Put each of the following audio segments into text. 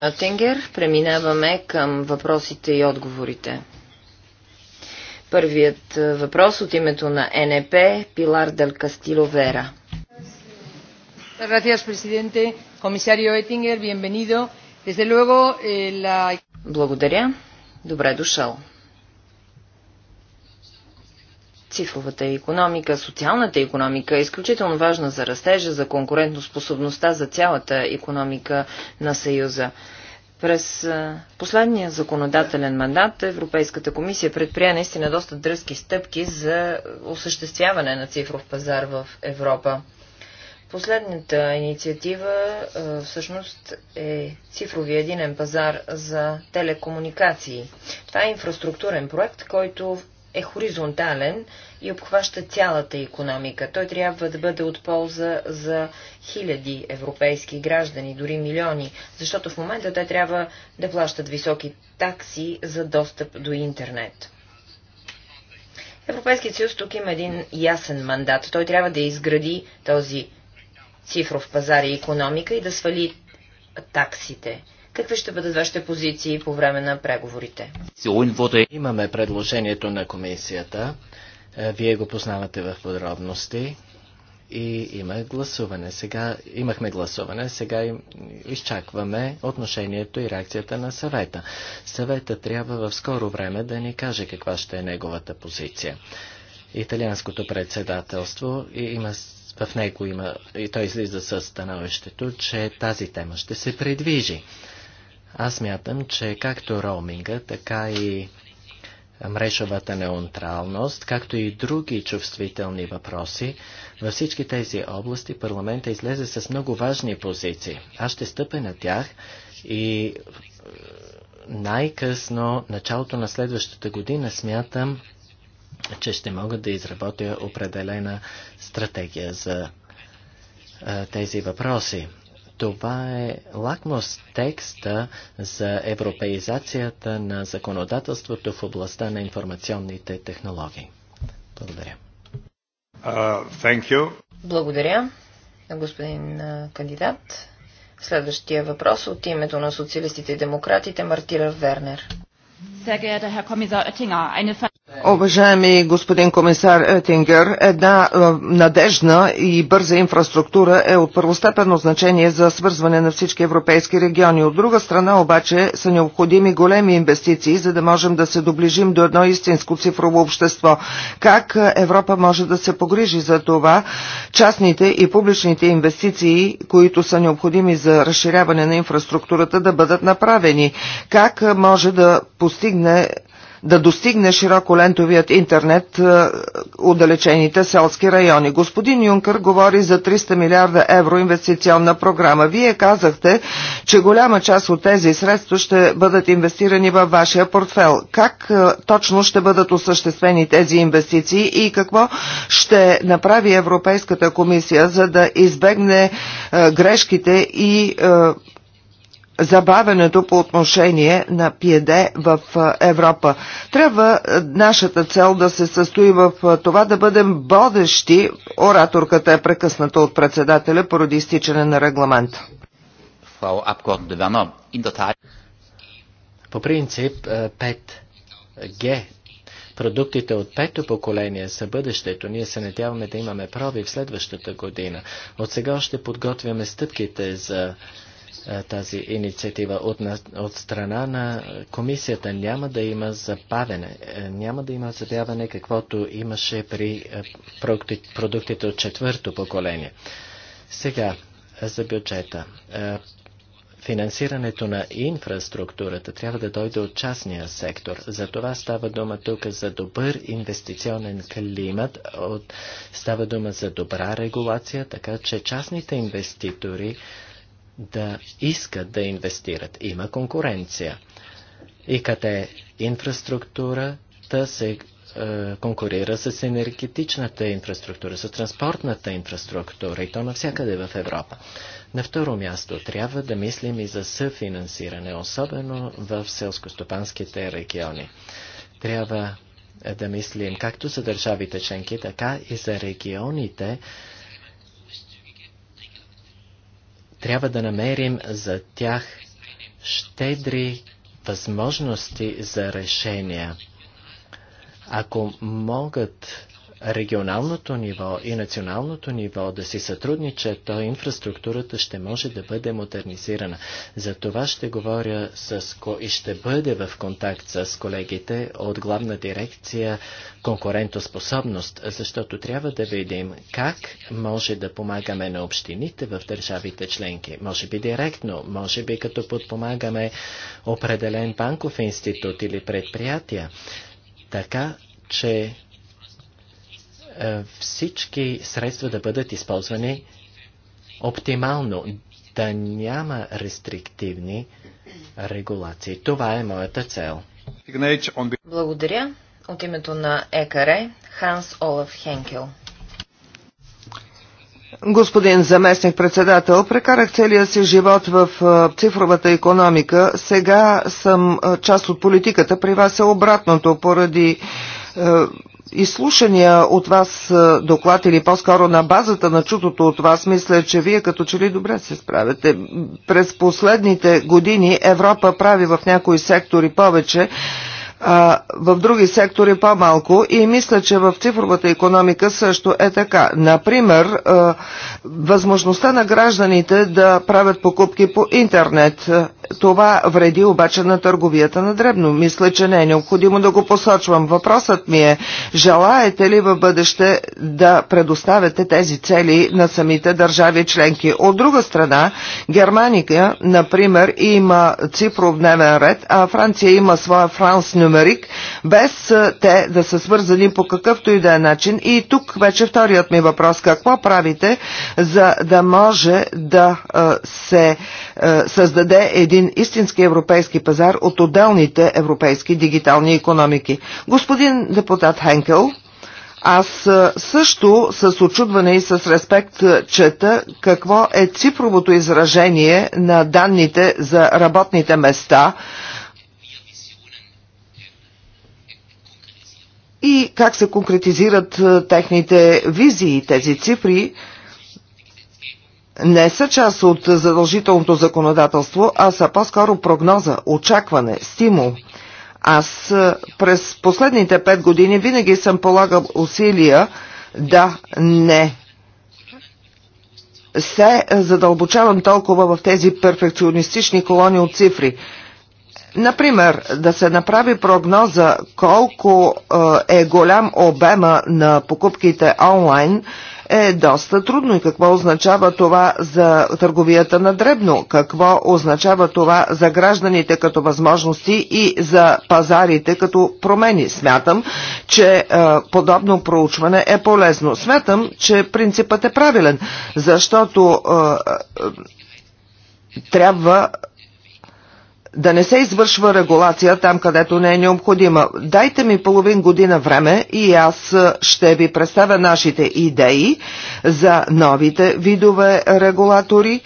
Атенгер, преминаваме към въпросите и отговорите. Първият е, въпрос от името на НЕП Пилар Дел Кастило Вера. Eh, Благодаря. Добре дошъл. Цифровата економика, социалната економика е изключително важна за растежа, за конкурентоспособността за цялата економика на Съюза. През последния законодателен мандат Европейската комисия предприя наистина доста дръзки стъпки за осъществяване на цифров пазар в Европа. Последната инициатива всъщност е цифрови единен пазар за телекомуникации. Това е инфраструктурен проект, който е хоризонтален и обхваща цялата економика. Той трябва да бъде от полза за хиляди европейски граждани, дори милиони, защото в момента те трябва да плащат високи такси за достъп до интернет. Европейският съюз тук има един ясен мандат. Той трябва да изгради този цифров пазар и економика и да свали таксите. Какви ще бъдат вашите позиции по време на преговорите? Имаме предложението на комисията. Е, вие го познавате в подробности. И има гласуване. Сега имахме гласуване, сега изчакваме отношението и реакцията на съвета. Съвета трябва в скоро време да ни каже каква ще е неговата позиция. Италианското председателство и има в него има, и той излиза със становището, че тази тема ще се предвижи. Аз мятам, че както роуминга, така и мрежовата неутралност, както и други чувствителни въпроси, във всички тези области парламента излезе с много важни позиции. Аз ще стъпя на тях и най-късно, началото на следващата година, смятам, че ще мога да изработя определена стратегия за тези въпроси. Това е лакмус текста за европеизацията на законодателството в областта на информационните технологии. Благодаря. Uh, thank you. Благодаря на господин кандидат. Следващия въпрос от името на социалистите и демократите Мартира Вернер. Уважаеми господин комисар Етингер, една е, надежна и бърза инфраструктура е от първостепенно значение за свързване на всички европейски региони. От друга страна обаче са необходими големи инвестиции, за да можем да се доближим до едно истинско цифрово общество. Как Европа може да се погрижи за това частните и публичните инвестиции, които са необходими за разширяване на инфраструктурата, да бъдат направени? Как може да постигне да достигне широко лентовият интернет отдалечените е, селски райони. Господин Юнкър говори за 300 милиарда евро инвестиционна програма. Вие казахте, че голяма част от тези средства ще бъдат инвестирани във вашия портфел. Как е, точно ще бъдат осъществени тези инвестиции и какво ще направи Европейската комисия, за да избегне е, грешките и забавенето по отношение на пиеде в Европа. Трябва нашата цел да се състои в това да бъдем бодещи. Ораторката е прекъсната от председателя поради изтичане на регламент. По принцип 5G Продуктите от пето поколение са бъдещето. Ние се надяваме да имаме проби в следващата година. От сега още подготвяме стъпките за е, тази инициатива. От, от страна на комисията няма да има забавене, е, няма да има забяване, каквото имаше при е, продуктите от четвърто поколение. Сега за бюджета. Финансирането на инфраструктурата трябва да дойде от частния сектор. За това става дума тук за добър инвестиционен климат, от... става дума за добра регулация, така че частните инвеститори да искат да инвестират. Има конкуренция. И къде инфраструктурата се е, конкурира с енергетичната инфраструктура, с транспортната инфраструктура и то навсякъде в Европа. На второ място трябва да мислим и за съфинансиране, особено в селскостопанските региони. Трябва да мислим както за държавите членки, така и за регионите, трябва да намерим за тях щедри възможности за решения. Ако могат регионалното ниво и националното ниво да си сътрудничат, то инфраструктурата ще може да бъде модернизирана. За това ще говоря с, и ще бъде в контакт с колегите от главна дирекция конкурентоспособност, защото трябва да видим как може да помагаме на общините в държавите членки. Може би директно, може би като подпомагаме определен банков институт или предприятия. Така, че е, всички средства да бъдат използвани оптимално, да няма рестриктивни регулации. Това е моята цел. Благодаря. От името на ЕКАРЕ Ханс Олаф Хенкел. Господин заместник председател, прекарах целия си живот в е, цифровата економика. Сега съм е, част от политиката. При вас е обратното поради изслушания от вас е, доклад или по-скоро на базата на чутото от вас, мисля, че вие като че ли добре се справяте. През последните години Европа прави в някои сектори повече, а в други сектори по-малко и мисля, че в цифровата економика също е така. Например, е, възможността на гражданите да правят покупки по интернет. Това вреди обаче на търговията на дребно. Мисля, че не е необходимо да го посочвам. Въпросът ми е, желаете ли в бъдеще да предоставяте тези цели на самите държави членки? От друга страна, Германия, например, има цифров дневен ред, а Франция има своя Франс Нюмерик, без те да са свързани по какъвто и да е начин. И тук вече вторият ми въпрос. Какво правите, за да може да се създаде един един истински европейски пазар от отделните европейски дигитални економики. Господин депутат Хенкел, аз също с очудване и с респект чета какво е цифровото изражение на данните за работните места и как се конкретизират техните визии, тези цифри, не са част от задължителното законодателство, а са по-скоро прогноза, очакване, стимул. Аз е, през последните пет години винаги съм полагал усилия да не се задълбочавам толкова в тези перфекционистични колони от цифри. Например, да се направи прогноза колко е, е голям обема на покупките онлайн – е доста трудно. И какво означава това за търговията на дребно? Какво означава това за гражданите като възможности и за пазарите като промени? Смятам, че е, подобно проучване е полезно. Смятам, че принципът е правилен, защото е, е, трябва да не се извършва регулация там, където не е необходима. Дайте ми половин година време и аз ще ви представя нашите идеи за новите видове регулатори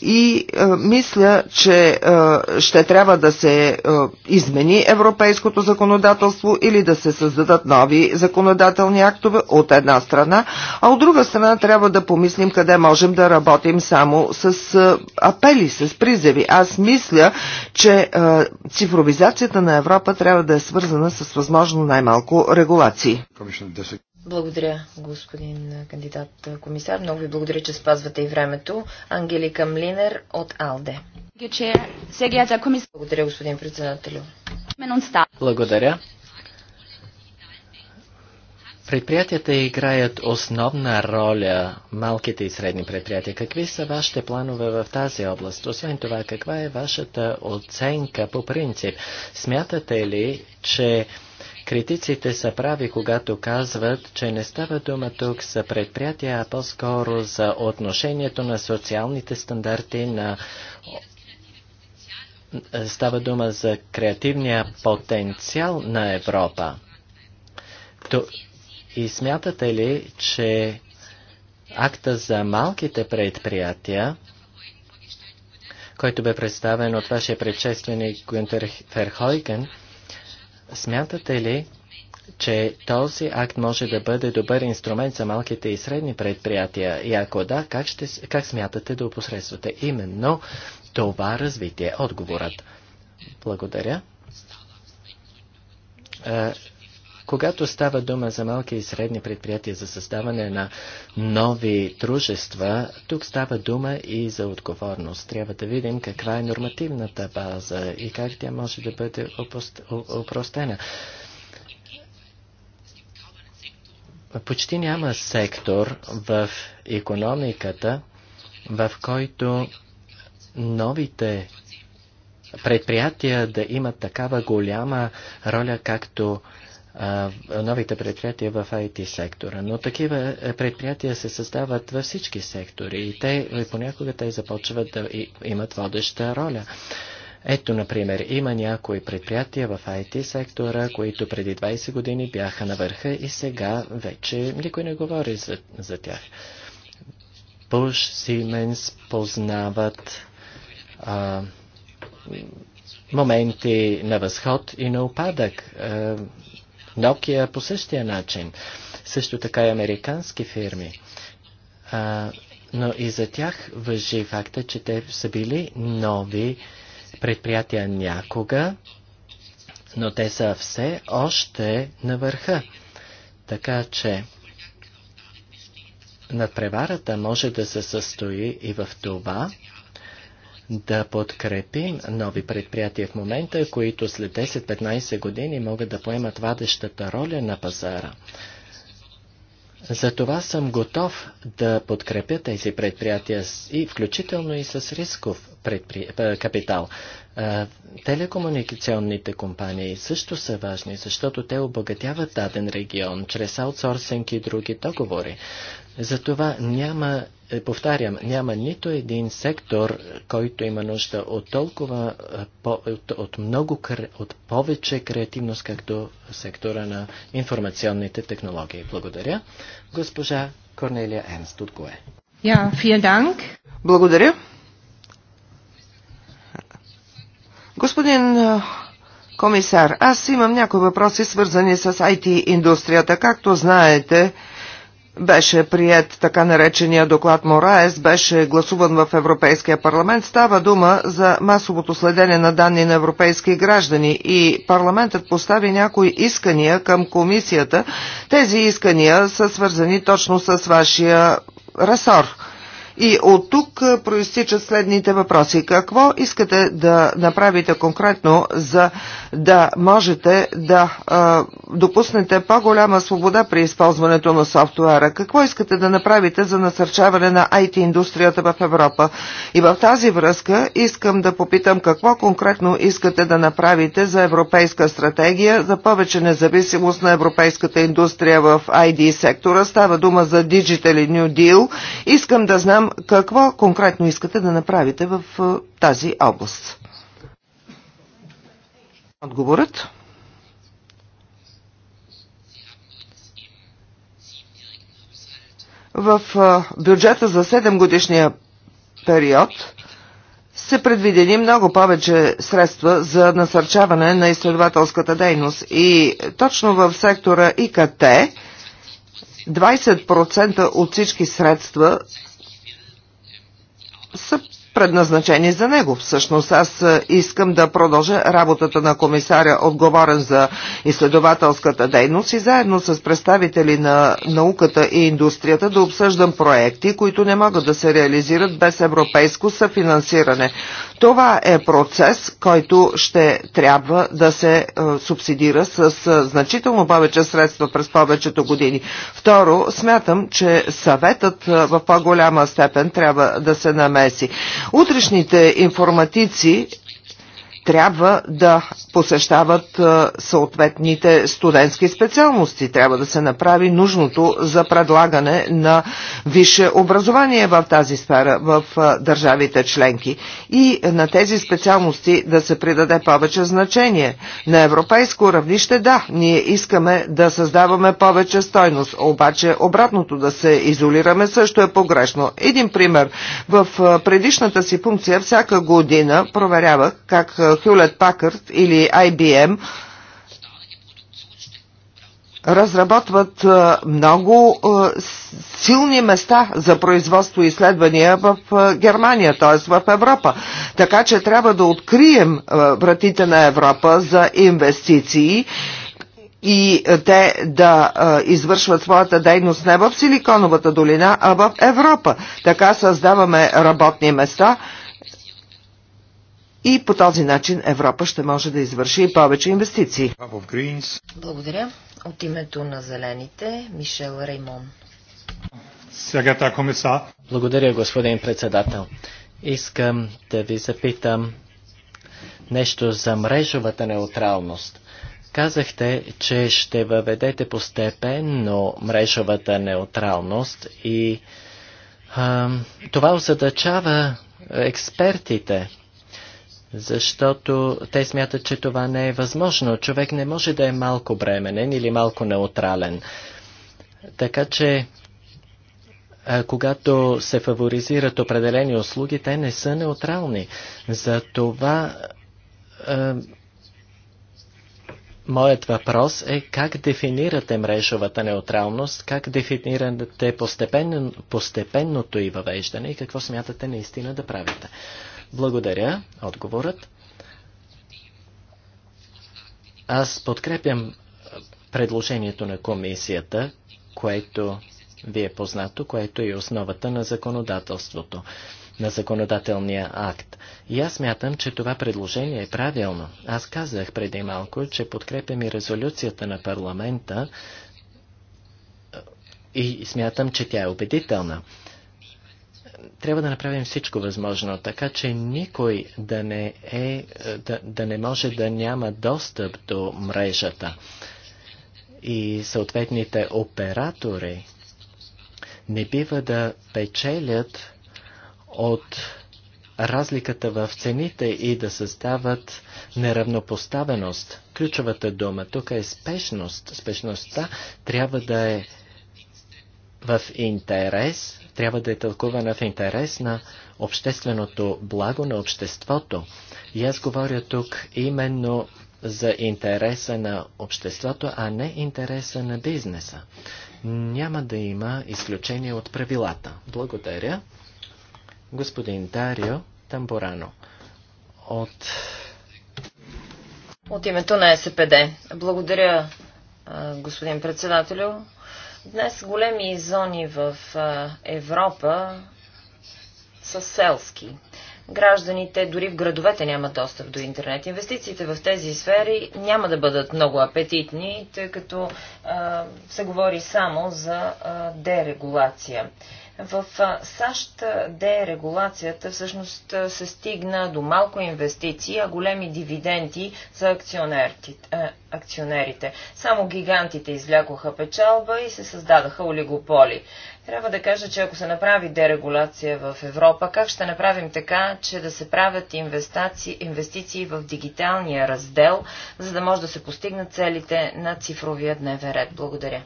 и а, е, мисля, че а, е, ще трябва да се а, е, измени европейското законодателство или да се създадат нови законодателни актове от една страна, а от друга страна трябва да помислим къде можем да работим само с а, апели, с призеви. Аз мисля, че а, цифровизацията на Европа трябва да е свързана с възможно най-малко регулации. Благодаря, господин кандидат комисар. Много ви благодаря, че спазвате и времето. Ангелика Млинер от АЛДЕ. Благодаря, господин председателю. Благодаря. Предприятията играят основна роля, малките и средни предприятия. Какви са вашите планове в тази област? Освен това, каква е вашата оценка по принцип? Смятате ли, че Критиците са прави, когато казват, че не става дума тук за предприятия, а по-скоро за отношението на социалните стандарти на Става дума за креативния потенциал на Европа. То... И смятате ли, че акта за малките предприятия, който бе представен от вашия предшественик Гюнтер Ферхойген, Смятате ли, че този акт може да бъде добър инструмент за малките и средни предприятия? И ако да, как, ще, как смятате да опосредствате именно това развитие? Отговорът. Благодаря. Е, когато става дума за малки и средни предприятия за създаване на нови дружества, тук става дума и за отговорност. Трябва да видим каква е нормативната база и как тя може да бъде опростена. Почти няма сектор в економиката, в който новите предприятия да имат такава голяма роля, както новите предприятия в IT сектора. Но такива е, предприятия се създават във всички сектори и те и понякога те започват да имат водеща роля. Ето, например, има някои предприятия в IT сектора, които преди 20 години бяха на върха и сега вече никой не говори за, за тях. Пуш, Сименс познават а, моменти на възход и на упадък. А, Nokia е по същия начин. Също така и американски фирми. А, но и за тях въжи факта, че те са били нови предприятия някога, но те са все още на върха. Така че надпреварата може да се състои и в това, да подкрепим нови предприятия в момента, които след 10-15 години могат да поемат вадещата роля на пазара. Затова съм готов да подкрепя тези предприятия и включително и с рисков предпри... капитал. Телекомуникационните компании също са важни, защото те обогатяват даден регион чрез аутсорсинг и други договори. Затова няма е, повтарям, няма нито един сектор, който има нужда от толкова, е, от, от, много, от повече креативност, както сектора на информационните технологии. Благодаря. Госпожа Корнелия Енст от ГОЕ. Ja, vielen Dank. Благодаря. Господин е, комисар, аз имам някои въпроси, свързани с IT-индустрията. Както знаете, беше прият така наречения доклад Мораес, беше гласуван в Европейския парламент. Става дума за масовото следене на данни на европейски граждани и парламентът постави някои искания към комисията. Тези искания са свързани точно с вашия ресор. И от тук проистичат следните въпроси. Какво искате да направите конкретно, за да можете да а, допуснете по-голяма свобода при използването на софтуера? Какво искате да направите за насърчаване на IT-индустрията в Европа? И в тази връзка искам да попитам какво конкретно искате да направите за европейска стратегия, за повече независимост на европейската индустрия в ID сектора. Става дума за Digital New Deal. Искам да знам какво конкретно искате да направите в е, тази област. Отговорът? В е, бюджета за 7 годишния период се предвидени много повече средства за насърчаване на изследователската дейност и точно в сектора ИКТ 20% от всички средства са предназначени за него. Всъщност аз е, искам да продължа работата на комисаря, отговорен за изследователската дейност и заедно с представители на науката и индустрията да обсъждам проекти, които не могат да се реализират без европейско съфинансиране. Това е процес, който ще трябва да се е, субсидира с е, значително повече средства през повечето години. Второ, смятам, че съветът в по-голяма степен трябва да се намеси. Утрешните информатици трябва да посещават съответните студентски специалности. Трябва да се направи нужното за предлагане на висше образование в тази сфера в държавите членки и на тези специалности да се придаде повече значение. На европейско равнище да, ние искаме да създаваме повече стойност, обаче обратното да се изолираме също е погрешно. Един пример. В предишната си функция всяка година проверявах как Хюлет Пакърт или IBM разработват много силни места за производство и изследвания в Германия, т.е. в Европа. Така че трябва да открием вратите на Европа за инвестиции и те да извършват своята дейност не в Силиконовата долина, а в Европа. Така създаваме работни места – и по този начин Европа ще може да извърши и повече инвестиции. Благодаря. От името на зелените, Мишел Реймон. Благодаря, господин председател. Искам да ви запитам нещо за мрежовата неутралност. Казахте, че ще въведете постепенно мрежовата неутралност и а, това озадачава експертите защото те смятат, че това не е възможно. Човек не може да е малко бременен или малко неутрален. Така че, когато се фаворизират определени услуги, те не са неутрални. За това е, моят въпрос е как дефинирате мрежовата неутралност, как дефинирате постепенно, постепенното и въвеждане и какво смятате наистина да правите. Благодаря. Отговорът. Аз подкрепям предложението на комисията, което ви е познато, което е основата на законодателството, на законодателния акт. И аз мятам, че това предложение е правилно. Аз казах преди малко, че подкрепям и резолюцията на парламента и смятам, че тя е убедителна трябва да направим всичко възможно, така че никой да не, е, да, да не може да няма достъп до мрежата. И съответните оператори не бива да печелят от разликата в цените и да създават неравнопоставеност. Ключовата дума тук е спешност. Спешността трябва да е в интерес, трябва да е тълкувана в интерес на общественото благо на обществото. И аз говоря тук именно за интереса на обществото, а не интереса на бизнеса. Няма да има изключение от правилата. Благодаря. Господин Дарио Тамбурано от... От името на СПД. Благодаря, господин председателю. Днес големи зони в Европа са селски. Гражданите дори в градовете нямат достъп до интернет. Инвестициите в тези сфери няма да бъдат много апетитни, тъй като а, се говори само за а, дерегулация. В САЩ дерегулацията всъщност се стигна до малко инвестиции, а големи дивиденти за акционерите акционерите. Само гигантите излякоха печалба и се създадаха олигополи. Трябва да кажа, че ако се направи дерегулация в Европа, как ще направим така, че да се правят инвестиции, инвестиции в дигиталния раздел, за да може да се постигнат целите на цифровия дневен ред? Благодаря.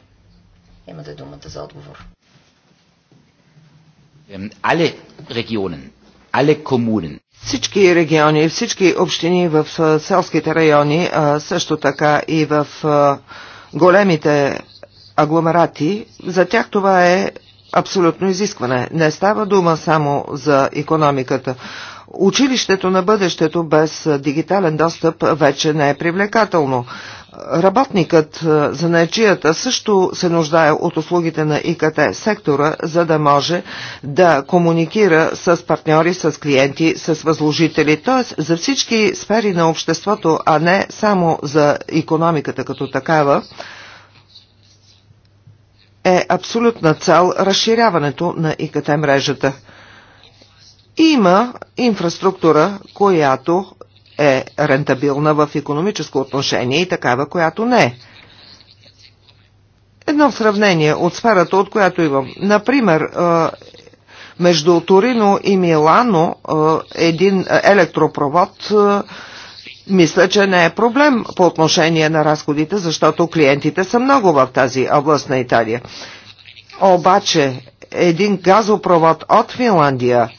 Имате думата за отговор. Але регионен, але комунен. Всички региони, всички общини в селските райони, също така и в големите агломерати, за тях това е абсолютно изискване. Не става дума само за економиката. Училището на бъдещето без дигитален достъп вече не е привлекателно. Работникът за наечията също се нуждае от услугите на ИКТ сектора, за да може да комуникира с партньори, с клиенти, с възложители, т.е. за всички сфери на обществото, а не само за економиката като такава е абсолютна цел разширяването на ИКТ мрежата. Има инфраструктура, която е рентабилна в економическо отношение и такава, която не е. Едно сравнение от сферата, от която имам. Например, е, между Торино и Милано е, един електропровод е, мисля, че не е проблем по отношение на разходите, защото клиентите са много в тази област на Италия. Обаче един газопровод от Финландия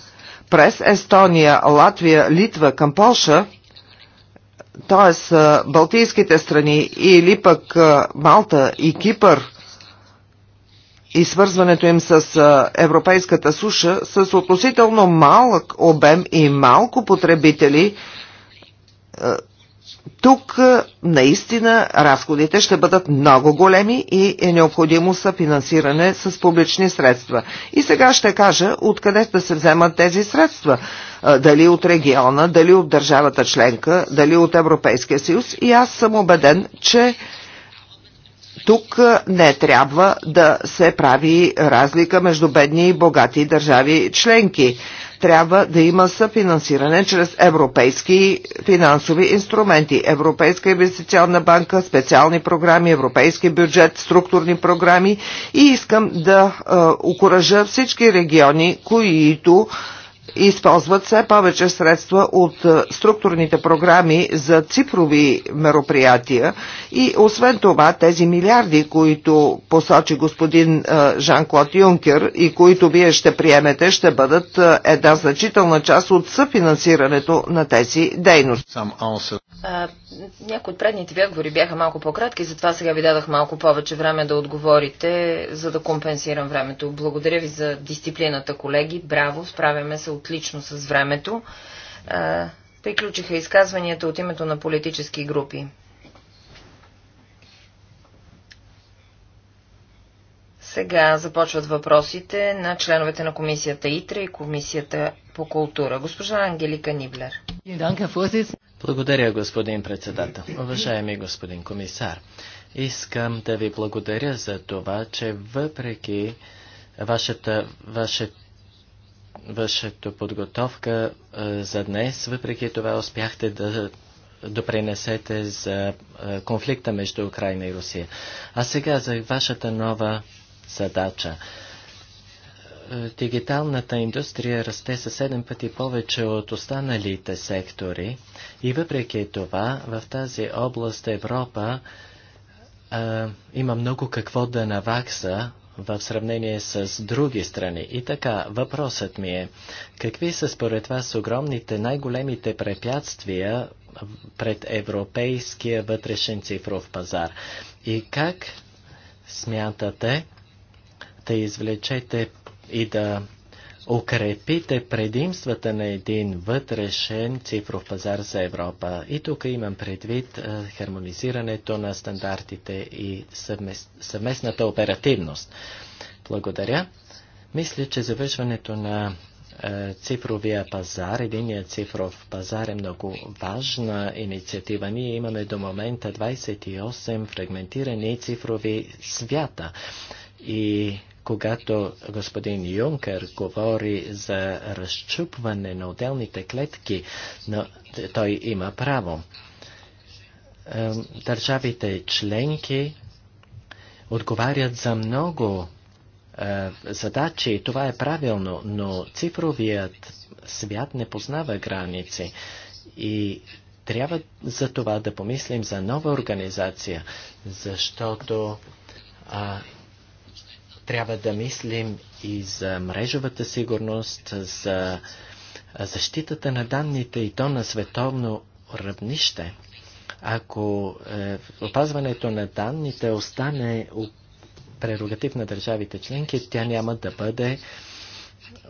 през Естония, Латвия, Литва към Польша т.е. Балтийските страни или пък Малта и Кипър и свързването им с европейската суша, с относително малък обем и малко потребители, тук наистина разходите ще бъдат много големи и е необходимо съфинансиране с публични средства. И сега ще кажа откъде ще се вземат тези средства дали от региона, дали от държавата членка, дали от Европейския съюз и аз съм убеден, че тук не трябва да се прави разлика между бедни и богати държави членки. Трябва да има съфинансиране чрез европейски финансови инструменти, Европейска инвестиционна банка, специални програми, европейски бюджет, структурни програми и искам да е, укоръжа всички региони, които използват все повече средства от е, структурните програми за цифрови мероприятия и освен това тези милиарди, които посочи господин е, Жан-Клод Юнкер и които вие ще приемете, ще бъдат е, една значителна част от съфинансирането на тези дейности някои от предните ви отговори бяха малко по-кратки, затова сега ви дадах малко повече време да отговорите, за да компенсирам времето. Благодаря ви за дисциплината, колеги. Браво, справяме се отлично с времето. Приключиха изказванията от името на политически групи. Сега започват въпросите на членовете на комисията ИТРА и комисията по култура. Госпожа Ангелика Ниблер. Благодаря, господин председател. Уважаеми господин комисар, искам да ви благодаря за това, че въпреки вашата, ваше, вашето подготовка е, за днес. Въпреки това успяхте да допринесете за е, конфликта между Украина и Русия. А сега за вашата нова задача. Е, дигиталната индустрия расте със 7 пъти повече от останалите сектори и въпреки това в тази област Европа а, е, има много какво да навакса в сравнение с други страни. И така, въпросът ми е, какви са според вас огромните, най-големите препятствия пред европейския вътрешен цифров пазар? И как смятате да извлечете и да укрепите предимствата на един вътрешен цифров пазар за Европа. И тук имам предвид хармонизирането на стандартите и съвместната оперативност. Благодаря. Мисля, че завършването на цифровия пазар, единия цифров пазар е много важна инициатива. Ние имаме до момента 28 фрагментирани цифрови свята. И когато господин Юнкер говори за разчупване на отделните клетки, но той има право. Държавите членки отговарят за много е, задачи, това е правилно, но цифровият свят не познава граници и трябва за това да помислим за нова организация, защото а, трябва да мислим и за мрежовата сигурност, за защитата на данните и то на световно равнище. Ако е, опазването на данните остане прерогатив на държавите членки, тя няма да бъде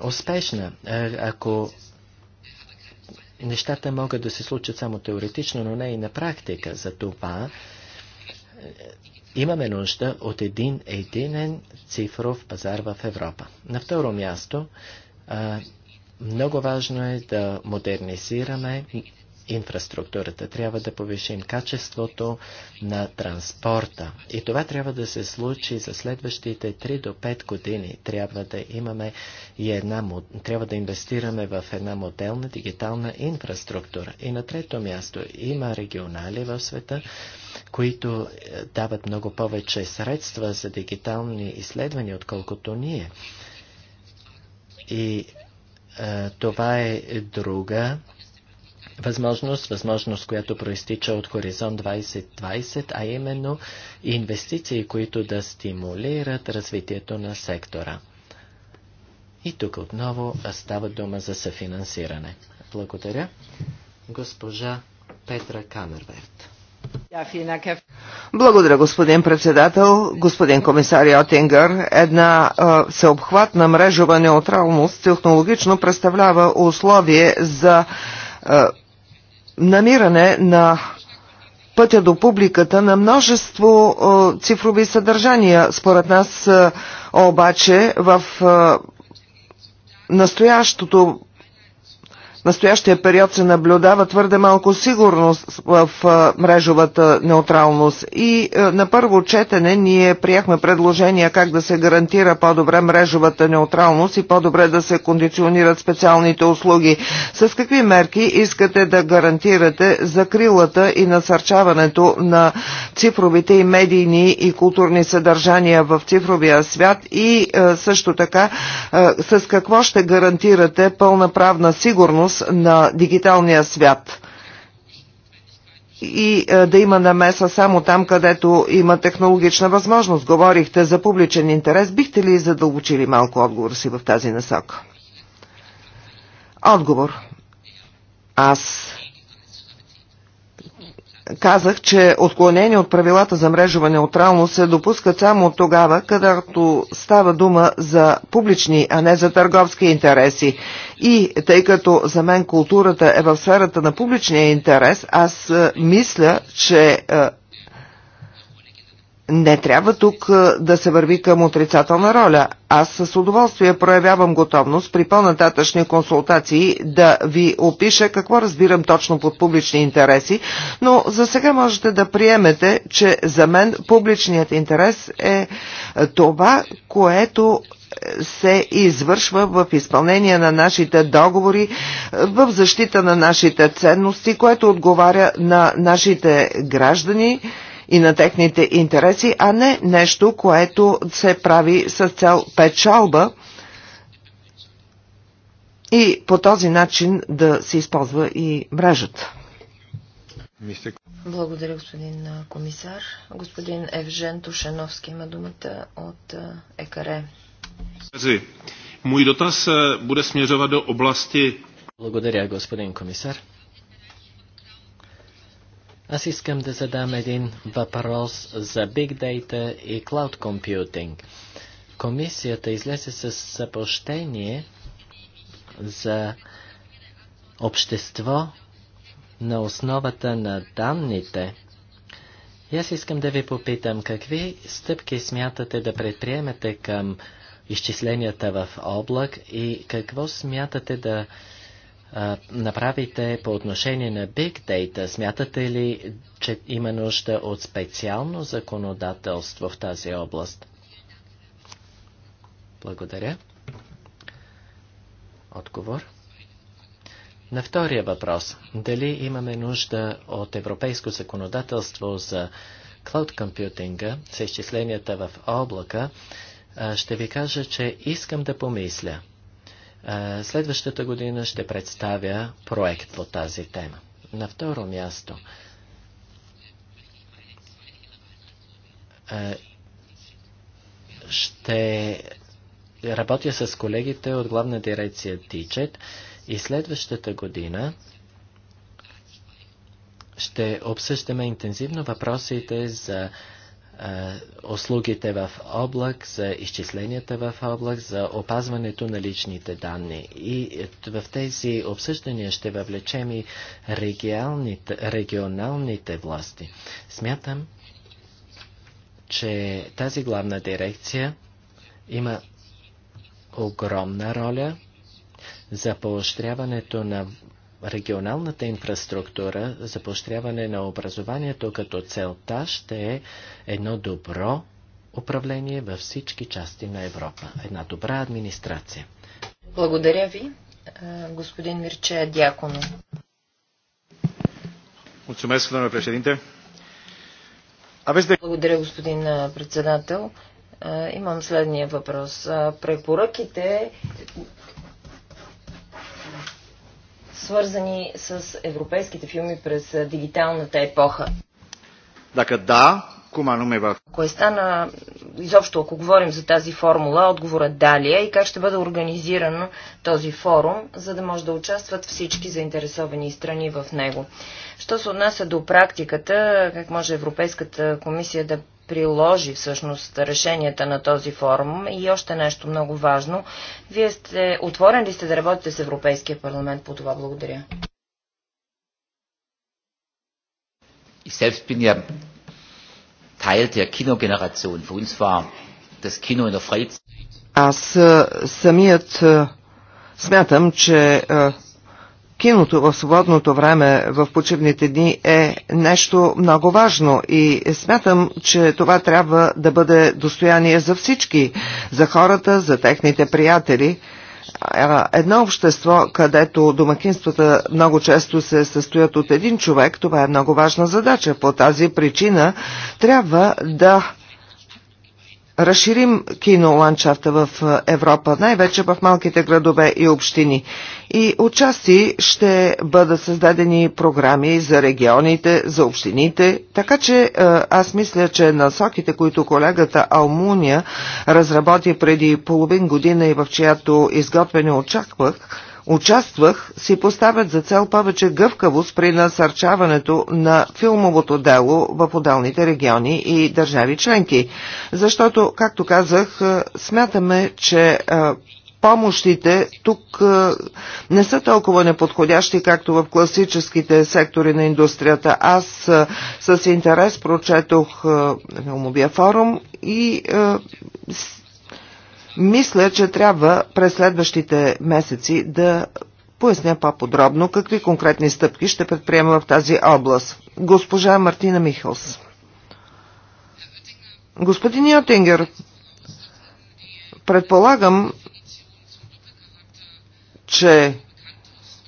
успешна. Е, ако нещата могат да се случат само теоретично, но не и на практика, за това имаме нужда от един единен цифров пазар в Европа. На второ място, много важно е да модернизираме инфраструктурата. Трябва да повишим качеството на транспорта. И това трябва да се случи за следващите 3 до 5 години. Трябва да имаме и една, трябва да инвестираме в една моделна дигитална инфраструктура. И на трето място има регионали в света, които е, дават много повече средства за дигитални изследвания, отколкото ние. И е, това е друга възможност, възможност, която проистича от Хоризонт 2020, а именно инвестиции, които да стимулират развитието на сектора. И тук отново става дума за съфинансиране. Благодаря. Госпожа Петра Камерверт. Благодаря, господин председател, господин комисар Йотингър. Една а, съобхватна мрежова неутралност технологично представлява условие за намиране на пътя до публиката на множество е, цифрови съдържания. Според нас е, обаче в е, настоящото настоящия период се наблюдава твърде малко сигурност в мрежовата неутралност. И на първо четене ние приехме предложения как да се гарантира по-добре мрежовата неутралност и по-добре да се кондиционират специалните услуги. С какви мерки искате да гарантирате закрилата и насърчаването на цифровите и медийни и културни съдържания в цифровия свят и също така с какво ще гарантирате пълна правна сигурност принос на дигиталния свят и е, да има намеса само там, където има технологична възможност. Говорихте за публичен интерес. Бихте ли задълбочили малко отговор си в тази насока? Отговор. Аз казах, че отклонение от правилата за мрежова неутралност се допускат само от тогава, където става дума за публични, а не за търговски интереси. И тъй като за мен културата е в сферата на публичния интерес, аз е, мисля, че е, не трябва тук е, да се върви към отрицателна роля. Аз с удоволствие проявявам готовност при по-нататъчни консултации да ви опиша какво разбирам точно под публични интереси, но за сега можете да приемете, че за мен публичният интерес е това, което се извършва в изпълнение на нашите договори, е, в защита на нашите ценности, което отговаря на нашите граждани, и на техните интереси, а не нещо, което се прави с цел печалба и по този начин да се използва и мрежата. Благодаря, господин комисар. Господин Евжен Тушеновски има думата от ЕКАРЕ. Благодаря, господин комисар. Аз искам да задам един въпрос за Big Data и Cloud Computing. Комисията излезе с съобщение за общество на основата на данните. И аз искам да ви попитам, какви стъпки смятате да предприемете към изчисленията в облак и какво смятате да направите по отношение на Big Data? Смятате ли, че има нужда от специално законодателство в тази област? Благодаря. Отговор. На втория въпрос. Дали имаме нужда от европейско законодателство за клауд компютинга, с изчисленията в облака, ще ви кажа, че искам да помисля – е, следващата година ще представя проект по тази тема. На второ място е, ще работя с колегите от главна дирекция Тичет и следващата година ще обсъждаме интензивно въпросите за е, услугите в облак, за изчисленията в облак, за опазването на личните данни. И е, в тези обсъждания ще въвлечем и регионалните власти. Смятам, че тази главна дирекция има огромна роля за поощряването на регионалната инфраструктура за поощряване на образованието като целта ще е едно добро управление във всички части на Европа. Една добра администрация. Благодаря ви, господин Мирче Дяконо. Благодаря, господин председател. Имам следния въпрос. Препоръките свързани с европейските филми през дигиталната епоха. Така, да, Куману anume е Ако е стана, изобщо ако говорим за тази формула, отговорът е дали е и как ще бъде организиран този форум, за да може да участват всички заинтересовани страни в него. Що се отнася до практиката, как може Европейската комисия да приложи всъщност решенията на този форум. И още нещо много важно. Вие сте отворен ли сте да работите с Европейския парламент по това? Благодаря. Ich Teil der Kinogeneration. Für uns war das Kino in der Freizeit. Аз э, самият э, смятам, че э, киното в свободното време в почивните дни е нещо много важно и смятам, че това трябва да бъде достояние за всички, за хората, за техните приятели. Едно общество, където домакинствата много често се състоят от един човек, това е много важна задача. По тази причина трябва да разширим ландшафта в е, Европа, най-вече в малките градове и общини. И отчасти ще бъдат създадени програми за регионите, за общините, така че е, аз мисля, че насоките, които колегата Алмуния разработи преди половин година и в чиято изготвяне очаквах, участвах, си поставят за цел повече гъвкавост при насърчаването на филмовото дело в отделните региони и държави членки. Защото, както казах, е, смятаме, че е, помощите тук е, не са толкова неподходящи, както в класическите сектори на индустрията. Аз с интерес прочетох филмовия форум и мисля, че трябва през следващите месеци да поясня по-подробно какви конкретни стъпки ще предприема в тази област. Госпожа Мартина Михелс. Господин Йотингер, предполагам, че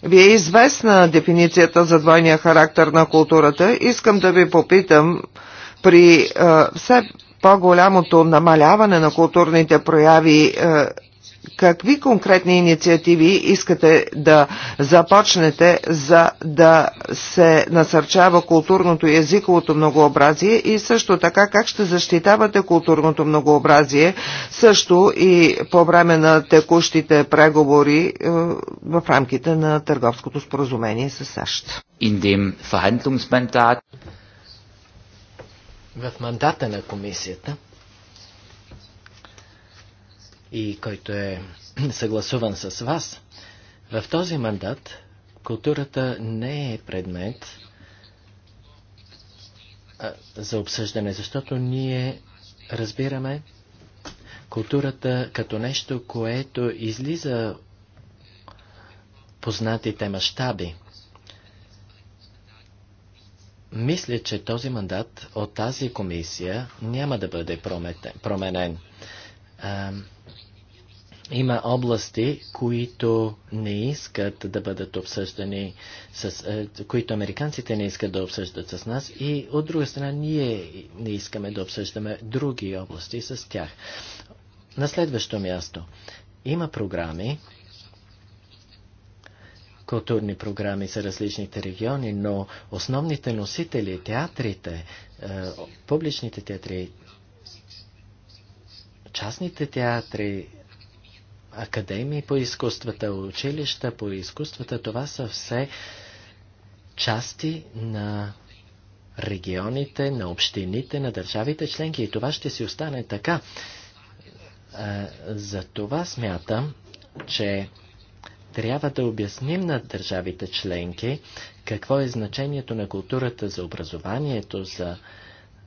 ви е известна дефиницията за двойния характер на културата. Искам да ви попитам при а, все по-голямото намаляване на културните прояви е, какви конкретни инициативи искате да започнете, за да се насърчава културното и езиковото многообразие и също така как ще защитавате културното многообразие също и по време на текущите преговори е, в рамките на търговското споразумение с САЩ в мандата на комисията и който е съгласуван с вас, в този мандат културата не е предмет за обсъждане, защото ние разбираме културата като нещо, което излиза познатите мащаби. Мисля, че този мандат от тази комисия няма да бъде променен. А, има области, които не искат да бъдат обсъждани, с, които американците не искат да обсъждат с нас и от друга страна ние не искаме да обсъждаме други области с тях. На следващо място. Има програми, културни програми за различните региони, но основните носители, театрите, е, публичните театри, частните театри, академии по изкуствата, училища по изкуствата, това са все части на регионите, на общините, на държавите членки и това ще си остане така. Е, за това смятам, че трябва да обясним на държавите членки какво е значението на културата за образованието, за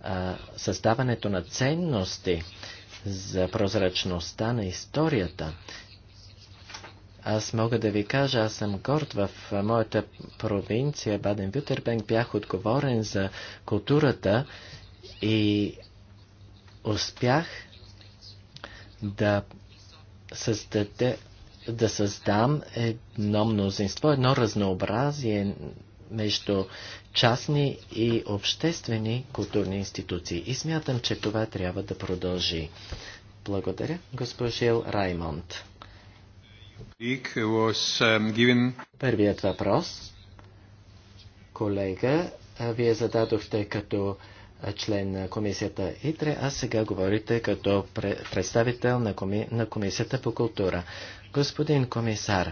а, създаването на ценности, за прозрачността на историята. Аз мога да ви кажа, аз съм горд. В моята провинция Баден-Вютербенг бях отговорен за културата и успях да създаде да създам едно мнозинство, едно разнообразие между частни и обществени културни институции. И смятам, че това трябва да продължи. Благодаря, госпожил Раймонд. Um, Първият въпрос, колега, вие зададохте като член на комисията ИТРЕ, а сега говорите като представител на, коми... на комисията по култура. Господин комисар,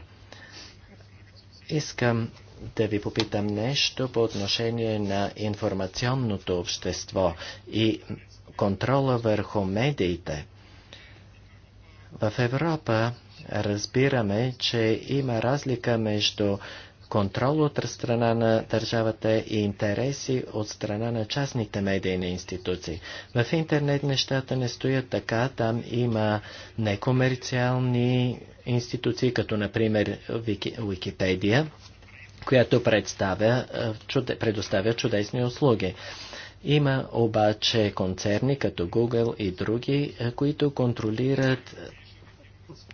искам да ви попитам нещо по отношение на информационното общество и контрола върху медиите. В Европа разбираме, че има разлика между контрол от страна на държавата и интереси от страна на частните медийни институции. В интернет нещата не стоят така, там има некомерциални институции, като например Вики, Википедия, която представя, чуде, предоставя чудесни услуги. Има обаче концерни като Google и други, които контролират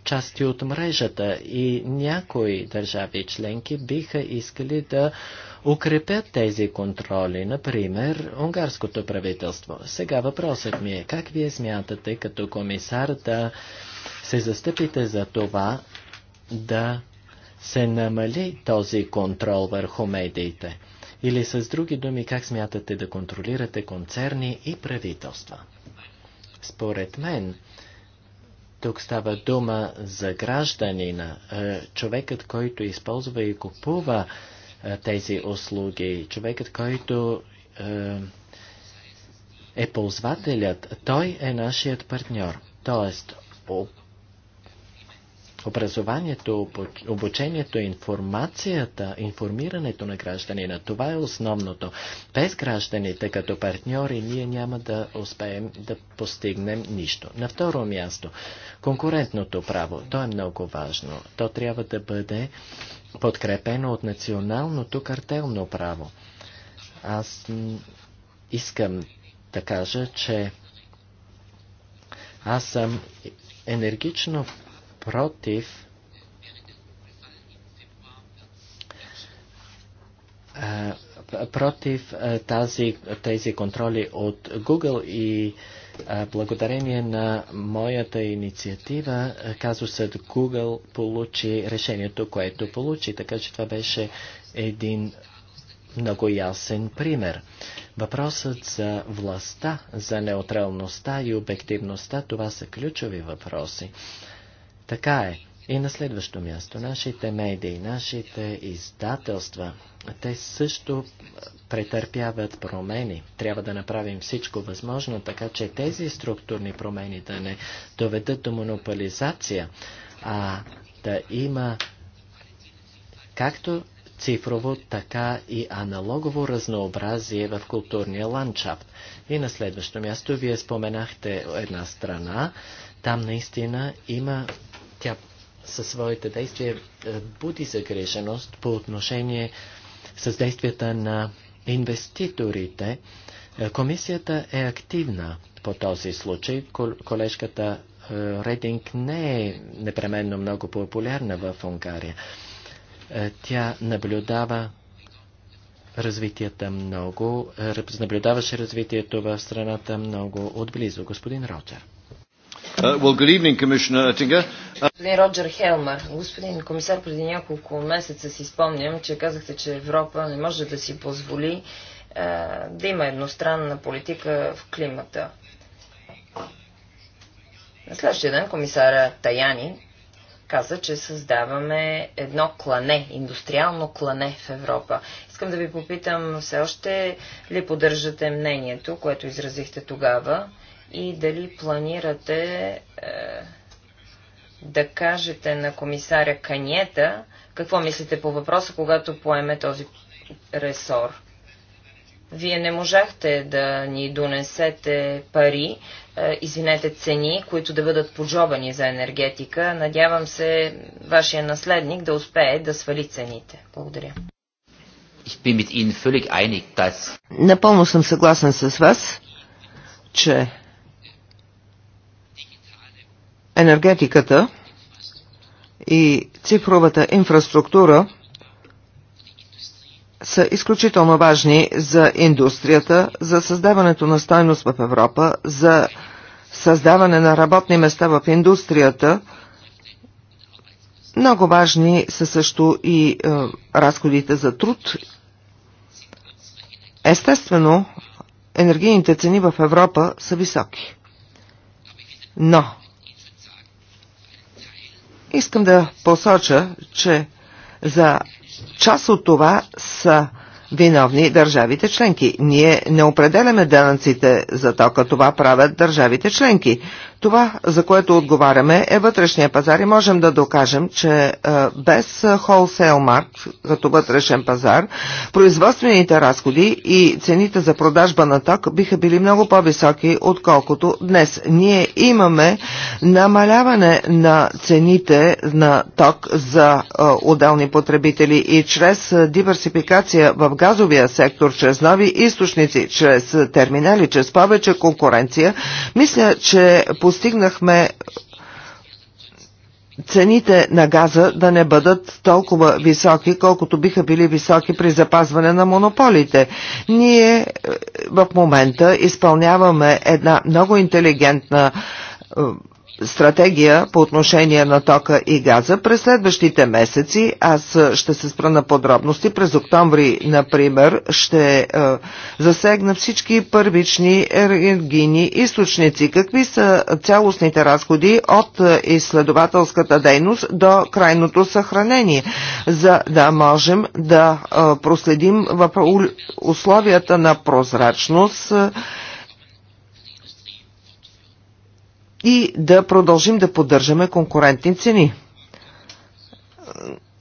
части от мрежата и някои държави членки биха искали да укрепят тези контроли, например, унгарското правителство. Сега въпросът ми е, как вие смятате като комисар да се застъпите за това да се намали този контрол върху медиите? Или с други думи, как смятате да контролирате концерни и правителства? Според мен, тук става дума за гражданина, е, човекът, който използва и купува е, тези услуги, човекът, който е, е ползвателят, той е нашият партньор. Тоест, Образованието, обучението, информацията, информирането на гражданина, това е основното. Без гражданите като партньори ние няма да успеем да постигнем нищо. На второ място, конкурентното право, то е много важно. То трябва да бъде подкрепено от националното картелно право. Аз искам да кажа, че аз съм енергично против против тази, тези контроли от Google и благодарение на моята инициатива казусът Google получи решението, което получи. Така че това беше един много ясен пример. Въпросът за властта, за неутралността и обективността, това са ключови въпроси. Така е. И на следващо място, нашите медии, нашите издателства, те също претърпяват промени. Трябва да направим всичко възможно, така че тези структурни промени да не доведат до монополизация, а да има както цифрово, така и аналогово разнообразие в културния ландшафт. И на следващо място, вие споменахте една страна, там наистина има тя със своите действия е, буди загреженост по отношение с действията на инвеститорите. Е, комисията е активна по този случай. Колежката е, Рединг не е непременно много популярна в Унгария. Тя наблюдава развитията много, наблюдаваше развитието в страната много отблизо. Господин Роджер. Господин uh, uh, е Роджер Хелмър, Господин комисар, преди няколко месеца си спомням, че казахте, че Европа не може да си позволи е, да има едностранна политика в климата. На следващия ден комисара Таяни каза, че създаваме едно клане, индустриално клане в Европа. Искам да ви попитам, все още ли поддържате мнението, което изразихте тогава? и дали планирате е, да кажете на комисаря Каньета какво мислите по въпроса, когато поеме този ресор. Вие не можахте да ни донесете пари, е, извинете цени, които да бъдат поджобани за енергетика. Надявам се вашия наследник да успее да свали цените. Благодаря. Einig, dass... Напълно съм съгласен с вас, че енергетиката и цифровата инфраструктура са изключително важни за индустрията, за създаването на стойност в Европа, за създаване на работни места в индустрията. Много важни са също и е, разходите за труд. Естествено, енергийните цени в Европа са високи. Но Искам да посоча, че за част от това са виновни държавите членки. Ние не определяме данъците за тока, това правят държавите членки. Това, за което отговаряме, е вътрешния пазар и можем да докажем, че е, без холсейл маркт като вътрешен пазар, производствените разходи и цените за продажба на ток биха били много по-високи, отколкото днес. Ние имаме намаляване на цените на ток за е, отделни потребители и чрез диверсификация в газовия сектор, чрез нови източници, чрез терминали, чрез повече конкуренция, мисля, че по постигнахме цените на газа да не бъдат толкова високи, колкото биха били високи при запазване на монополите. Ние е, в момента изпълняваме една много интелигентна е, стратегия по отношение на тока и газа през следващите месеци. Аз ще се спра на подробности. През октомври, например, ще е, засегна всички първични енергийни източници. Какви са цялостните разходи от изследователската дейност до крайното съхранение, за да можем да проследим условията на прозрачност и да продължим да поддържаме конкурентни цени.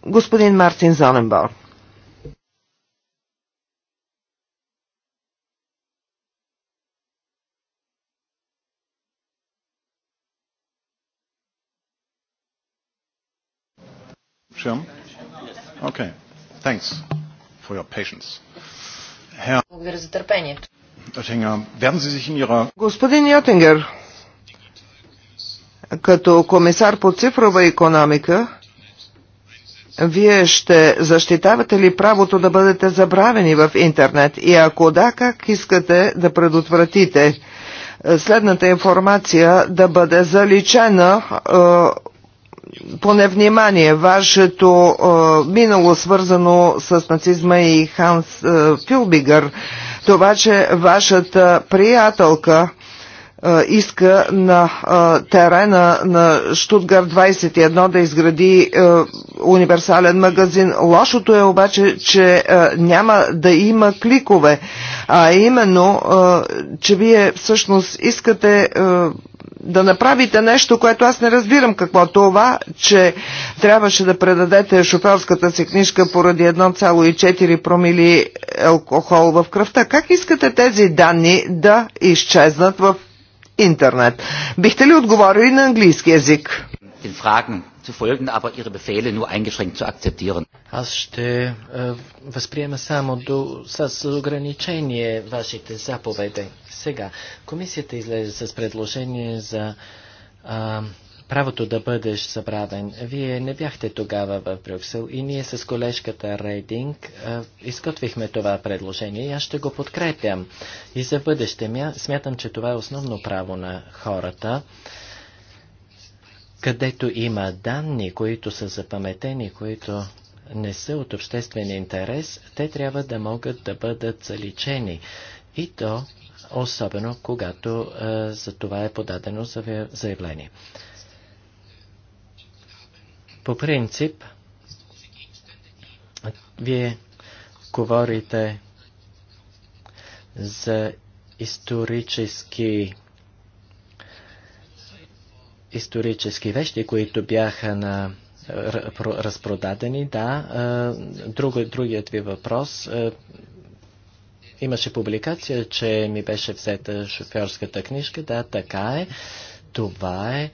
Господин Мартин Зоненбаур. Okay. Thanks for your patience. Herr Благодаря за търпението. Господин Йотингер, като комисар по цифрова економика, вие ще защитавате ли правото да бъдете забравени в интернет и ако да, как искате да предотвратите е, следната информация да бъде заличена е, по невнимание вашето е, минало свързано с нацизма и Ханс е, Филбигър, това, че вашата приятелка иска на терена на Штутгар 21 да изгради универсален магазин. Лошото е обаче, че няма да има кликове, а именно, че вие всъщност искате да направите нещо, което аз не разбирам какво това, че трябваше да предадете шофьорската си книжка поради 1,4 промили алкохол в кръвта. Как искате тези данни да изчезнат в интернет. Бихте ли отговорили на английски язик? Аз ще е, възприема само до, с ограничение вашите заповеди. Сега, комисията излезе с предложение за е, правото да бъдеш събраден. Вие не бяхте тогава в Брюксел и ние с колежката Рейдинг изготвихме това предложение и аз ще го подкрепям. И за бъдеще смятам, че това е основно право на хората, където има данни, които са запаметени, които не са от обществен интерес, те трябва да могат да бъдат заличени. И то особено когато а, за това е подадено заявление. По принцип, вие говорите за исторически исторически вещи, които бяха на разпродадени, да. Друг, другият ви въпрос. Имаше публикация, че ми беше взета шофьорската книжка. Да, така е. Това е.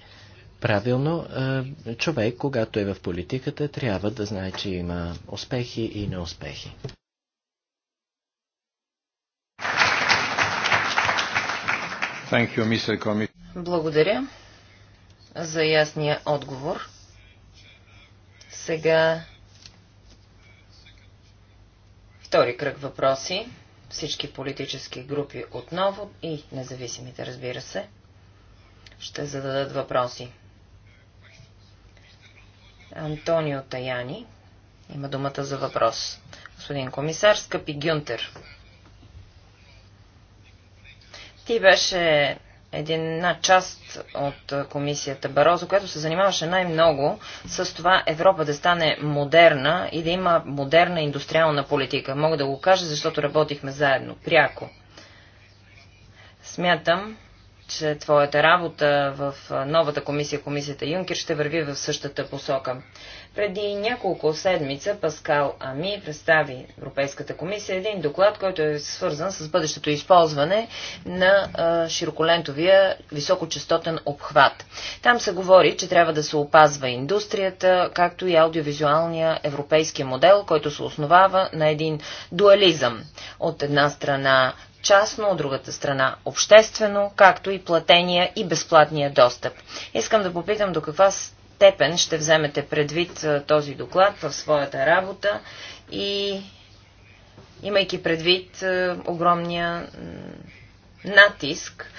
Правилно, човек, когато е в политиката, трябва да знае, че има успехи и неуспехи. Благодаря за ясния отговор. Сега втори кръг въпроси. Всички политически групи отново и независимите, разбира се, ще зададат въпроси. Антонио Таяни има думата за въпрос. Господин комисар, скъпи Гюнтер, ти беше една част от комисията Барозо, която се занимаваше най-много с това Европа да стане модерна и да има модерна индустриална политика. Мога да го кажа, защото работихме заедно, пряко. Смятам, че твоята работа в новата комисия, комисията Юнкер, ще върви в същата посока. Преди няколко седмица Паскал Ами представи Европейската комисия един доклад, който е свързан с бъдещето използване на широколентовия високочастотен обхват. Там се говори, че трябва да се опазва индустрията, както и аудиовизуалния европейски модел, който се основава на един дуализъм. От една страна частно, от другата страна обществено, както и платения и безплатния достъп. Искам да попитам до каква степен ще вземете предвид този доклад в своята работа и имайки предвид огромния натиск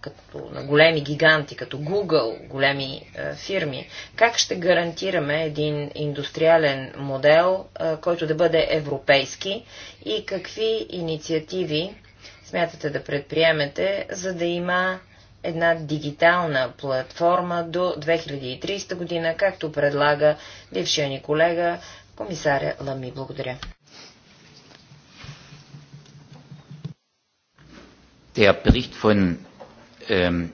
като на големи гиганти, като Google, големи е, фирми, как ще гарантираме един индустриален модел, е, който да бъде европейски и какви инициативи смятате да предприемете, за да има една дигитална платформа до 2030 година, както предлага бившия ни колега, комисаря Лами. Благодаря. Ähm,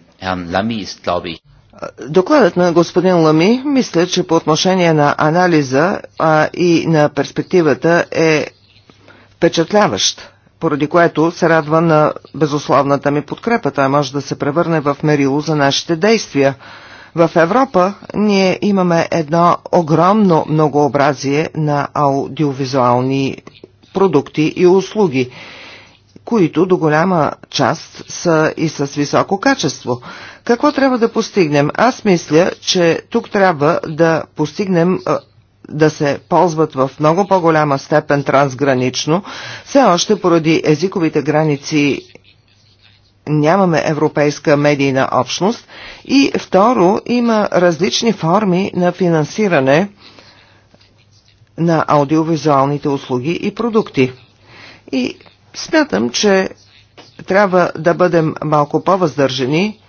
Докладът на господин Лами, мисля, че по отношение на анализа а, и на перспективата е впечатляващ поради което се радва на безусловната ми подкрепа. Той може да се превърне в мерило за нашите действия. В Европа ние имаме едно огромно многообразие на аудиовизуални продукти и услуги, които до голяма част са и с високо качество. Какво трябва да постигнем? Аз мисля, че тук трябва да постигнем да се ползват в много по-голяма степен трансгранично, все още поради езиковите граници нямаме европейска медийна общност и второ има различни форми на финансиране на аудиовизуалните услуги и продукти. И смятам, че трябва да бъдем малко по-въздържани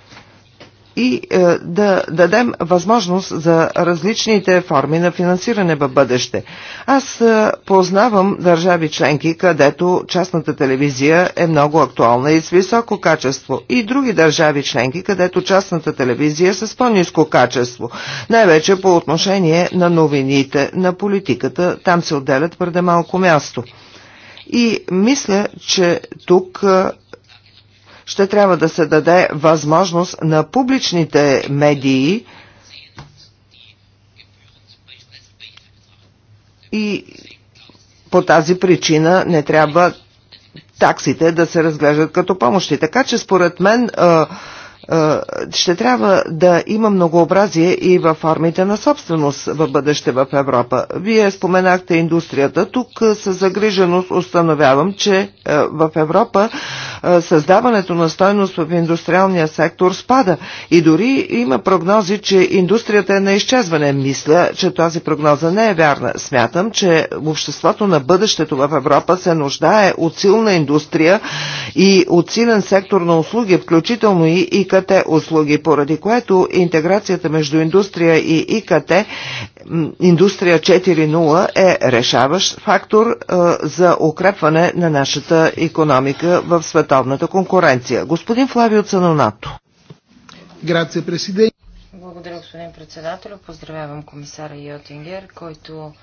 и е, да дадем възможност за различните форми на финансиране в бъдеще. Аз е, познавам държави членки, където частната телевизия е много актуална и с високо качество, и други държави членки, където частната телевизия е с по-низко качество, най-вече по отношение на новините, на политиката, там се отделят твърде малко място. И мисля, че тук е, ще трябва да се даде възможност на публичните медии и по тази причина не трябва таксите да се разглеждат като помощи. Така че според мен е, ще трябва да има многообразие и във формите на собственост в бъдеще в Европа. Вие споменахте индустрията. Тук е, с загриженост установявам, че е, в Европа създаването на стойност в индустриалния сектор спада и дори има прогнози, че индустрията е на изчезване. Мисля, че тази прогноза не е вярна. Смятам, че обществото на бъдещето в Европа се нуждае от силна индустрия и от силен сектор на услуги, включително и ИКТ услуги, поради което интеграцията между индустрия и ИКТ, индустрия 4.0 е решаващ фактор за укрепване на нашата економика в световната конкуренция. Господин Флавио Цанонато. Грация, президент. Благодаря, господин председател. Поздравявам комисара Йотингер, който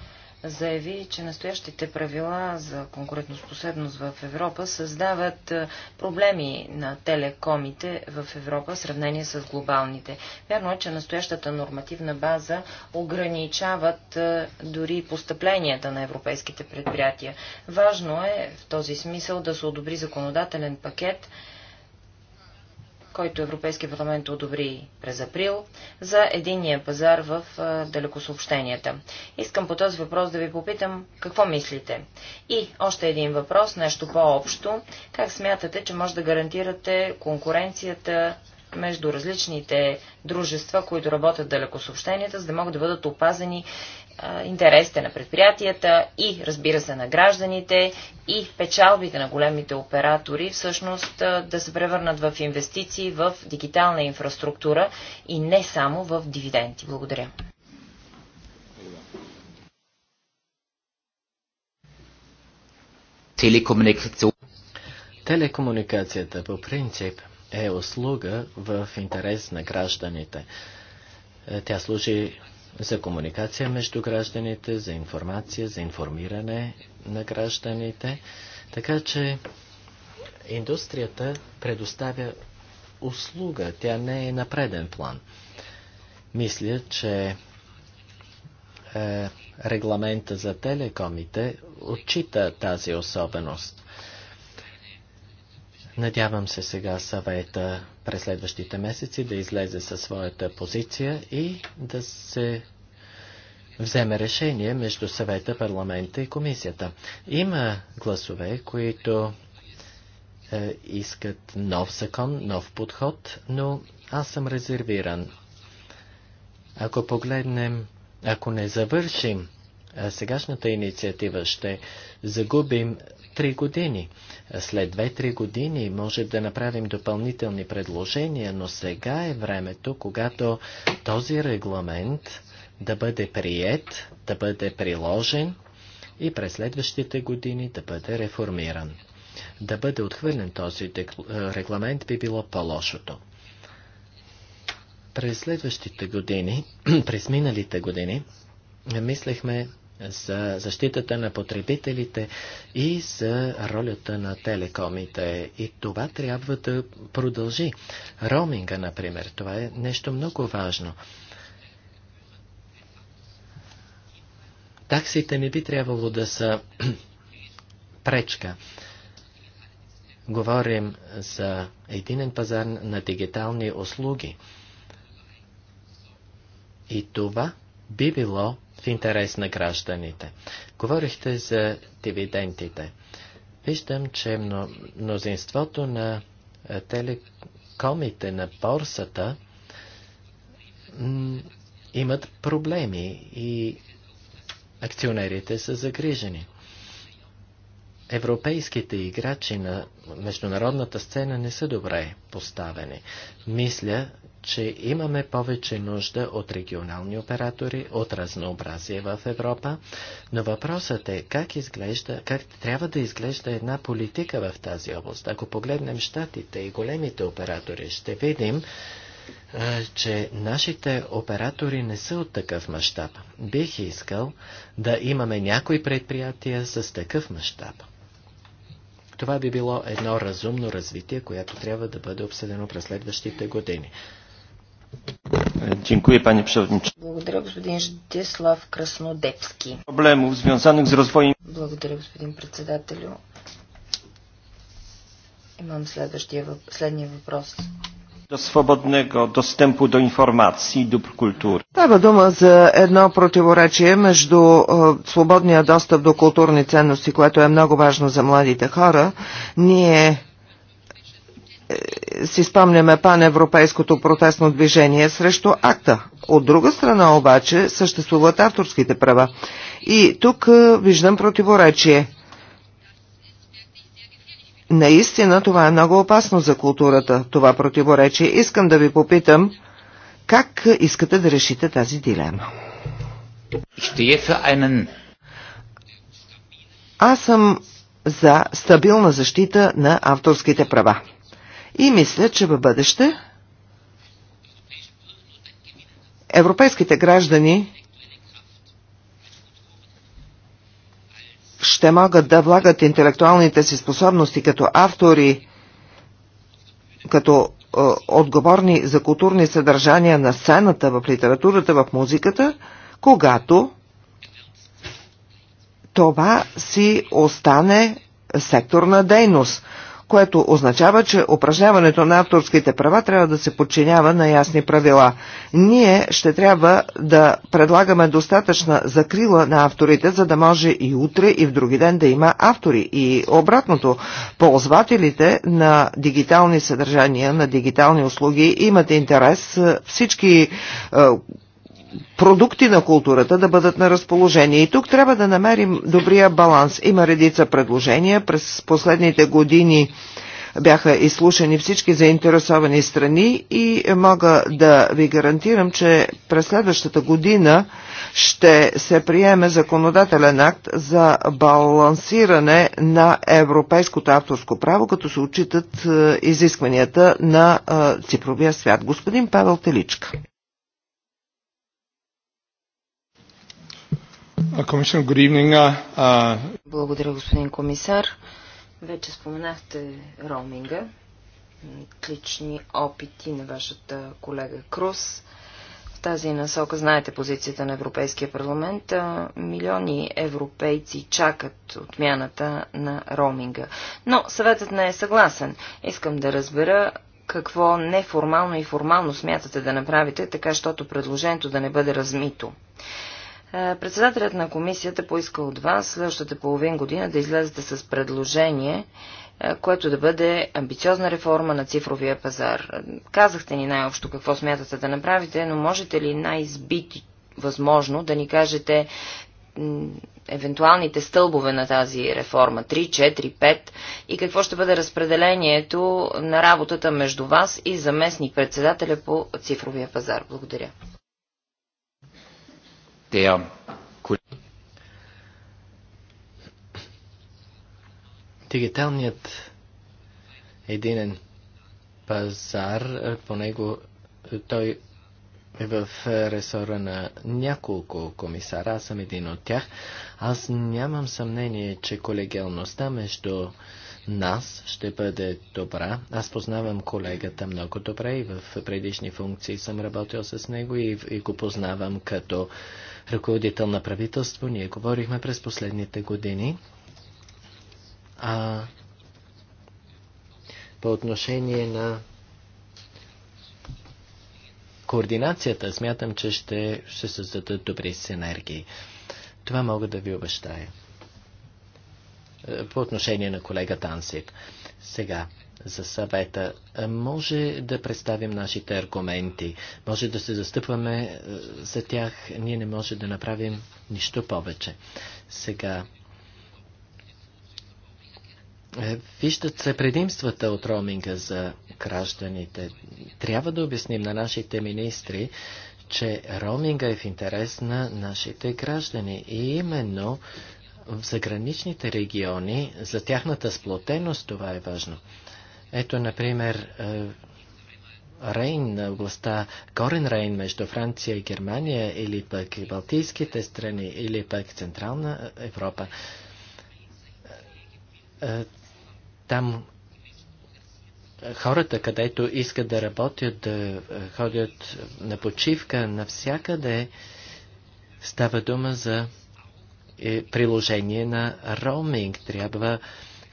заяви, че настоящите правила за конкурентоспособност в Европа създават проблеми на телекомите в Европа в сравнение с глобалните. Вярно е, че настоящата нормативна база ограничават дори постъпленията на европейските предприятия. Важно е в този смисъл да се одобри законодателен пакет, който Европейския парламент одобри през април, за единния пазар в далекосъобщенията. Искам по този въпрос да ви попитам какво мислите. И още един въпрос, нещо по-общо. Как смятате, че може да гарантирате конкуренцията между различните дружества, които работят далекосъобщенията, за да могат да бъдат опазени интересите на предприятията и, разбира се, на гражданите и печалбите на големите оператори всъщност да се превърнат в инвестиции в дигитална инфраструктура и не само в дивиденти. Благодаря. Телекомуникацията по принцип е услуга в интерес на гражданите. Е, тя служи за комуникация между гражданите, за информация, за информиране на гражданите. Така че индустрията предоставя услуга, тя не е на преден план. Мисля, че е, регламента за телекомите отчита тази особеност. Надявам се сега съвета през следващите месеци да излезе със своята позиция и да се вземе решение между съвета, парламента и комисията. Има гласове, които е, искат нов закон, нов подход, но аз съм резервиран. Ако погледнем, ако не завършим сегашната инициатива, ще загубим три години. След 2-3 години може да направим допълнителни предложения, но сега е времето, когато този регламент да бъде прият, да бъде приложен и през следващите години да бъде реформиран. Да бъде отхвърлен този е, регламент би било по-лошото. През следващите години, през миналите години, мислехме за защитата на потребителите и за ролята на телекомите. И това трябва да продължи. Роминга, например, това е нещо много важно. Таксите не би трябвало да са пречка. Говорим за единен пазар на дигитални услуги. И това би било в интерес на гражданите. Говорихте за дивидендите. Виждам, че мнозинството на е, телекомите на борсата имат проблеми и акционерите са загрижени. Европейските играчи на международната сцена не са добре поставени. Мисля, че имаме повече нужда от регионални оператори, от разнообразие в Европа, но въпросът е как, изглежда, как трябва да изглежда една политика в тази област. Ако погледнем щатите и големите оператори, ще видим, че нашите оператори не са от такъв мащаб. Бих искал да имаме някои предприятия с такъв мащаб. Това би било едно разумно развитие, което трябва да бъде обсъдено през следващите години. Dziękuję, panie przewodniczący. Благодаря, господин Штислав Краснодепски. Проблемов, związanych с rozwojem... Благодаря, господин председателю. Имам следващия, следния въпрос До свободного достъпа до информации, i dóbr kultury. Става дума за едно противоречие между е, свободния достъп до културни ценности, което е много важно за младите хора. Ние си спомняме паневропейското протестно движение срещу акта. От друга страна обаче съществуват авторските права. И тук виждам противоречие. Наистина това е много опасно за културата, това противоречие. Искам да ви попитам, как искате да решите тази дилема? Аз съм за стабилна защита на авторските права. И мисля, че в бъдеще европейските граждани ще могат да влагат интелектуалните си способности като автори, като е, отговорни за културни съдържания на сцената, в литературата, в музиката, когато това си остане секторна дейност – което означава, че упражняването на авторските права трябва да се подчинява на ясни правила. Ние ще трябва да предлагаме достатъчна закрила на авторите, за да може и утре и в други ден да има автори. И обратното, ползвателите на дигитални съдържания, на дигитални услуги имат интерес всички е, продукти на културата да бъдат на разположение. И тук трябва да намерим добрия баланс. Има редица предложения. През последните години бяха изслушани всички заинтересовани страни и мога да ви гарантирам, че през следващата година ще се приеме законодателен акт за балансиране на европейското авторско право, като се отчитат е, изискванията на е, цифровия свят. Господин Павел Теличка. Uh, uh, uh, Благодаря, господин комисар. Вече споменахте роуминга, лични опити на вашата колега Крус. В тази насока знаете позицията на Европейския парламент. Милиони европейци чакат отмяната на роуминга. Но съветът не е съгласен. Искам да разбера какво неформално и формално смятате да направите, така щото предложението да не бъде размито. Е, председателят на комисията поиска от вас следващата половин година да излезете с предложение, е, което да бъде амбициозна реформа на цифровия пазар. Казахте ни най-общо какво смятате да направите, но можете ли най-избити възможно да ни кажете евентуалните стълбове на тази реформа 3, 4, 5 и какво ще бъде разпределението на работата между вас и заместник председателя по цифровия пазар. Благодаря der Дигиталният единен пазар, по него той е в ресора на няколко комисара, аз съм един от тях. Аз нямам съмнение, че колегиалността между нас ще бъде добра. Аз познавам колегата много добре и в предишни функции съм работил с него и, и го познавам като ръководител на правителство. Ние говорихме през последните години. А по отношение на координацията, смятам, че ще, ще създадат добри синергии. Това мога да ви обещая. Е, по отношение на колегата Ансик. Сега, за съвета. Може да представим нашите аргументи, може да се застъпваме за тях, ние не може да направим нищо повече. Сега, Виждат се предимствата от роуминга за гражданите. Трябва да обясним на нашите министри, че роуминга е в интерес на нашите граждани и именно в заграничните региони за тяхната сплотеност това е важно. Ето, например, е, Рейн, областта корен Рейн между Франция и Германия, или пък и Балтийските страни, или пък Централна Европа. Е, там хората, където искат да работят, да е, ходят на почивка, навсякъде става дума за приложение на роуминг. Трябва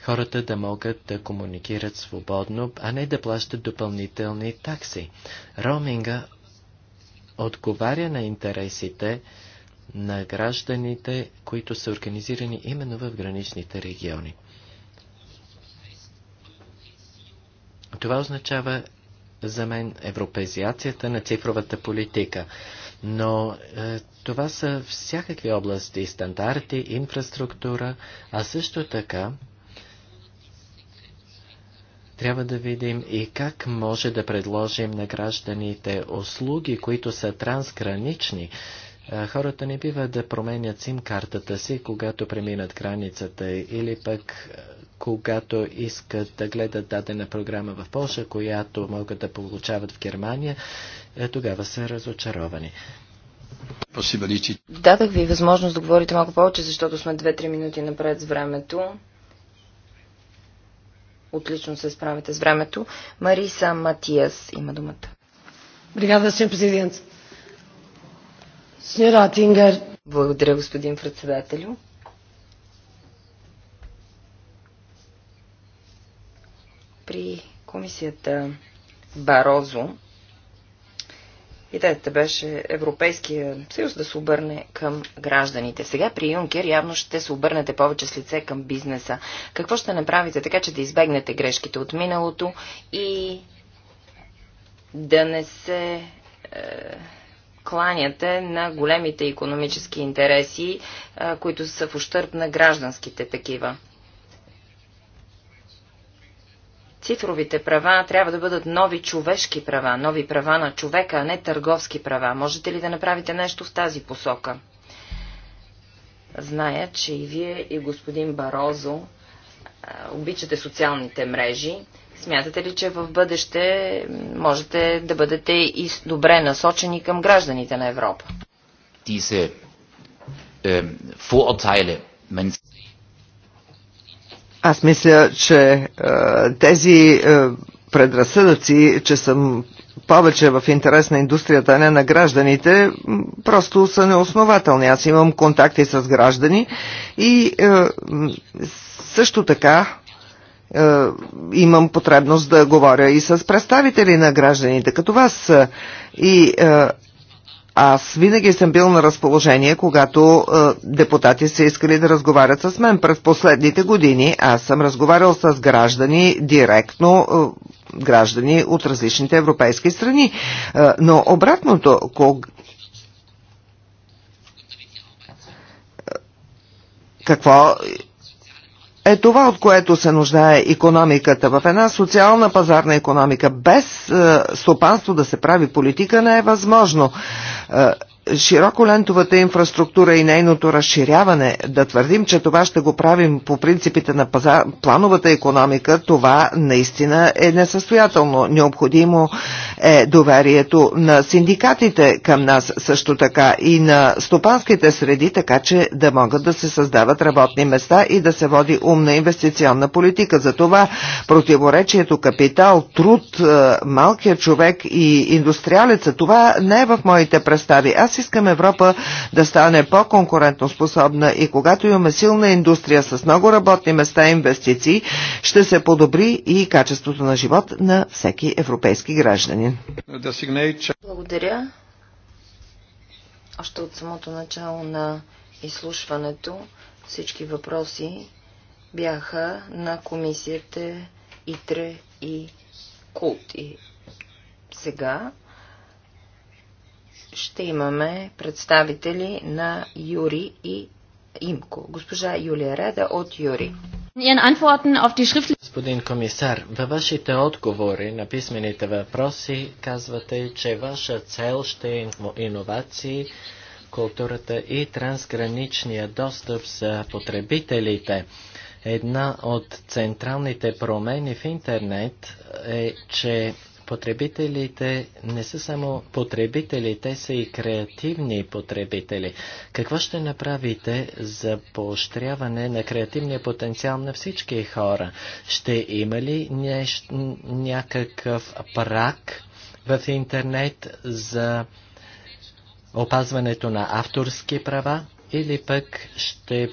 хората да могат да комуникират свободно, а не да плащат допълнителни такси. Роминга отговаря на интересите на гражданите, които са организирани именно в граничните региони. Това означава за мен европезиацията на цифровата политика. Но е, това са всякакви области, стандарти, инфраструктура, а също така трябва да видим и как може да предложим на гражданите услуги, които са трансгранични. Е, хората не бива да променят сим-картата си, когато преминат границата или пък е, когато искат да гледат дадена програма в Польша, която могат да получават в Германия, е, тогава са разочаровани. Дадах ви възможност да говорите малко повече, защото сме 2-3 минути напред с времето отлично се справите с времето. Мариса Матиас има думата. Бригада, господин президент. Сеньора Тингер. Благодаря, господин председателю. При комисията Барозо Идеята беше Европейския съюз да се обърне към гражданите. Сега при Юнкер явно ще се обърнете повече с лице към бизнеса. Какво ще направите така, че да избегнете грешките от миналото и да не се е, кланяте на големите економически интереси, е, които са в ущърп на гражданските такива? Цифровите права трябва да бъдат нови човешки права, нови права на човека, а не търговски права. Можете ли да направите нещо в тази посока? Зная, че и вие, и господин Барозо обичате социалните мрежи. Смятате ли, че в бъдеще можете да бъдете и добре насочени към гражданите на Европа? Diese аз мисля, че е, тези е, предразсъдъци, че съм повече в интерес на индустрията, а не на гражданите, просто са неоснователни. Аз имам контакти с граждани и е, също така е, имам потребност да говоря и с представители на гражданите, като вас. И е, аз винаги съм бил на разположение, когато е, депутати са искали да разговарят с мен. През последните години аз съм разговарял с граждани директно, е, граждани от различните европейски страни. Е, но обратното, кога... какво е това, от което се нуждае економиката. В една социална пазарна економика без е, стопанство да се прави политика не е възможно. Е, широколентовата инфраструктура и нейното разширяване, да твърдим, че това ще го правим по принципите на паза, плановата економика, това наистина е несъстоятелно. Необходимо е доверието на синдикатите към нас също така и на стопанските среди, така че да могат да се създават работни места и да се води умна инвестиционна политика. За това противоречието капитал, труд, е, малкият човек и индустриалица, това не е в моите представи. Аз аз искам Европа да стане по-конкурентоспособна и когато имаме силна индустрия с много работни места и инвестиции, ще се подобри и качеството на живот на всеки европейски гражданин. Благодаря. Още от самото начало на изслушването всички въпроси бяха на комисията ИТРЕ и КУЛТИ. И сега ще имаме представители на Юри и Имко. Госпожа Юлия Реда от Юри. Господин комисар, във вашите отговори на писмените въпроси казвате, че ваша цел ще е иновации, културата и трансграничния достъп за потребителите. Една от централните промени в интернет е, че Потребителите не са само потребители, те са и креативни потребители. Какво ще направите за поощряване на креативния потенциал на всички хора? Ще има ли нещ, някакъв прак в интернет за опазването на авторски права? Или пък ще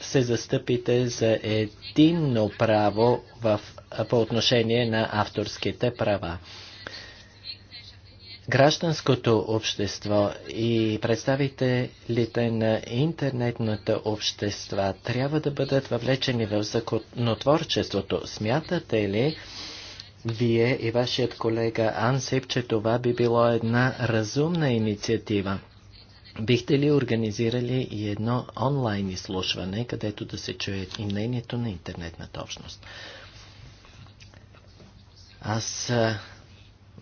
се застъпите за единно право в по отношение на авторските права. Гражданското общество и представителите на интернетната общества трябва да бъдат въвлечени в законотворчеството. Смятате ли, вие и вашият колега Ансип, че това би било една разумна инициатива? Бихте ли организирали и едно онлайн изслушване, където да се чуе и мнението на интернетната общност? Аз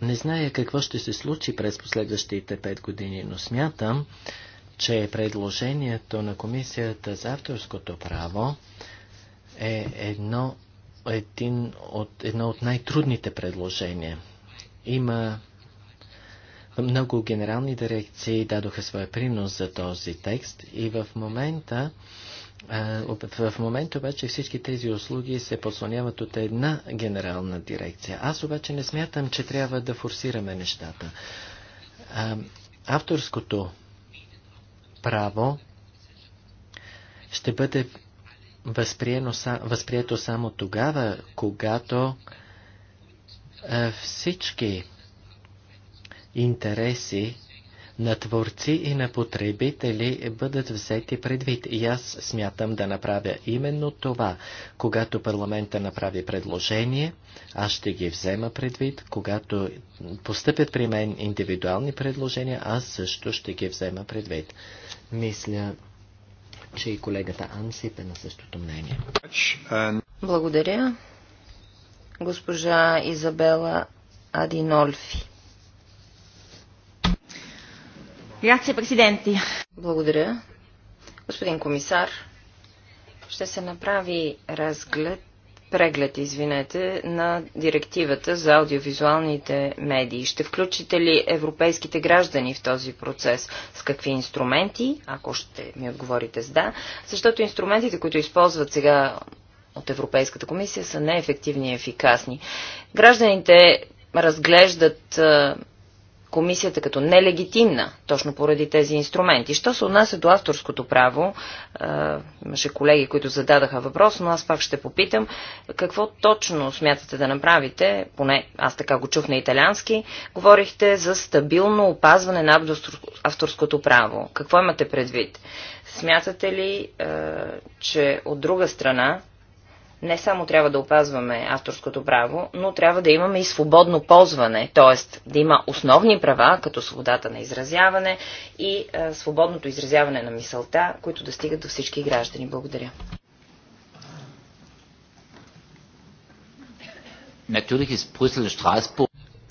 не зная какво ще се случи през последващите пет години, но смятам, че предложението на Комисията за авторското право е едно, един от, едно от най-трудните предложения. Има много генерални дирекции дадоха своя принос за този текст и в момента в момента обаче всички тези услуги се подслоняват от една генерална дирекция. Аз обаче не смятам, че трябва да форсираме нещата. Авторското право ще бъде възприето само тогава, когато всички интереси на творци и на потребители бъдат взети предвид. И аз смятам да направя именно това. Когато парламента направи предложение, аз ще ги взема предвид. Когато постъпят при мен индивидуални предложения, аз също ще ги взема предвид. Мисля, че и колегата Ансип е на същото мнение. Благодаря. Госпожа Изабела Адинольфи. Грация, президенти. Благодаря. Господин комисар, ще се направи разглед, преглед, извинете, на директивата за аудиовизуалните медии. Ще включите ли европейските граждани в този процес? С какви инструменти? Ако ще ми отговорите с да. Защото инструментите, които използват сега от Европейската комисия, са неефективни и ефикасни. Гражданите разглеждат комисията като нелегитимна, точно поради тези инструменти. Що се отнася до авторското право, имаше колеги, които зададаха въпрос, но аз пак ще попитам, какво точно смятате да направите, поне аз така го чух на италиански, говорихте за стабилно опазване на авторското право. Какво имате предвид? Смятате ли, че от друга страна не само трябва да опазваме авторското право, но трябва да имаме и свободно ползване, т.е. да има основни права, като свободата на изразяване и е, свободното изразяване на мисълта, които да стигат до всички граждани. Благодаря.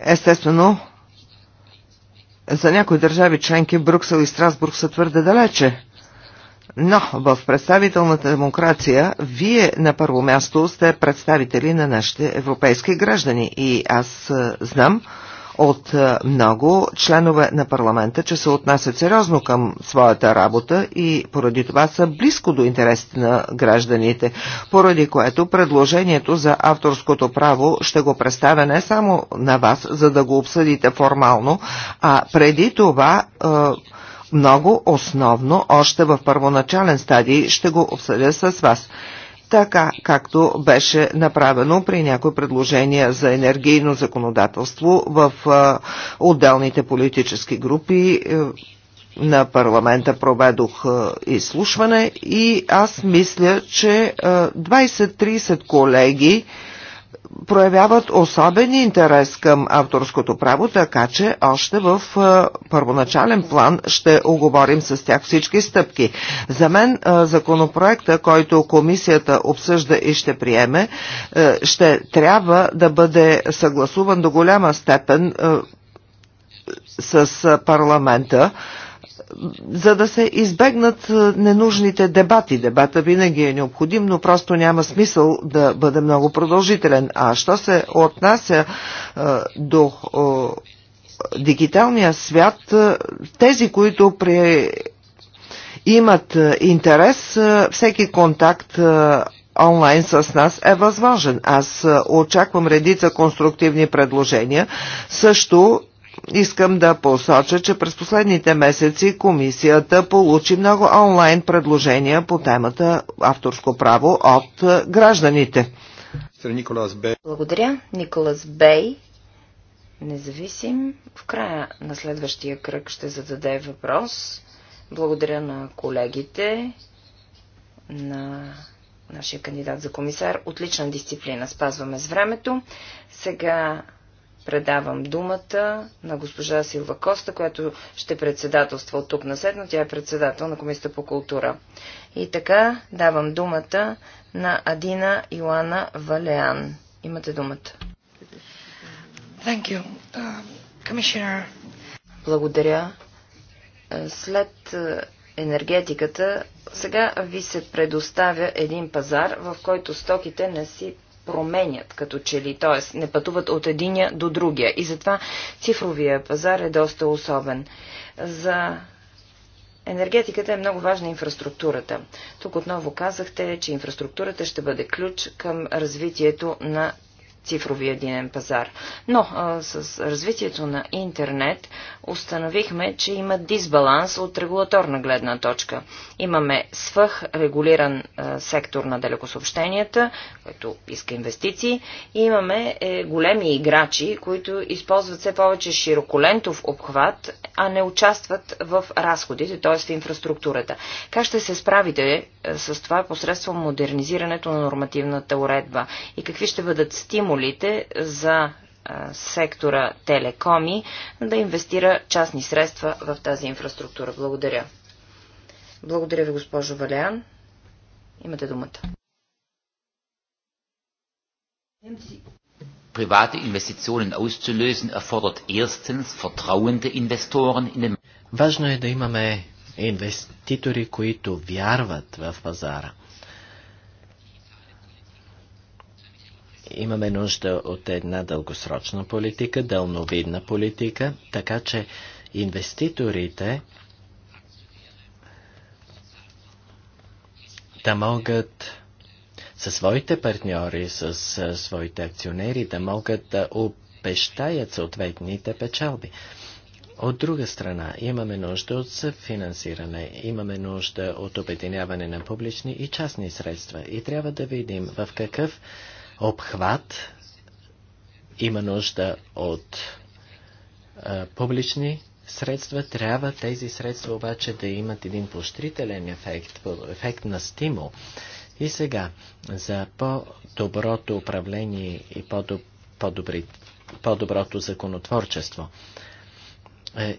Естествено, за някои държави членки Брюксел и Страсбург са твърде далече. Но в представителната демокрация вие на първо място сте представители на нашите европейски граждани и аз знам от много членове на парламента, че се отнасят сериозно към своята работа и поради това са близко до интересите на гражданите, поради което предложението за авторското право ще го представя не само на вас, за да го обсъдите формално, а преди това е, много основно още в първоначален стадий. Ще го обсъдя с вас така както беше направено при някои предложения за енергийно законодателство в отделните политически групи. Е, на парламента проведох е, изслушване и аз мисля, че 20-30 е, колеги проявяват особен интерес към авторското право, така че още в е, първоначален план ще оговорим с тях всички стъпки. За мен е, законопроекта, който комисията обсъжда и ще приеме, е, ще трябва да бъде съгласуван до голяма степен с парламента, за да се избегнат е, ненужните дебати. Дебата винаги е необходим, но просто няма смисъл да бъде много продължителен. А що се отнася е, до е, дигиталния свят, тези, които при имат интерес, всеки контакт онлайн с нас е възможен. Аз очаквам редица конструктивни предложения. Също Искам да посоча, че през последните месеци комисията получи много онлайн предложения по темата авторско право от гражданите. Благодаря. Николас Бей, независим. В края на следващия кръг ще зададе въпрос. Благодаря на колегите, на нашия кандидат за комисар. Отлична дисциплина. Спазваме с времето. Сега предавам думата на госпожа Силва Коста, която ще председателства от тук на но тя е председател на Комисията по култура. И така давам думата на Адина Йоана Валеан. Имате думата. Thank you. Uh, Благодаря. Е, след е, енергетиката, сега ви се предоставя един пазар, в който стоките не си променят като че ли, т.е. не пътуват от единия до другия. И затова цифровия пазар е доста особен. За енергетиката е много важна инфраструктурата. Тук отново казахте, че инфраструктурата ще бъде ключ към развитието на цифровия единен пазар. Но а, с развитието на интернет установихме, че има дисбаланс от регулаторна гледна точка. Имаме свъх регулиран а, сектор на далекосъобщенията, който иска инвестиции, и имаме е, големи играчи, които използват все повече широколентов обхват, а не участват в разходите, т.е. в инфраструктурата. Как ще се справите е, с това посредством модернизирането на нормативната уредба и какви ще бъдат стимули стимулите за сектора телекоми да инвестира частни средства в тази инфраструктура. Благодаря. Благодаря ви, госпожо Валян. Имате думата. Private Investitionen auszulösen erfordert erstens vertrauende Investoren in den Важно е да имаме инвеститори, които вярват в пазара. Имаме нужда от една дългосрочна политика, дълновидна политика, така че инвеститорите да могат със своите партньори, с своите акционери да могат да обещаят съответните печалби. От друга страна, имаме нужда от съфинансиране, имаме нужда от обединяване на публични и частни средства и трябва да видим в какъв обхват, има нужда от а, публични средства. Трябва тези средства обаче да имат един поощрителен ефект, ефект на стимул. И сега, за по-доброто управление и по -доб, по по-доброто законотворчество. Е,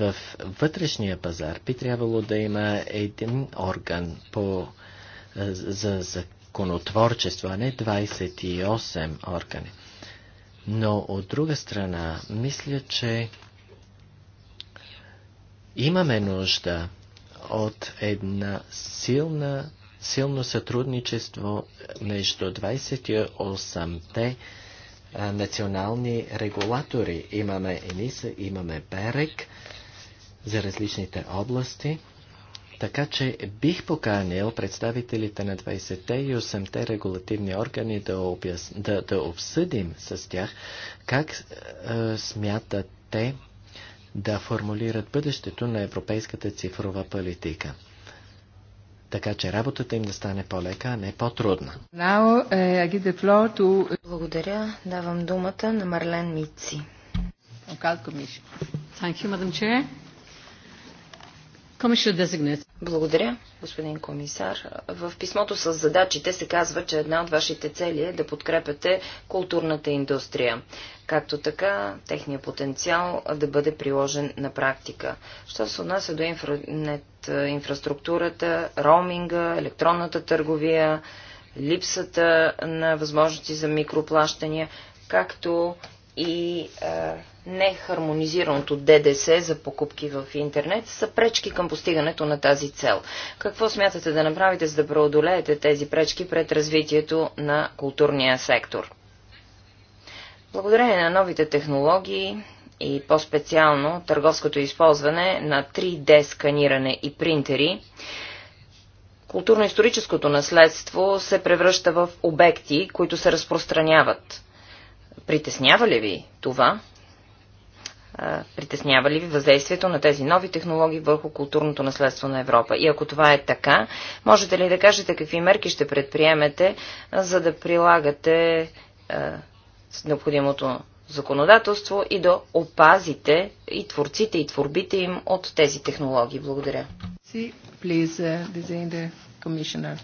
в вътрешния пазар би трябвало да има един орган по, за, за законотворчество, а не 28 органи. Но от друга страна, мисля, че имаме нужда от една силна, силно сътрудничество между 28-те национални регулатори. Имаме ЕНИСА, имаме БЕРЕК за различните области – така че бих поканил представителите на 20-те и 8-те регулативни органи да, обяс... да, да обсъдим с тях как е, смятат те да формулират бъдещето на европейската цифрова политика. Така че работата им да стане по-лека, а не по-трудна. Е, Благодаря. Давам думата на Марлен Мици. Okay, благодаря, господин комисар. В писмото с задачите се казва, че една от вашите цели е да подкрепяте културната индустрия, както така техния потенциал да бъде приложен на практика. Що се отнася до интернет, инфраструктурата, роуминга, електронната търговия, липсата на възможности за микроплащания, както и а, нехармонизираното ДДС за покупки в интернет са пречки към постигането на тази цел. Какво смятате да направите, за да преодолеете тези пречки пред развитието на културния сектор? Благодарение на новите технологии и по-специално търговското използване на 3D сканиране и принтери, културно-историческото наследство се превръща в обекти, които се разпространяват Притеснява ли ви това? Притеснява ли ви въздействието на тези нови технологии върху културното наследство на Европа? И ако това е така, можете ли да кажете какви мерки ще предприемете, за да прилагате необходимото законодателство и да опазите и творците и творбите им от тези технологии. Благодаря. Please, uh,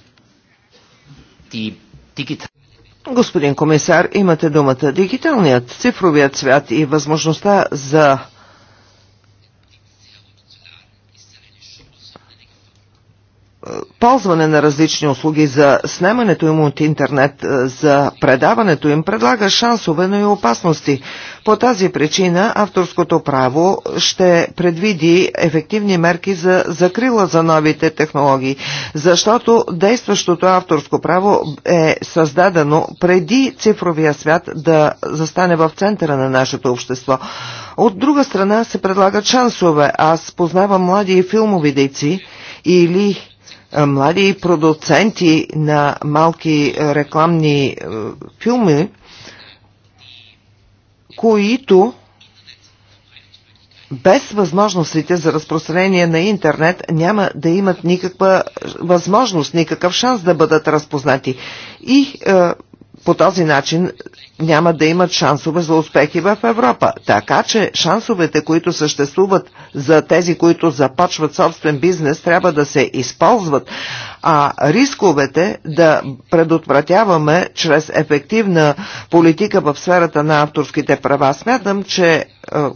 Господин комисар, имате думата. Дигиталният цифровият свят и възможността за ползване на различни услуги за снемането им от интернет, е, за предаването им предлага шансове, но и опасности. По тази причина авторското право ще предвиди ефективни мерки за закрила за новите технологии, защото действащото авторско право е създадено преди цифровия свят да застане в центъра на нашето общество. От друга страна се предлагат шансове. Аз познавам млади филмови дейци или е, млади продуценти на малки е, рекламни е, филми, които без възможностите за разпространение на интернет няма да имат никаква възможност, никакъв шанс да бъдат разпознати. И е, по този начин няма да имат шансове за успехи в Европа. Така че шансовете, които съществуват за тези, които започват собствен бизнес, трябва да се използват, а рисковете да предотвратяваме чрез ефективна политика в сферата на авторските права. Смятам, че, е,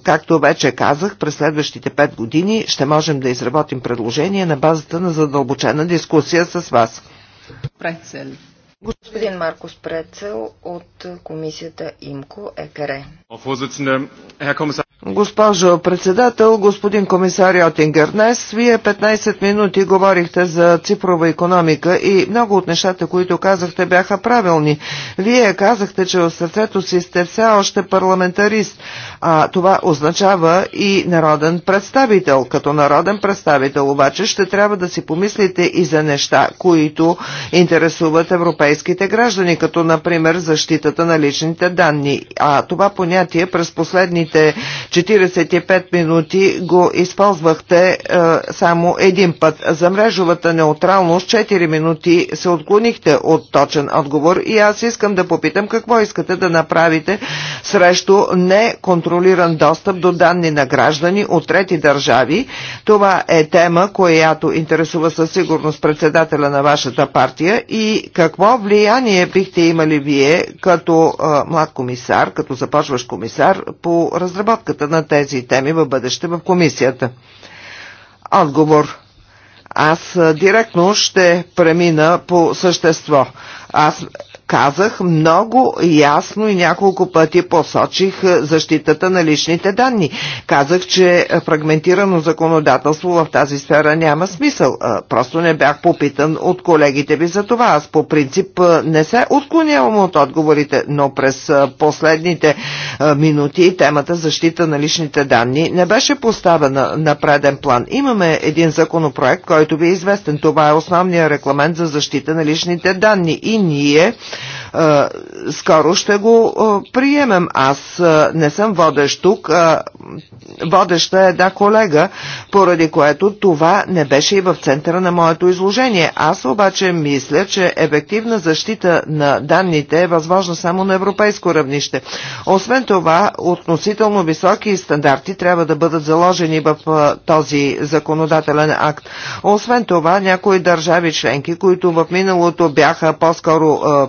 както вече казах, през следващите 5 години ще можем да изработим предложение на базата на задълбочена дискусия с вас. Прецел. Господин Маркос Прецел от комисията ИМКО ЕКРЕ. Госпожо председател, господин комисар Йотингер, днес вие 15 минути говорихте за цифрова економика и много от нещата, които казахте, бяха правилни. Вие казахте, че в сърцето си сте все още парламентарист, а това означава и народен представител. Като народен представител обаче ще трябва да си помислите и за неща, които интересуват европейските граждани, като например защитата на личните данни. А това понятие през последните 45 минути го използвахте е, само един път. За мрежовата неутралност 4 минути се отклонихте от точен отговор и аз искам да попитам какво искате да направите срещу неконтролиран достъп до данни на граждани от трети държави. Това е тема, която интересува със сигурност председателя на вашата партия и какво влияние бихте имали вие като е, млад комисар, като започващ комисар по разработката дискусията на тези теми в бъдеще в комисията? Отговор. Аз директно ще премина по същество. Аз казах много ясно и няколко пъти посочих е, защитата на личните данни. Казах, че фрагментирано законодателство в тази сфера няма смисъл. Е, просто не бях попитан от колегите ви за това. Аз по принцип е, не се отклонявам от отговорите, но през последните минути темата защита на личните данни не беше поставена на преден план. Имаме един законопроект, който ви е известен. Това е основният рекламент за защита на личните данни и ние е, скоро ще го е, приемем. Аз е, не съм водещ тук, водеща е една колега, поради което това не беше и в центъра на моето изложение. Аз обаче мисля, че ефективна защита на данните е възможна само на европейско равнище. Освен това, относително високи стандарти трябва да бъдат заложени в този законодателен акт. Освен това, някои държави членки, които в миналото бяха по-скоро е,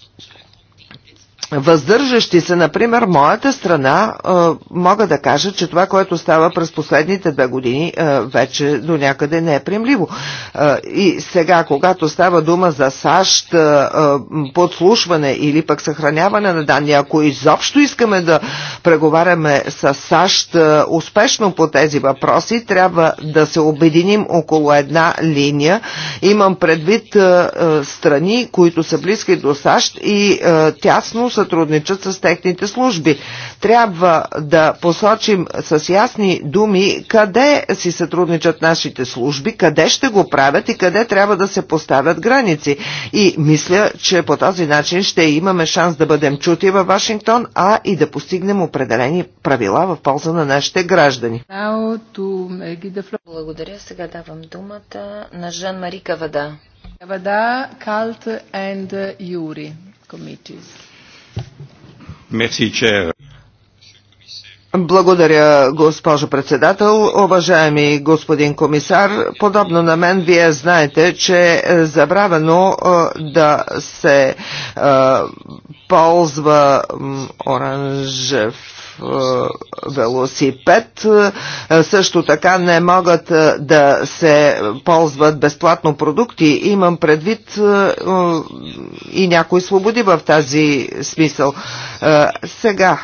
въздържащи се, например, моята страна, мога да кажа, че това, което става през последните две години, вече до някъде не е приемливо. И сега, когато става дума за САЩ, подслушване или пък съхраняване на данни, ако изобщо искаме да преговаряме с САЩ успешно по тези въпроси, трябва да се обединим около една линия. Имам предвид страни, които са близки до САЩ и тясно с сътрудничат с техните служби. Трябва да посочим с ясни думи къде си сътрудничат нашите служби, къде ще го правят и къде трябва да се поставят граници. И мисля, че по този начин ще имаме шанс да бъдем чути във Вашингтон, а и да постигнем определени правила в полза на нашите граждани. Благодаря. Сега давам думата на Жан-Мари Кавада. Кавада, Калт и Юри. Committees. Благодаря, госпожо председател. Уважаеми господин комисар, подобно на мен, вие знаете, че е забравено е, да се е, ползва оранжев велосипед. Е, също така не могат е, да се ползват безплатно продукти. Имам предвид е, и някои свободи в тази смисъл. Сега,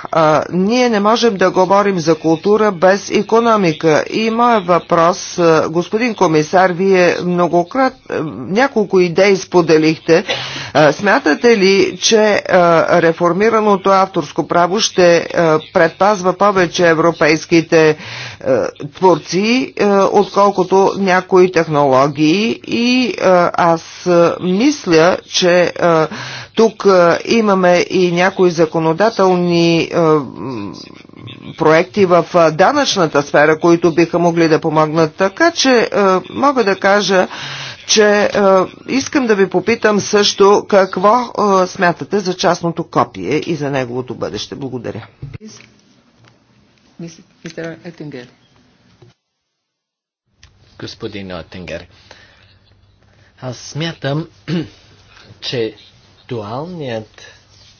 ние не можем да говорим за култура без економика. И моят въпрос, господин комисар, вие многократ, няколко идеи споделихте. Смятате ли, че реформираното авторско право ще пред предпазва повече европейските е, творци, е, отколкото някои технологии. И е, аз е, мисля, че е, тук е, имаме и някои законодателни проекти в данъчната сфера, които биха могли да помогнат. Така че мога да кажа, че е, искам да ви попитам също какво е, смятате за частното копие и за неговото бъдеще. Благодаря. Мистер Етингер. Господин Оттенгер, аз смятам, че дуалният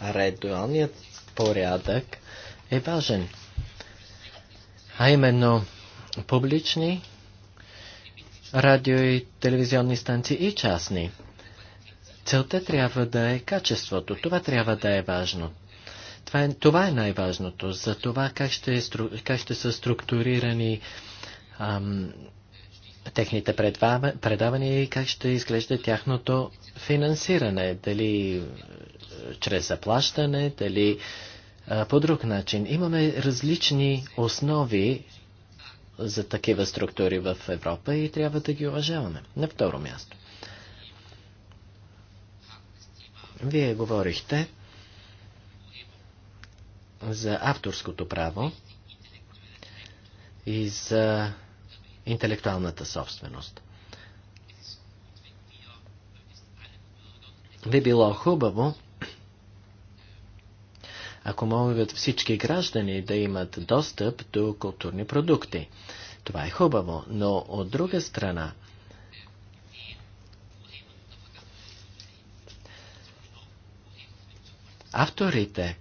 ред, дуалният порядък е важен. А именно публични радио и телевизионни станции и частни. Целта трябва да е качеството. Това трябва да е важно. Това е, това е най-важното. За това как ще, е, как ще са структурирани ам, техните предавания и как ще изглежда тяхното финансиране. Дали е, чрез заплащане, дали а, е, по друг начин. Имаме различни основи за такива структури в Европа и трябва да ги уважаваме. На второ място. Вие говорихте за авторското право и за интелектуалната собственост. Би било хубаво, ако могат всички граждани да имат достъп до културни продукти. Това е хубаво, но от друга страна, авторите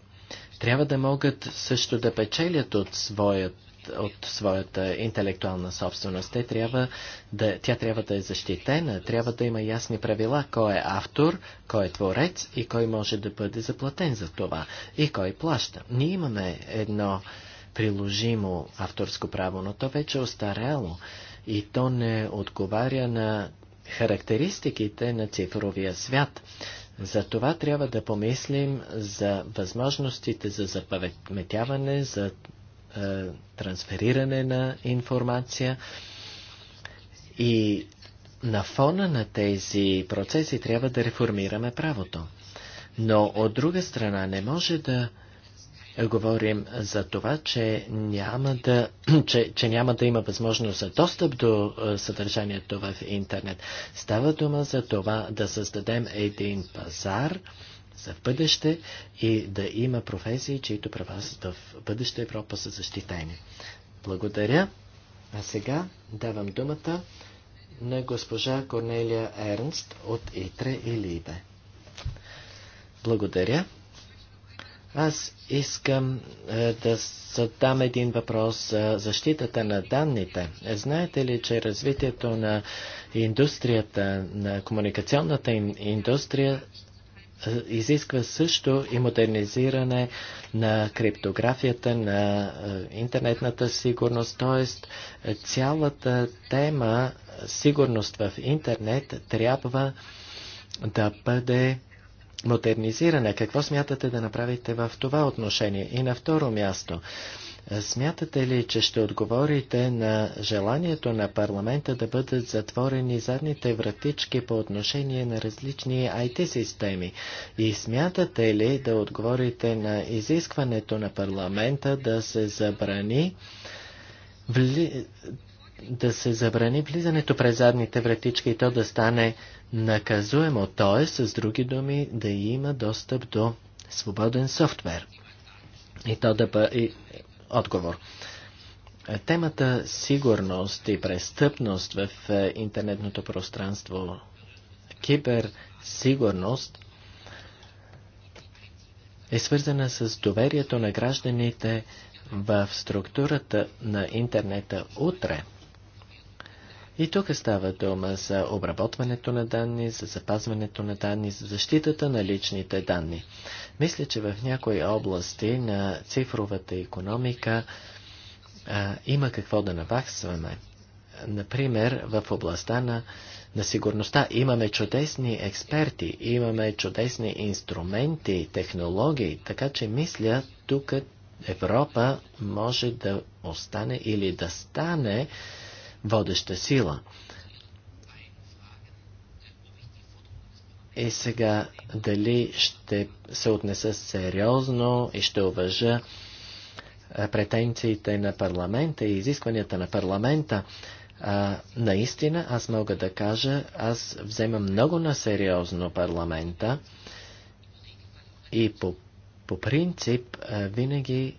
трябва да могат също да печелят от, своят, от своята интелектуална собственост. Те трябва да, тя трябва да е защитена, трябва да има ясни правила, кой е автор, кой е творец и кой може да бъде заплатен за това и кой плаща. Ние имаме едно приложимо авторско право, но то вече е остаряло и то не отговаря на характеристиките на цифровия свят. За това трябва да помислим за възможностите за запаметяване, за е, трансфериране на информация и на фона на тези процеси трябва да реформираме правото. Но от друга страна не може да говорим за това, че няма да, че, че няма да има възможност за достъп до е, съдържанието в интернет. Става дума за това да създадем един пазар за бъдеще и да има професии, чието права в бъдеща Европа са защитени. Благодаря. А сега давам думата на госпожа Корнелия Ернст от Итре и Либе. Благодаря. Аз искам е, да задам един въпрос за защитата на данните. Знаете ли, че развитието на индустрията, на комуникационната индустрия е, изисква също и модернизиране на криптографията, на е, интернетната сигурност, т.е. цялата тема сигурност в интернет трябва да бъде модернизиране. Какво смятате да направите в това отношение? И на второ място, смятате ли, че ще отговорите на желанието на парламента да бъдат затворени задните вратички по отношение на различни IT системи? И смятате ли да отговорите на изискването на парламента да се забрани да се забрани влизането през задните вратички и то да стане наказуемо, т.е. с други думи да има достъп до свободен софтуер. И то да бъ... и... отговор. Темата сигурност и престъпност в е, интернетното пространство, киберсигурност, е свързана с доверието на гражданите в структурата на интернета утре – и тук става дума за обработването на данни, за запазването на данни, за защитата на личните данни. Мисля, че в някои области на цифровата економика а, има какво да наваксваме. Например, в областта на, на сигурността имаме чудесни експерти, имаме чудесни инструменти, технологии, така че мисля, тук Европа може да остане или да стане водеща сила. И е, сега дали ще се отнеса сериозно и ще уважа претенциите на парламента и изискванията на парламента. А, наистина, аз мога да кажа, аз взема много на сериозно парламента и по, по принцип а, винаги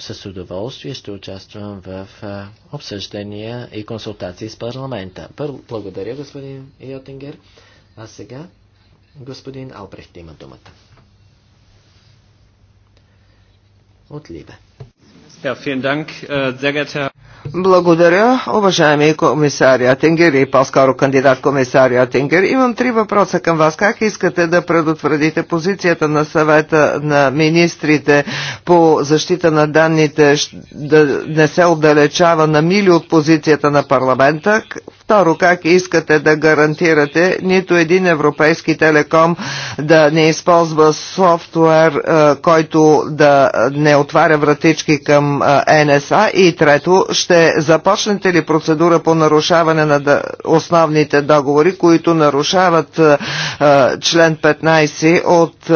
с удоволствие ще участвам в обсъждения и консултации с парламента. Първо Благодаря, господин Йотингер. А сега господин Албрехт има думата. От Либе. Ja, vielen Dank, äh, sehr geehrter благодаря, уважаеми комисари Атингер, и по-скоро кандидат комисари Атингер. Имам три въпроса към вас. Как искате да предотвратите позицията на съвета на министрите по защита на данните да не се отдалечава на мили от позицията на парламента? Второ, как искате да гарантирате нито един европейски телеком да не използва софтуер, е, който да не отваря вратички към е, НСА? И трето, ще започнете ли процедура по нарушаване на основните договори, които нарушават е, член 15 от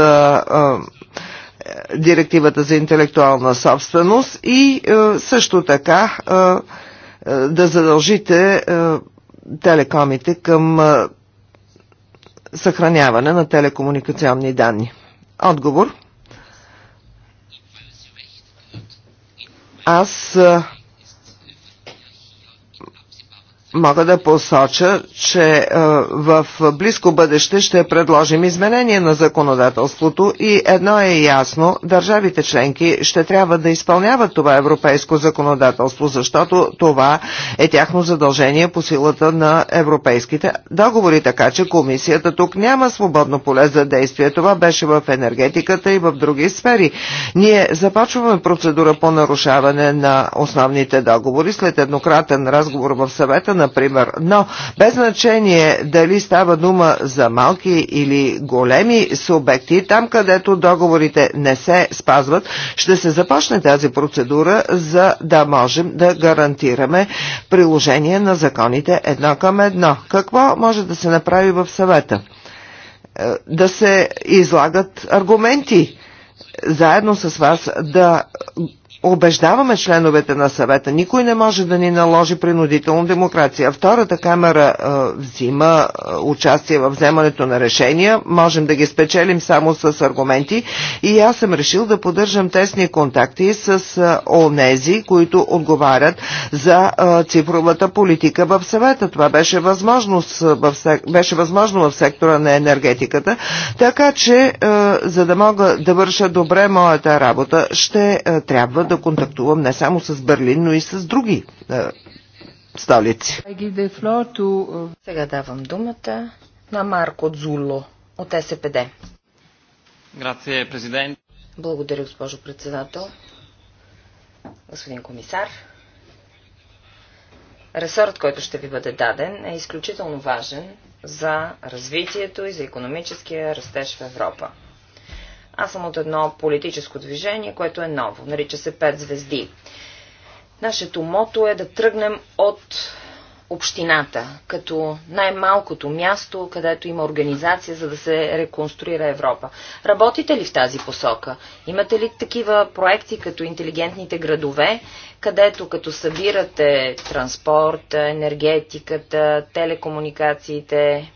директивата за интелектуална собственост и също така да задължите телекомите към съхраняване на телекомуникационни данни? Отговор. Аз а, мога да посоча, че е, в близко бъдеще ще предложим изменение на законодателството и едно е ясно, държавите членки ще трябва да изпълняват това европейско законодателство, защото това е тяхно задължение по силата на европейските договори, така че комисията тук няма свободно поле за действие. Това беше в енергетиката и в други сфери. Ние започваме процедура по нарушаване на основните договори след еднократен разговор в съвета на например. Но без значение дали става дума за малки или големи субекти, там където договорите не се спазват, ще се започне тази процедура, за да можем да гарантираме приложение на законите едно към едно. Какво може да се направи в съвета? Е, да се излагат аргументи заедно с вас да убеждаваме членовете на съвета. Никой не може да ни наложи принудително демокрация. Втората камера а, взима а, участие в вземането на решения. Можем да ги спечелим само с аргументи. И аз съм решил да поддържам тесни контакти с а, онези, които отговарят за а, цифровата политика в съвета. Това беше, възможност в, беше възможно в сектора на енергетиката. Така че, а, за да мога да върша добре моята работа, ще а, трябва да да контактувам не само с Берлин, но и с други е, столици. Сега давам думата на Марко Дзуло от СПД. Грация, президент. Благодаря, госпожо председател. Господин комисар, ресорът, който ще ви бъде даден, е изключително важен за развитието и за економическия растеж в Европа. Аз съм от едно политическо движение, което е ново. Нарича се Пет звезди. Нашето мото е да тръгнем от общината, като най-малкото място, където има организация, за да се реконструира Европа. Работите ли в тази посока? Имате ли такива проекти, като интелигентните градове, където като събирате транспорт, енергетиката, телекомуникациите,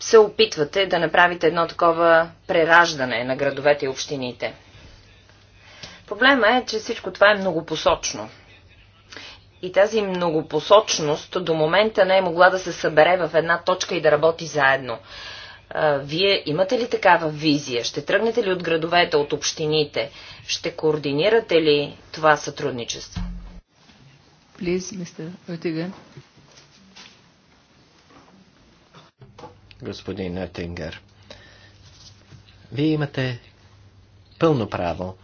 се опитвате да направите едно такова прераждане на градовете и общините. Проблема е, че всичко това е многопосочно. И тази многопосочност до момента не е могла да се събере в една точка и да работи заедно. Вие имате ли такава визия? Ще тръгнете ли от градовете, от общините? Ще координирате ли това сътрудничество? Please, Mr. Oettinger. господин Етингер. Вие имате пълно право.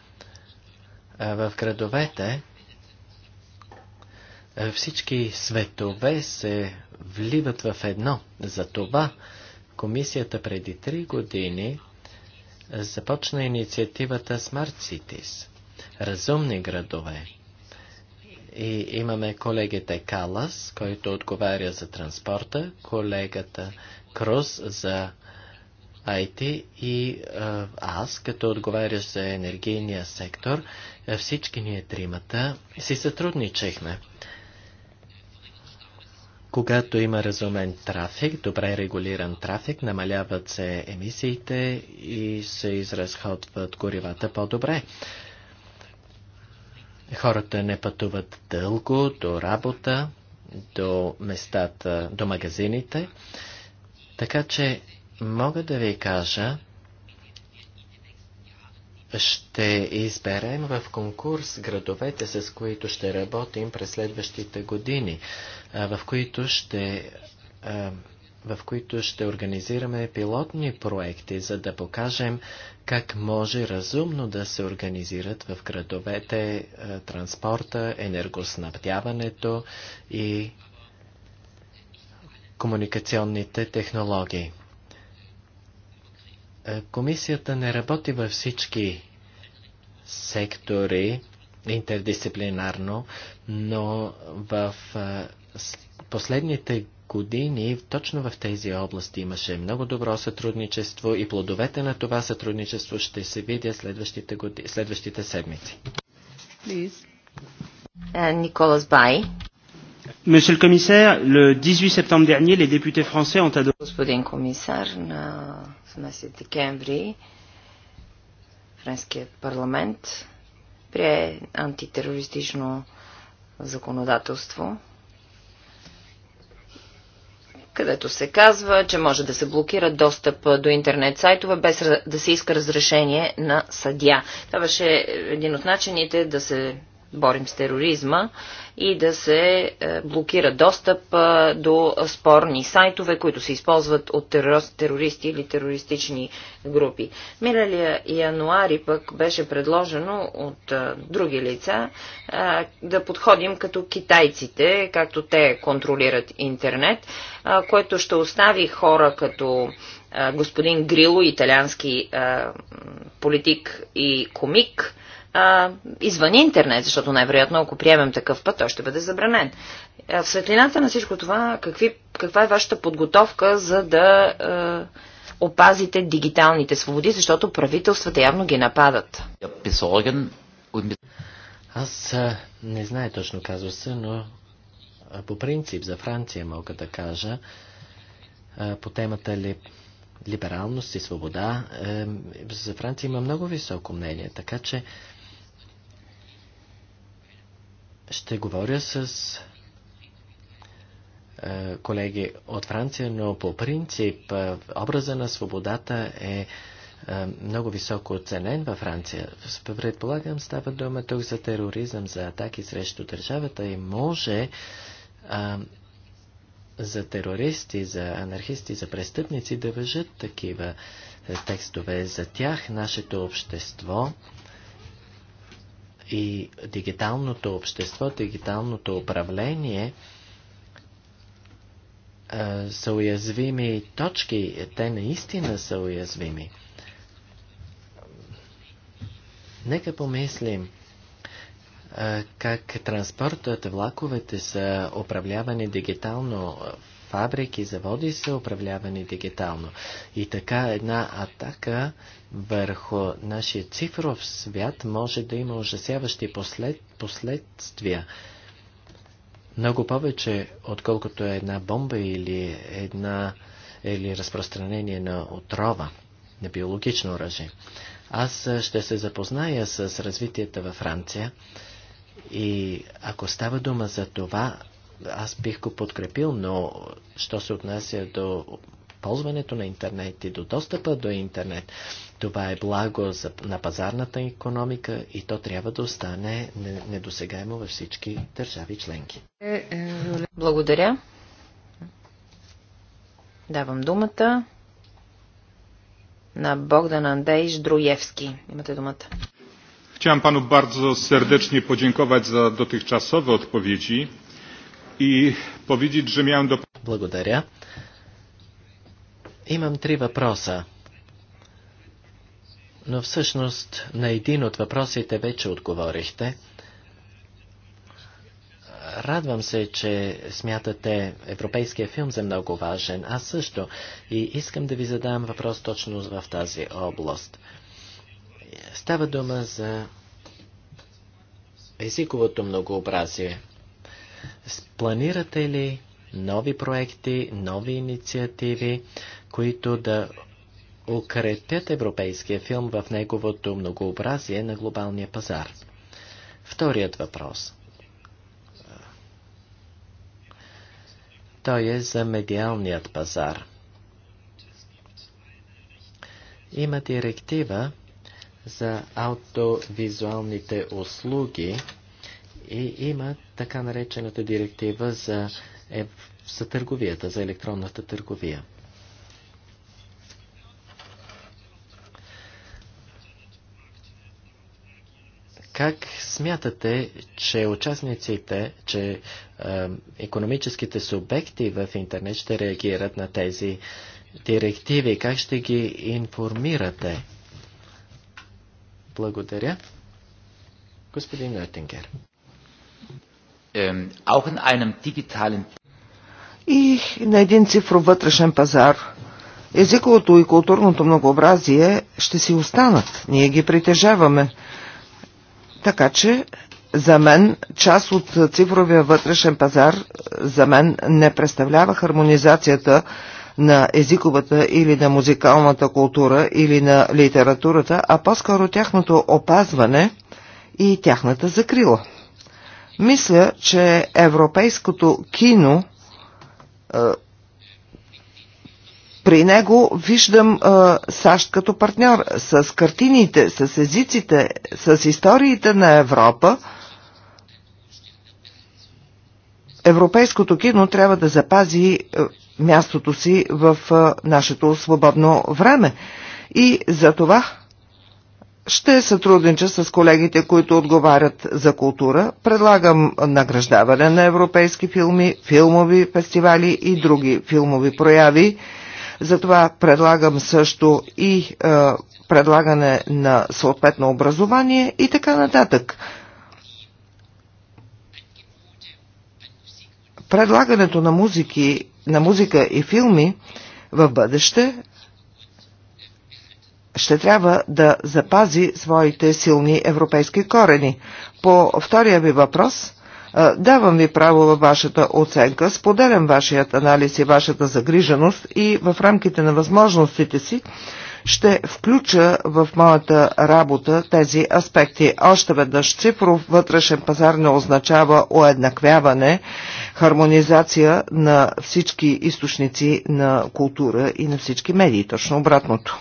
В градовете всички светове се вливат в едно. Затова комисията преди три години започна инициативата Smart Cities – разумни градове. И имаме колегите Калас, който отговаря за транспорта, колегата Крос за IT и а, аз, като отговарящ за енергийния сектор, всички ние тримата си сътрудничехме. Когато има разумен трафик, добре регулиран трафик, намаляват се емисиите и се изразходват горивата по-добре. Хората не пътуват дълго до работа, до местата, до магазините. Така че мога да ви кажа, ще изберем в конкурс градовете, с които ще работим през следващите години, в които ще, в които ще организираме пилотни проекти, за да покажем как може разумно да се организират в градовете транспорта, енергоснабдяването и комуникационните технологии. Е, комисията не работи във всички сектори интердисциплинарно, но в е, последните години точно в тези области имаше много добро сътрудничество и плодовете на това сътрудничество ще се видя следващите, годи... следващите седмици. Please. Е, Николас Бай. Monsieur le commissaire, le 18 septembre dernier, les députés français ont adopté... Господин комисар, на 18 е декември Френският парламент прие антитерористично законодателство, където се казва, че може да се блокира достъп до интернет сайтове без да се иска разрешение на съдя. Това беше един от начините да се борим с тероризма и да се е, блокира достъп е, до спорни сайтове, които се използват от терористи или терористични групи. Миналия януари пък беше предложено от е, други лица да подходим като китайците, както те контролират интернет, което ще остави хора като господин Грило, италиански политик и комик, а, извън интернет, защото най-вероятно, ако приемем такъв път, той ще бъде забранен. В светлината на всичко това, какви, каква е вашата подготовка за да а, опазите дигиталните свободи, защото правителствата явно ги нападат? Аз не знае точно казва се, но по принцип за Франция мога да кажа по темата ли либералност и свобода. Е, за Франция има много високо мнение, така че ще говоря с е, колеги от Франция, но по принцип е, образа на свободата е, е много високо оценен във Франция. Предполагам, става дума тук за тероризъм, за атаки срещу държавата и може а, за терористи, за анархисти, за престъпници да въжат такива текстове. За тях нашето общество и дигиталното общество, дигиталното управление е, са уязвими точки. Те наистина са уязвими. Нека помислим е, как транспортът, влаковете са управлявани дигитално, фабрики, заводи са управлявани дигитално. И така една атака върху нашия цифров свят може да има ужасяващи послед, последствия. Много повече, отколкото е една бомба или, една, или разпространение на отрова, на биологично оръжие. Аз ще се запозная с развитията във Франция и ако става дума за това, аз бих го подкрепил, но що се отнася до ползването на интернет и до достъпа до интернет. Това е благо за, на пазарната економика и то трябва да остане недосегаемо във всички държави членки. Благодаря. Давам думата на Богдан Андейш Друевски. Имате думата. Chciałem panu bardzo serdecznie podziękować za dotychczasowe odpowiedzi i powiedzieć, że miałem do... Благодаря. Имам три въпроса. Но всъщност на един от въпросите вече отговорихте. Радвам се, че смятате европейския филм за много важен. Аз също. И искам да ви задам въпрос точно в тази област. Става дума за езиковото многообразие. Планирате ли нови проекти, нови инициативи, които да укрепят европейския филм в неговото многообразие на глобалния пазар. Вторият въпрос. Той е за медиалният пазар. Има директива за аутовизуалните услуги и има така наречената директива за, е, за търговията, за електронната търговия. Как смятате, че участниците, че економическите субекти в интернет ще реагират на тези директиви? Как ще ги информирате? Благодаря. Господин Оттингер. И на един цифров вътрешен пазар езиковото и културното многообразие ще си останат. Ние ги притежаваме. Така че за мен част от цифровия вътрешен пазар за мен не представлява хармонизацията на езиковата или на музикалната култура или на литературата, а по-скоро тяхното опазване и тяхната закрила. Мисля, че европейското кино е, при него виждам а, САЩ като партньор с картините, с езиците, с историите на Европа. Европейското кино трябва да запази а, мястото си в а, нашето свободно време. И за това ще сътруднича с колегите, които отговарят за култура. Предлагам награждаване на европейски филми, филмови фестивали и други филмови прояви затова предлагам също и е, предлагане на съответно образование и така нататък. Предлагането на, музики, на музика и филми в бъдеще ще трябва да запази своите силни европейски корени. По втория ви въпрос – Давам ви право във вашата оценка, споделям вашият анализ и вашата загриженост и в рамките на възможностите си ще включа в моята работа тези аспекти. Още веднъж цифров вътрешен пазар не означава уеднаквяване, хармонизация на всички източници на култура и на всички медии. Точно обратното.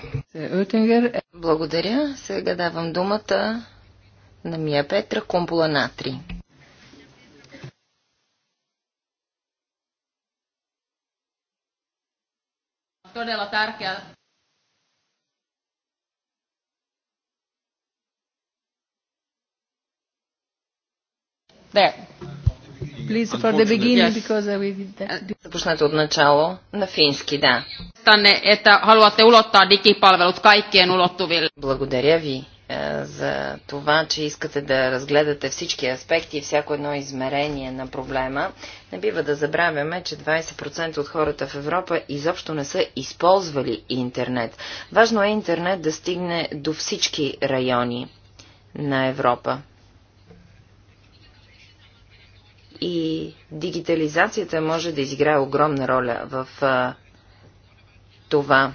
Благодаря. Сега давам думата на Мия Петра комбула Натри. todella tärkeä There. Please for the beginning because we did that. Почнете от на фински, да. Tänne, että haluatte ulottaa digipalvelut kaikkien ulottuville. Благодаря ви е, за това, че искате да разгледате всички аспекти и всяко едно измерение на проблема. Не бива да забравяме, че 20% от хората в Европа изобщо не са използвали интернет. Важно е интернет да стигне до всички райони на Европа. И дигитализацията може да изиграе огромна роля в е, това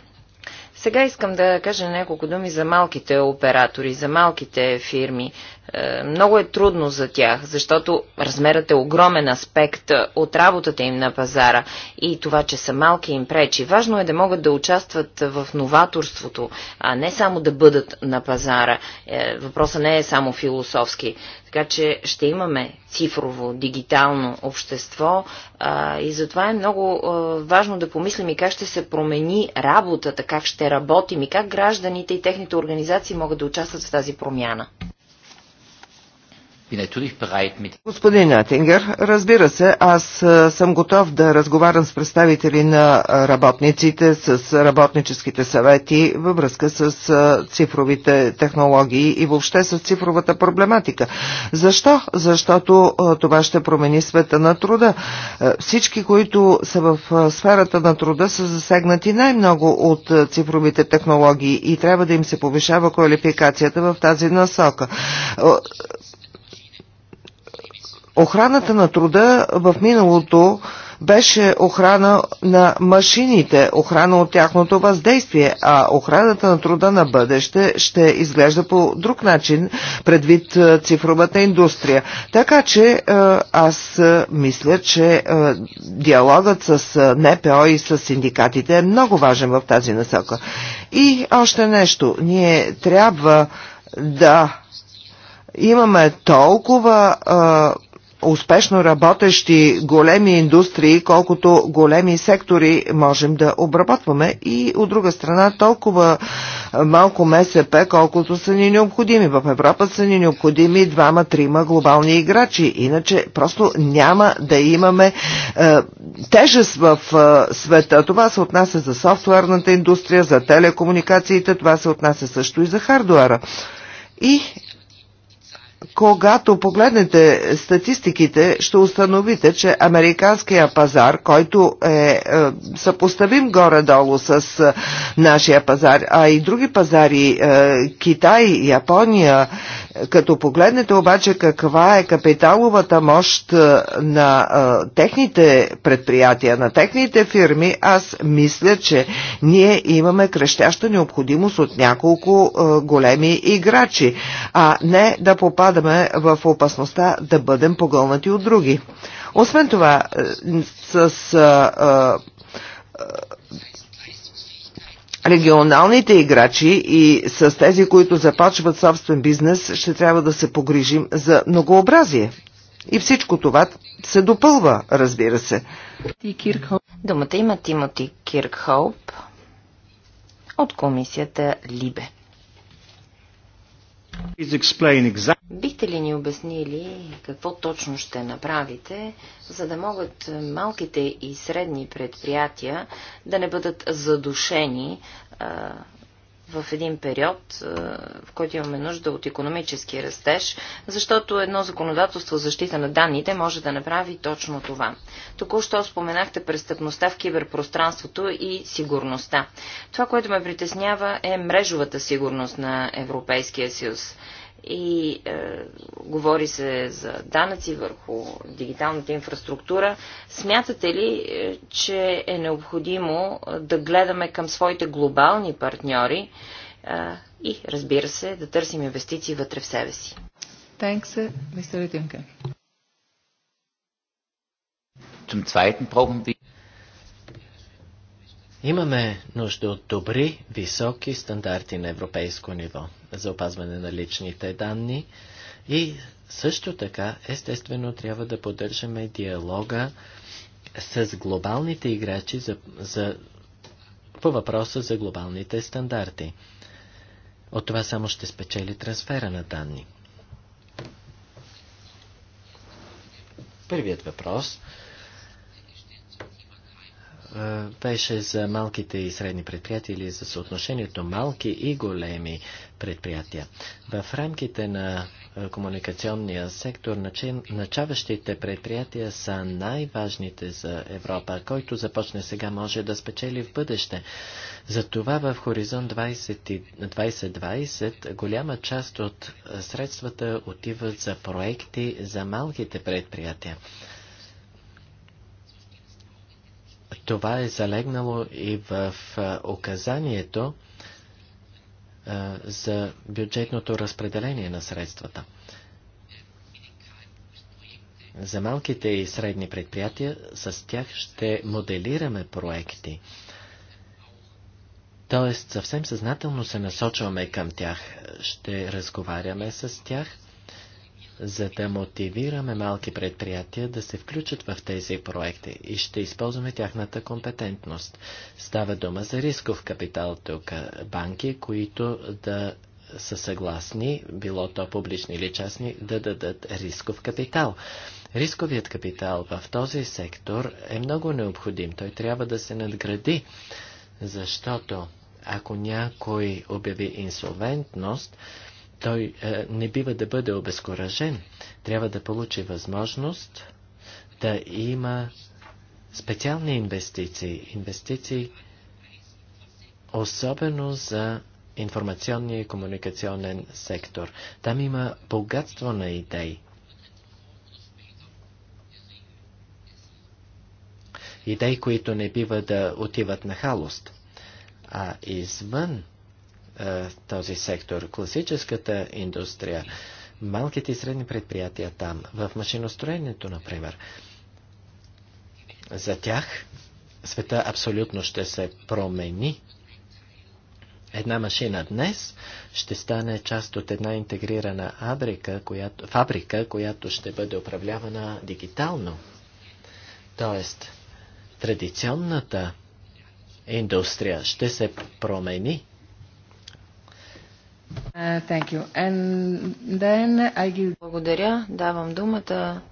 сега искам да кажа няколко думи за малките оператори, за малките фирми. Е, много е трудно за тях, защото размерът е огромен аспект е, от работата им на пазара и това, че са малки им пречи. Важно е да могат да участват в новаторството, а не само да бъдат на пазара. Е, въпросът не е само философски. Така че ще имаме цифрово, дигитално общество а, и затова е много а, важно да помислим и как ще се промени работата, как ще работим и как гражданите и техните организации могат да участват в тази промяна. Господин Атингер, разбира се, аз съм готов да разговарям с представители на работниците, с работническите съвети във връзка с цифровите технологии и въобще с цифровата проблематика. Защо? Защото това ще промени света на труда. Всички, които са в сферата на труда, са засегнати най-много от цифровите технологии и трябва да им се повишава квалификацията в тази насока Охраната на труда в миналото беше охрана на машините, охрана от тяхното въздействие, а охраната на труда на бъдеще ще изглежда по друг начин предвид е, цифровата индустрия. Така че е, аз е, мисля, че диалогът с НПО и с синдикатите е много важен в тази насока. И още нещо. Ние трябва да имаме толкова а, успешно работещи големи индустрии, колкото големи сектори можем да обработваме и от друга страна толкова малко МСП, колкото са ни необходими. В Европа са ни необходими двама-трима глобални играчи, иначе просто няма да имаме е, тежест в е, света. Това се отнася за софтуерната индустрия, за телекомуникациите, това се отнася също и за хардуера. И когато погледнете статистиките, ще установите, че американския пазар, който е, е съпоставим горе-долу с е, нашия пазар, а и други пазари, е, Китай, Япония, като погледнете обаче каква е капиталовата мощ на техните предприятия, на техните фирми, аз мисля, че ние имаме крещяща необходимост от няколко големи играчи, а не да попадаме сме в опасността да бъдем погълнати от други. Освен това, е, с е, е, регионалните играчи и с тези, които започват собствен бизнес, ще трябва да се погрижим за многообразие. И всичко това се допълва, разбира се. Думата има Тимоти Киркхоуп от комисията Либе. Бихте ли ни обяснили какво точно ще направите, за да могат малките и средни предприятия да не бъдат задушени в един период, е, в който имаме нужда от економически растеж, защото едно законодателство за защита на данните може да направи точно това. Току-що споменахте престъпността в киберпространството и сигурността. Това, което ме притеснява е мрежовата сигурност на Европейския съюз и е, говори се за данъци върху дигиталната инфраструктура. Смятате ли, е, че е необходимо да гледаме към своите глобални партньори е, и, разбира се, да търсим инвестиции вътре в себе си? Thanks, Mr. Zum zweiten brauchen wir Имаме нужда от добри, високи стандарти на европейско ниво за опазване на личните данни. И също така, естествено, трябва да поддържаме диалога с глобалните играчи за, за, по въпроса за глобалните стандарти. От това само ще спечели трансфера на данни. Първият въпрос – е, беше за малките и средни предприятия или за съотношението малки и големи предприятия. В рамките на е, комуникационния сектор начаващите предприятия са най-важните за Европа. Който започне сега може да спечели в бъдеще. Затова в Хоризонт 2020 20, голяма част от е, средствата отиват за проекти за малките предприятия. Това е залегнало и в указанието за бюджетното разпределение на средствата. За малките и средни предприятия с тях ще моделираме проекти. Тоест, съвсем съзнателно се насочваме към тях. Ще разговаряме с тях за да мотивираме малки предприятия да се включат в тези проекти и ще използваме тяхната компетентност. Става дума за рисков капитал тук, банки, които да са съгласни, било то публични или частни, да дадат рисков капитал. Рисковият капитал в този сектор е много необходим. Той трябва да се надгради, защото ако някой обяви инсолвентност, той е, не бива да бъде обезкуражен. Трябва да получи възможност да има специални инвестиции. Инвестиции особено за информационния и комуникационен сектор. Там има богатство на идеи. Идеи, които не бива да отиват на халост. А извън е, този сектор. Класическата индустрия, малките и средни предприятия там, в машиностроението, например, за тях света абсолютно ще се промени. Една машина днес ще стане част от една интегрирана абрика, която, фабрика, която ще бъде управлявана дигитално. Тоест, традиционната индустрия ще се промени Uh, Благодаря. Давам думата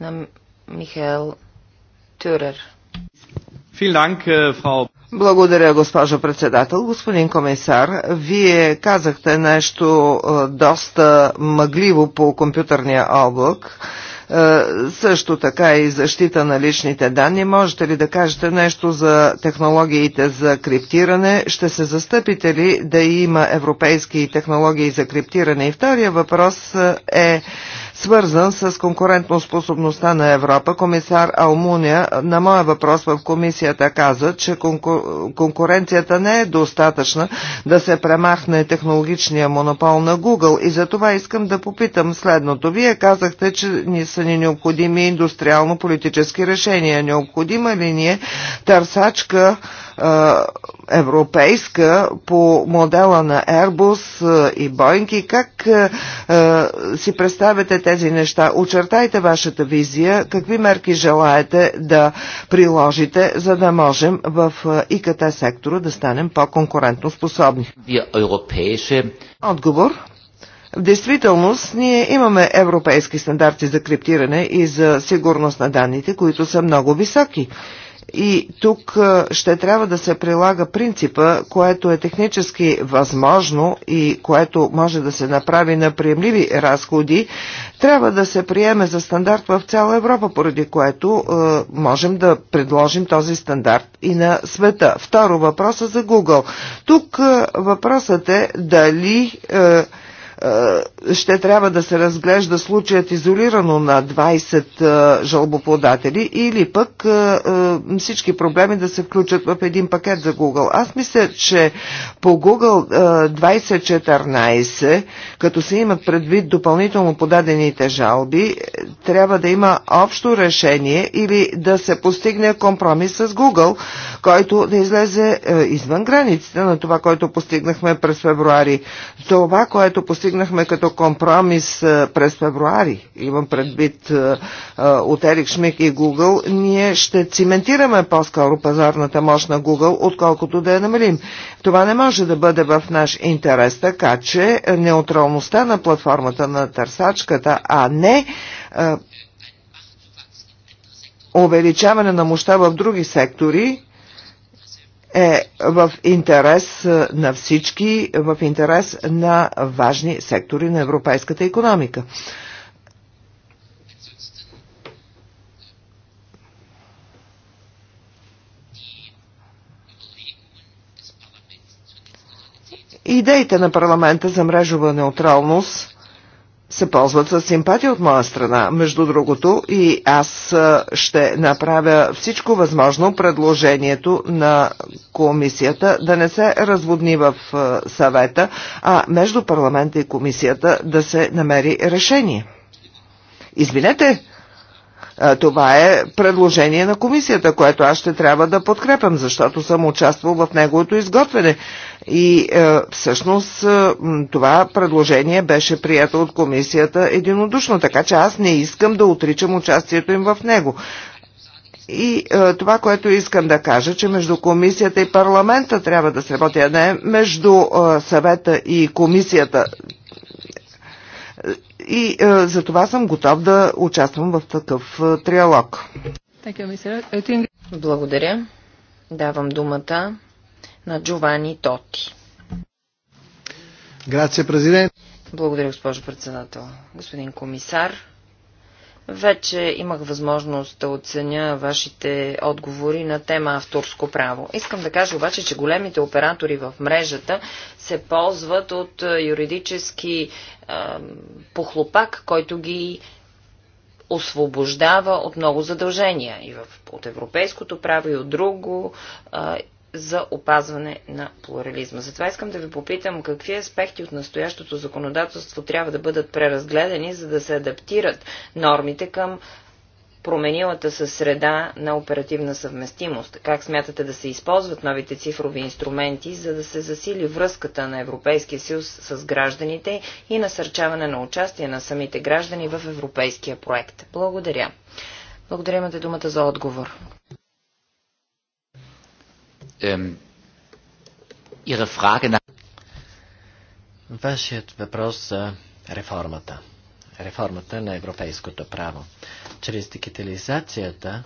на Михаел Тюрер. Äh, Благодаря, госпожо председател. Господин комисар, вие казахте нещо э, доста мъгливо по компютърния облак е, също така и защита на личните данни. Можете ли да кажете нещо за технологиите за криптиране? Ще се застъпите ли да има европейски технологии за криптиране? И втория въпрос е свързан с конкурентоспособността на Европа, комисар Алмуния на моя въпрос в комисията каза, че конкуренцията не е достатъчна да се премахне технологичния монопол на Google и за това искам да попитам следното. Вие казахте, че ни са ни необходими индустриално-политически решения. Необходима ли ни е търсачка европейска по модела на Airbus и Boeing и как си представяте тези неща? Очертайте вашата визия, какви мерки желаете да приложите, за да можем в ИКТ сектора да станем по-конкурентно способни. Отговор? В действителност ние имаме европейски стандарти за криптиране и за сигурност на данните, които са много високи. И тук ще трябва да се прилага принципа, което е технически възможно и което може да се направи на приемливи разходи, трябва да се приеме за стандарт в цяла Европа, поради което е, можем да предложим този стандарт и на света. Второ въпроса за Google. Тук е, въпросът е дали. Е, е, ще трябва да се разглежда случаят изолирано на 20 е, жалбоподатели или пък е, всички проблеми да се включат в един пакет за Google. Аз мисля, че по Google 2014, като се имат предвид допълнително подадените жалби, трябва да има общо решение или да се постигне компромис с Google, който да излезе извън границите на това, което постигнахме през февруари. Това, което постигнахме постигнахме като компромис през февруари, имам предвид от Ерик Шмик и Google, ние ще циментираме по-скоро пазарната мощ на Google, отколкото да я намалим. Това не може да бъде в наш интерес, така че неутралността на платформата на търсачката, а не увеличаване на мощта в други сектори, е в интерес е, на всички, е, в интерес на важни сектори на европейската економика. Идеите на парламента за мрежова неутралност се ползват с симпатия от моя страна. Между другото и аз ще направя всичко възможно предложението на комисията да не се разводни в съвета, а между парламента и комисията да се намери решение. Извинете, това е предложение на комисията, което аз ще трябва да подкрепям, защото съм участвал в неговото изготвяне. И е, всъщност е, това предложение беше прието от комисията единодушно, така че аз не искам да отричам участието им в него. И е, това, което искам да кажа, че между комисията и парламента трябва да се работи, а не между е, съвета и комисията и е, за това съм готов да участвам в такъв е, триалог. Благодаря. Давам думата на Джовани Тоти. Благодаря, госпожо председател. Господин комисар, вече имах възможност да оценя вашите отговори на тема авторско право. Искам да кажа обаче, че големите оператори в мрежата се ползват от юридически е, похлопак, който ги освобождава от много задължения и в, от европейското право и от друго Е, за опазване на плурализма. Затова искам да ви попитам какви аспекти от настоящото законодателство трябва да бъдат преразгледани, за да се адаптират нормите към променилата се среда на оперативна съвместимост? Как смятате да се използват новите цифрови инструменти, за да се засили връзката на Европейския съюз с гражданите и насърчаване на участие на самите граждани в европейския проект? Благодаря. Благодаря, имате думата за отговор. Ihre Frage nach... Вашият въпрос за реформата. Реформата на европейското право. Чрез дигитализацията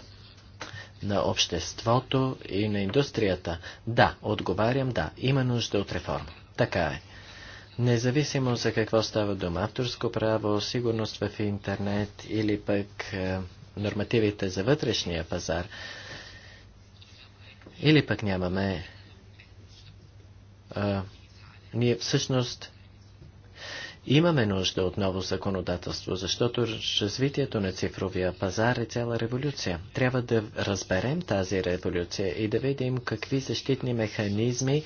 на обществото и на индустрията. Да, отговарям да, има нужда от реформа. Така е. Независимо за какво става дума, авторско право, сигурност в интернет или пък е, нормативите за вътрешния пазар, или пък нямаме. А, ние всъщност имаме нужда от ново законодателство, защото развитието на цифровия пазар е цяла революция. Трябва да разберем тази революция и да видим какви защитни механизми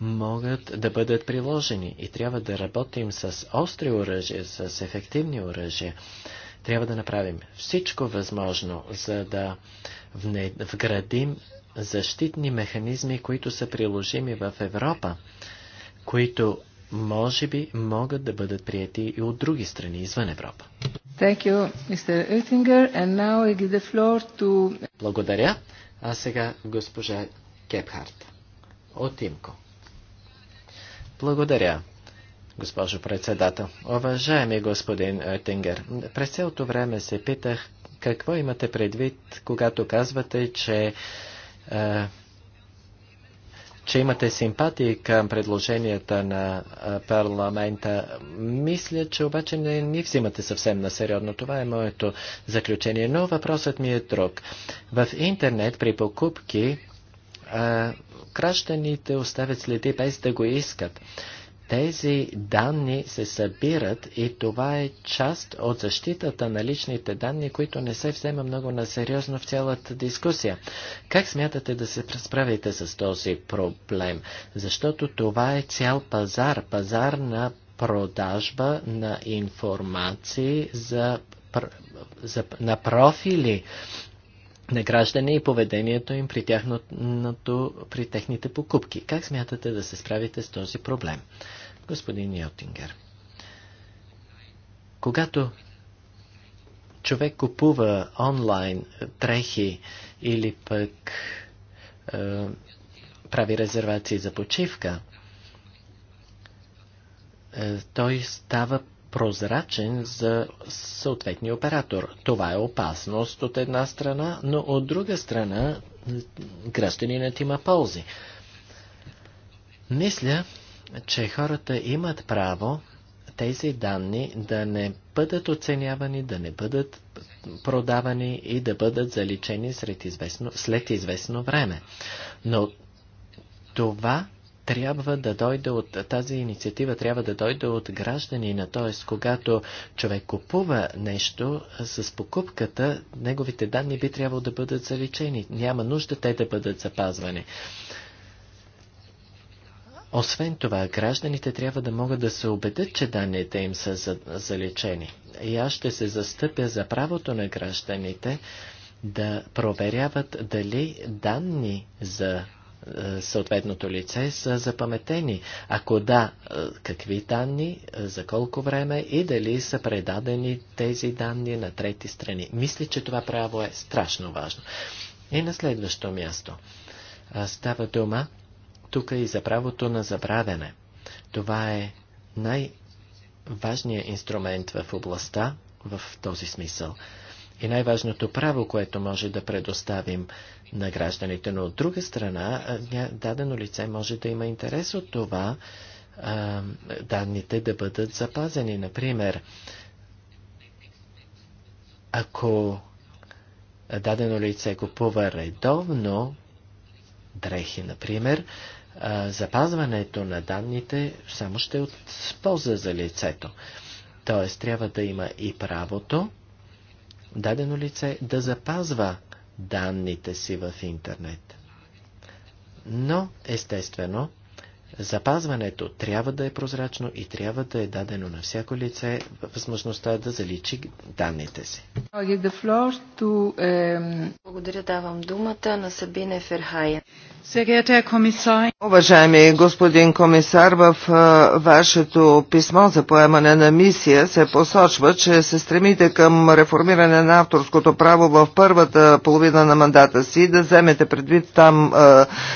могат да бъдат приложени. И трябва да работим с остри оръжия, с ефективни оръжия. Трябва да направим всичко възможно, за да вградим защитни механизми, които са приложими в Европа, които може би могат да бъдат прияти и от други страни извън Европа. You, to... Благодаря. А сега госпожа Кепхарт от Имко. Благодаря, госпожо председател. Уважаеми господин Оттингер, през цялото време се питах какво имате предвид, когато казвате, че е, че имате симпатии към предложенията на е, парламента. Мисля, че обаче не ни взимате съвсем на сериозно. Това е моето заключение. Но въпросът ми е друг. В интернет при покупки кращаните гражданите оставят следи без да го искат. Тези данни се събират и това е част от защитата на личните данни, които не се взема много на сериозно в цялата дискусия. Как смятате да се справите с този проблем? Защото това е цял пазар, пазар на продажба на информации за, за, на профили на граждане и поведението им при, тяхното, при техните покупки. Как смятате да се справите с този проблем? господин Йотингер. Когато човек купува онлайн трехи или пък е, прави резервации за почивка, е, той става прозрачен за съответния оператор. Това е опасност от една страна, но от друга страна гражданинът има ползи. Мисля, че хората имат право тези данни да не бъдат оценявани, да не бъдат продавани и да бъдат заличени след известно, след известно време. Но това трябва да дойде от тази инициатива, трябва да дойде от гражданина, т.е. когато човек купува нещо с покупката, неговите данни би трябвало да бъдат заличени. Няма нужда те да бъдат запазвани. Освен това, гражданите трябва да могат да се убедят, че данните им са залечени. И аз ще се застъпя за правото на гражданите да проверяват дали данни за е, съответното лице са запаметени. Ако да, е, какви данни, е, за колко време и дали са предадени тези данни на трети страни. Мисля, че това право е страшно важно. И на следващо място. Става дума тук е и за правото на забравяне. Това е най-важният инструмент в областта, в този смисъл. И най-важното право, което може да предоставим на гражданите. Но от друга страна, дадено лице може да има интерес от това а, данните да бъдат запазени. Например, ако дадено лице купува редовно дрехи, например, запазването на данните само ще е от полза за лицето. Тоест, трябва да има и правото дадено лице да запазва данните си в интернет. Но, естествено, Запазването трябва да е прозрачно и трябва да е дадено на всяко лице възможността да заличи данните си. Ehm, Благодаря, давам думата на Сабине Ферхая. Уважаеми господин комисар, в вашето писмо за поемане на мисия се посочва, че се стремите към реформиране на авторското право в първата половина на мандата си, да вземете предвид там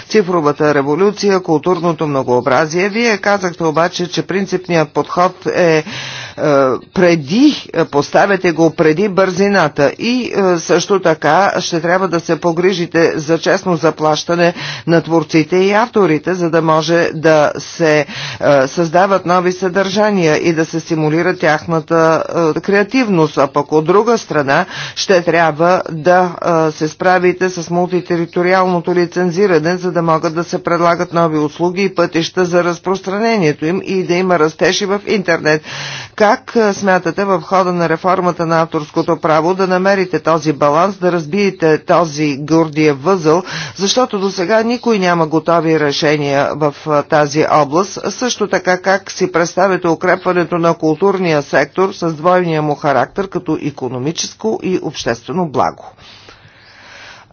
цифровата революция, културното много многообразие. Вие казахте обаче, че принципният подход е е, преди, е, поставяте го преди бързината и е, също така ще трябва да се погрижите за честно заплащане на творците и авторите, за да може да се създават нови съдържания и да се стимулира тяхната креативност, а пък от друга страна ще трябва да се справите с мултитериториалното лицензиране, за да могат да се предлагат нови услуги и пътища за разпространението им и да има растеж и в интернет. Как смятате в хода на реформата на авторското право да намерите този баланс, да разбиете този гордия възъл, защото до сега никой няма готови решения в тази област. Също така как си представите укрепването на културния сектор с двойния му характер като економическо и обществено благо?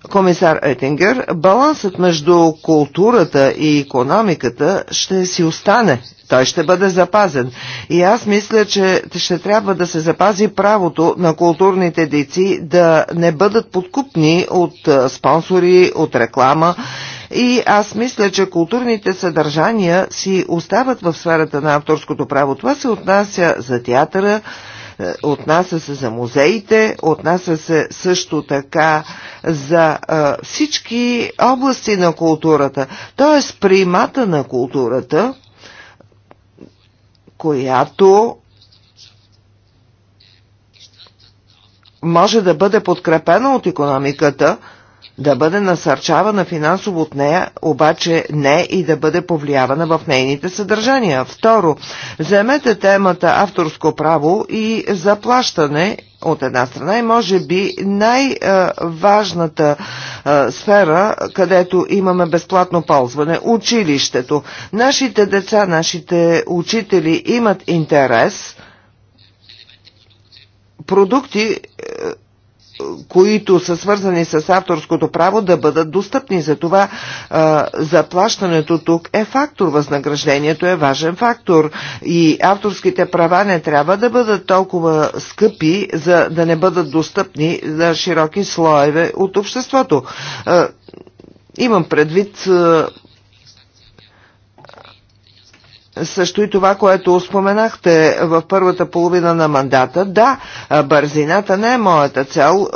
комисар Етингер, балансът между културата и економиката ще си остане. Той ще бъде запазен. И аз мисля, че ще трябва да се запази правото на културните дейци да не бъдат подкупни от спонсори, от реклама. И аз мисля, че културните съдържания си остават в сферата на авторското право. Това се отнася за театъра, Отнася се за музеите, отнася се също така за всички области на културата. Тоест, примата на културата, която може да бъде подкрепена от економиката, да бъде насърчавана финансово от нея, обаче не и да бъде повлиявана в нейните съдържания. Второ, вземете темата авторско право и заплащане от една страна и може би най-важната сфера, където имаме безплатно ползване – училището. Нашите деца, нашите учители имат интерес – продукти, е, които са свързани с авторското право да бъдат достъпни. Затова това заплащането тук е фактор, възнаграждението е важен фактор и авторските права не трябва да бъдат толкова скъпи, за да не бъдат достъпни за широки слоеве от обществото. имам предвид също и това, което споменахте в първата половина на мандата. Да, бързината не е моята цел,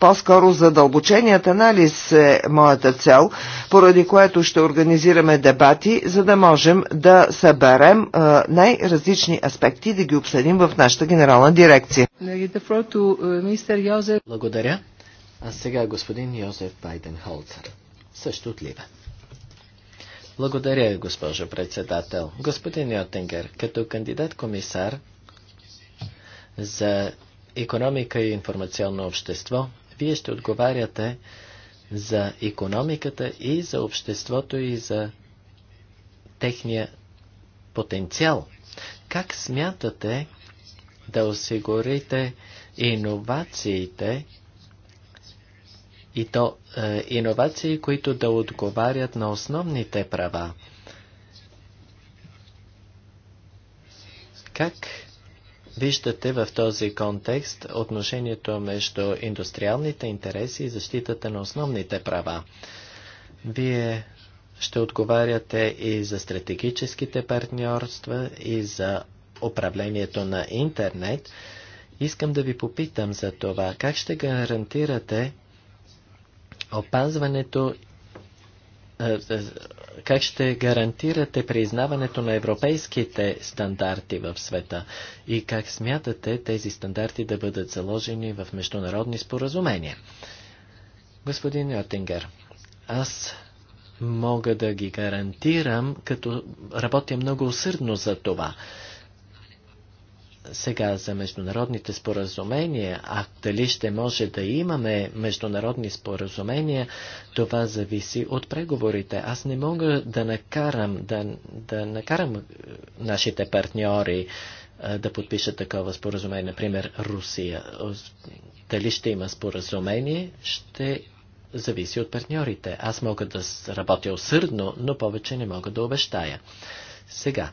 по-скоро задълбоченият анализ е моята цел, поради което ще организираме дебати, за да можем да съберем най-различни аспекти и да ги обсъдим в нашата генерална дирекция. Благодаря. А сега господин Йозеф Байден също от благодаря, госпожо председател. Господин Йотенгер, като кандидат-комисар за економика и информационно общество, вие ще отговаряте за економиката и за обществото и за техния потенциал. Как смятате да осигурите иновациите и то е, иновации, които да отговарят на основните права. Как виждате в този контекст отношението между индустриалните интереси и защитата на основните права? Вие ще отговаряте и за стратегическите партньорства, и за управлението на интернет. Искам да ви попитам за това. Как ще гарантирате опазването как ще гарантирате признаването на европейските стандарти в света и как смятате тези стандарти да бъдат заложени в международни споразумения? Господин Йотингер, аз мога да ги гарантирам, като работя много усърдно за това сега за международните споразумения, а дали ще може да имаме международни споразумения, това зависи от преговорите. Аз не мога да накарам, да, да накарам е, нашите партньори е, да подпишат такова споразумение, например Русия. Дали ще има споразумение, ще зависи от партньорите. Аз мога да работя усърдно, но повече не мога да обещая. Сега,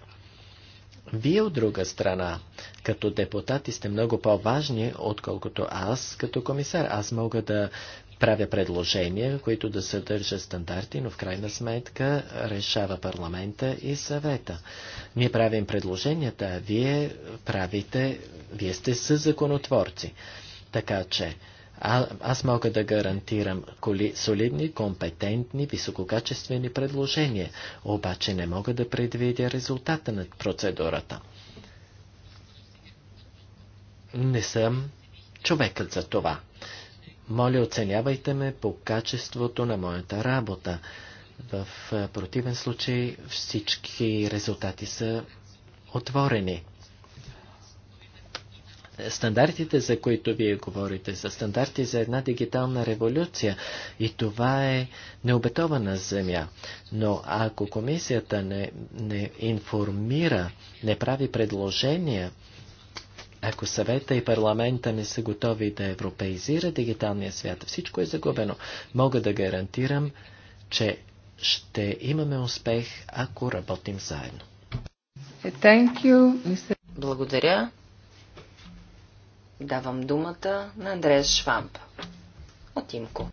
вие от друга страна, като депутати сте много по-важни, отколкото аз като комисар. Аз мога да правя предложения, които да съдържат стандарти, но в крайна сметка решава парламента и съвета. Ние правим предложенията, а вие правите, вие сте със законотворци. Така че, а, аз мога да гарантирам коли, солидни, компетентни, висококачествени предложения, обаче не мога да предвидя резултата на процедурата. Не съм човекът за това. Моля, оценявайте ме по качеството на моята работа. В противен случай всички резултати са отворени. Стандартите, за които вие говорите, са стандарти за една дигитална революция и това е необетована земя. Но ако комисията не, не информира, не прави предложения, ако съвета и парламента не са готови да европеизира дигиталния свят, всичко е загубено. Мога да гарантирам, че ще имаме успех, ако работим заедно. Благодаря. Давам думата на Андреас Швамп от Имко.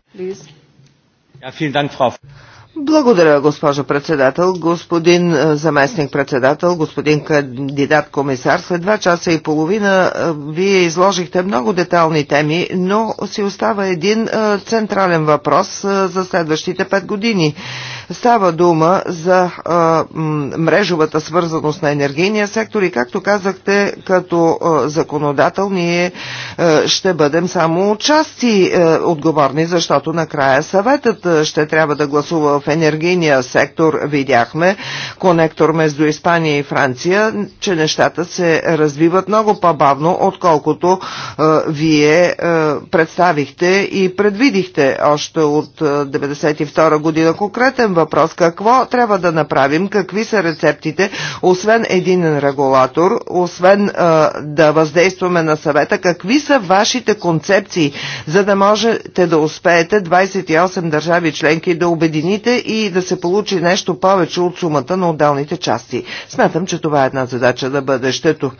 Благодаря, госпожо председател. Господин е, заместник председател, господин кандидат комисар, след два часа и половина е, вие изложихте много детални теми, но си остава един е, централен въпрос за следващите пет години. Става дума за а, мрежовата свързаност на енергийния сектор и както казахте, като а, законодател ние а, ще бъдем само части а, отговорни, защото накрая съветът а, ще трябва да гласува в енергийния сектор. Видяхме конектор между Испания и Франция, че нещата се развиват много по-бавно, отколкото а, вие а, представихте и предвидихте още от 1992 година конкретен въпрос. Какво трябва да направим? Какви са рецептите? Освен един регулатор, освен а, да въздействаме на съвета, какви са вашите концепции, за да можете да успеете 28 държави членки да обедините и да се получи нещо повече от сумата на отделните части? Смятам, че това е една задача на бъдещето.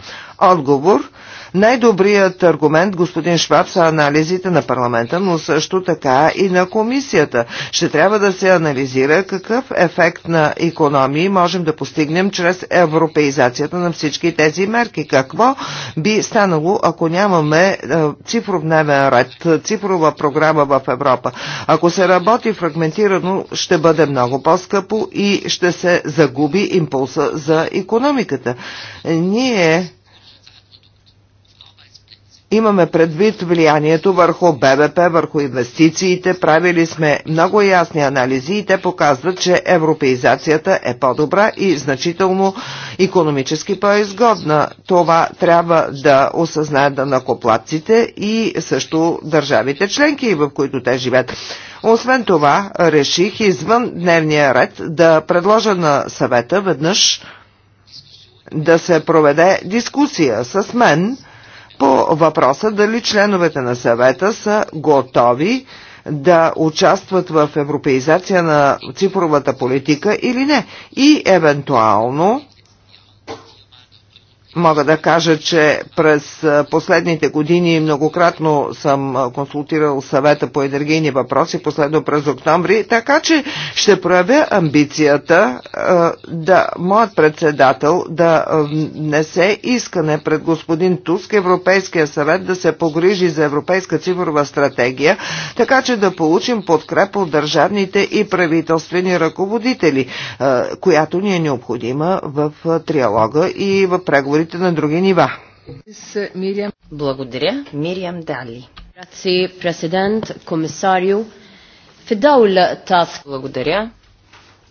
Отговор най-добрият аргумент, господин Шваб, са анализите на парламента, но също така и на комисията. Ще трябва да се анализира какъв ефект на економии можем да постигнем чрез европеизацията на всички тези мерки. Какво би станало, ако нямаме е, цифров дневен ред, цифрова програма в Европа? Ако се работи фрагментирано, ще бъде много по-скъпо и ще се загуби импулса за економиката. Ние Имаме предвид влиянието върху БВП, върху инвестициите, правили сме много ясни анализи и те показват, че европеизацията е по-добра и значително економически по-изгодна. Това трябва да осъзнаят данакоплатците и също държавите членки, в които те живеят. Освен това, реших извън дневния ред да предложа на съвета веднъж да се проведе дискусия с мен по въпроса дали членовете на съвета са готови да участват в европеизация на цифровата политика или не и евентуално Мога да кажа, че през последните години многократно съм консултирал съвета по енергийни въпроси, последно през октомври, така че ще проявя амбицията да моят председател да внесе искане пред господин Туск Европейския съвет да се погрижи за Европейска цифрова стратегия, така че да получим подкрепа от държавните и правителствени ръководители, която ни е необходима в триалога и в преговорите преговорите на други нива. Благодаря. Мириам Дали. президент, комисарио. Е Благодаря.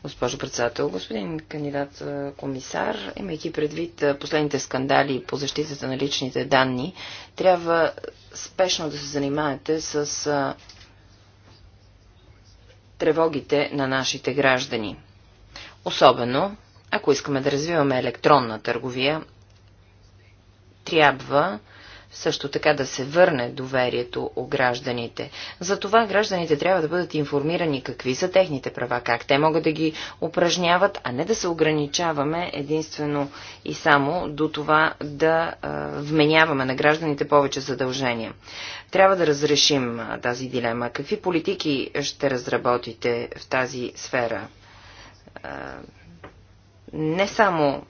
Госпожо председател, господин кандидат комисар, имайки предвид последните скандали по защитата на личните данни, трябва спешно да се занимаете с тревогите на нашите граждани. Особено, ако искаме да развиваме електронна търговия трябва също така да се върне доверието у гражданите. Затова гражданите трябва да бъдат информирани какви са техните права, как те могат да ги упражняват, а не да се ограничаваме единствено и само до това да вменяваме на гражданите повече задължения. Трябва да разрешим тази дилема. Какви политики ще разработите в тази сфера? не само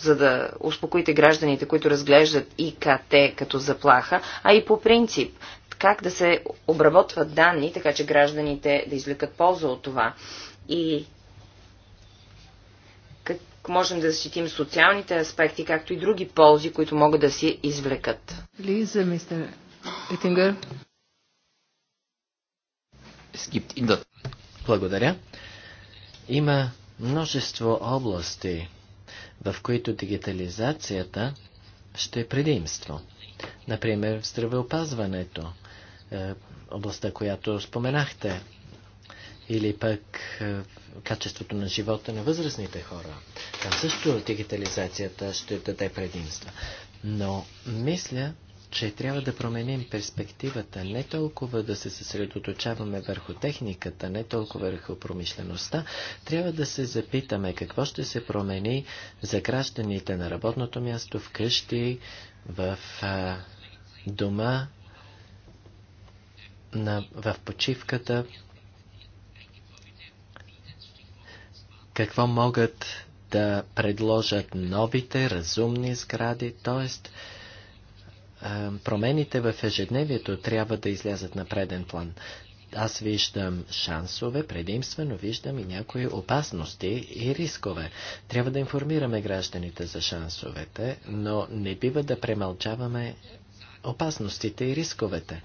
за да успокоите гражданите, които разглеждат ИКТ като заплаха, а и по принцип как да се обработват данни, така че гражданите да извлекат полза от това и как можем да защитим социалните аспекти, както и други ползи, които могат да си извлекат. Лиза, мистер Етингър. Благодаря. Има множество области, в които дигитализацията ще е предимство. Например, в здравеопазването, е, областта, която споменахте, или пък е, качеството на живота на възрастните хора. Там също дигитализацията ще даде предимства. Но мисля, че трябва да променим перспективата, не толкова да се съсредоточаваме върху техниката, не толкова върху промишлеността, трябва да се запитаме какво ще се промени за гражданите на работното място, в къщи, в а, дома, на, в почивката, какво могат да предложат новите разумни сгради, т.е. Е, промените в ежедневието трябва да излязат на преден план. Аз виждам шансове, предимствено виждам и някои опасности и рискове. Трябва да информираме гражданите за шансовете, но не бива да премълчаваме опасностите и рисковете.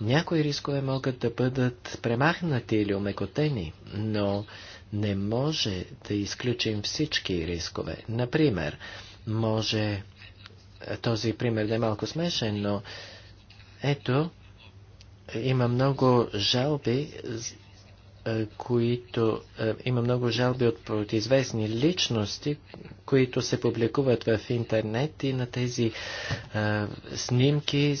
Някои рискове могат да бъдат премахнати или омекотени, но не може да изключим всички рискове. Например, може този пример да е малко смешен, но ето, има много жалби е, които е, има много жалби от известни личности, които се публикуват в интернет и на тези а, е, снимки,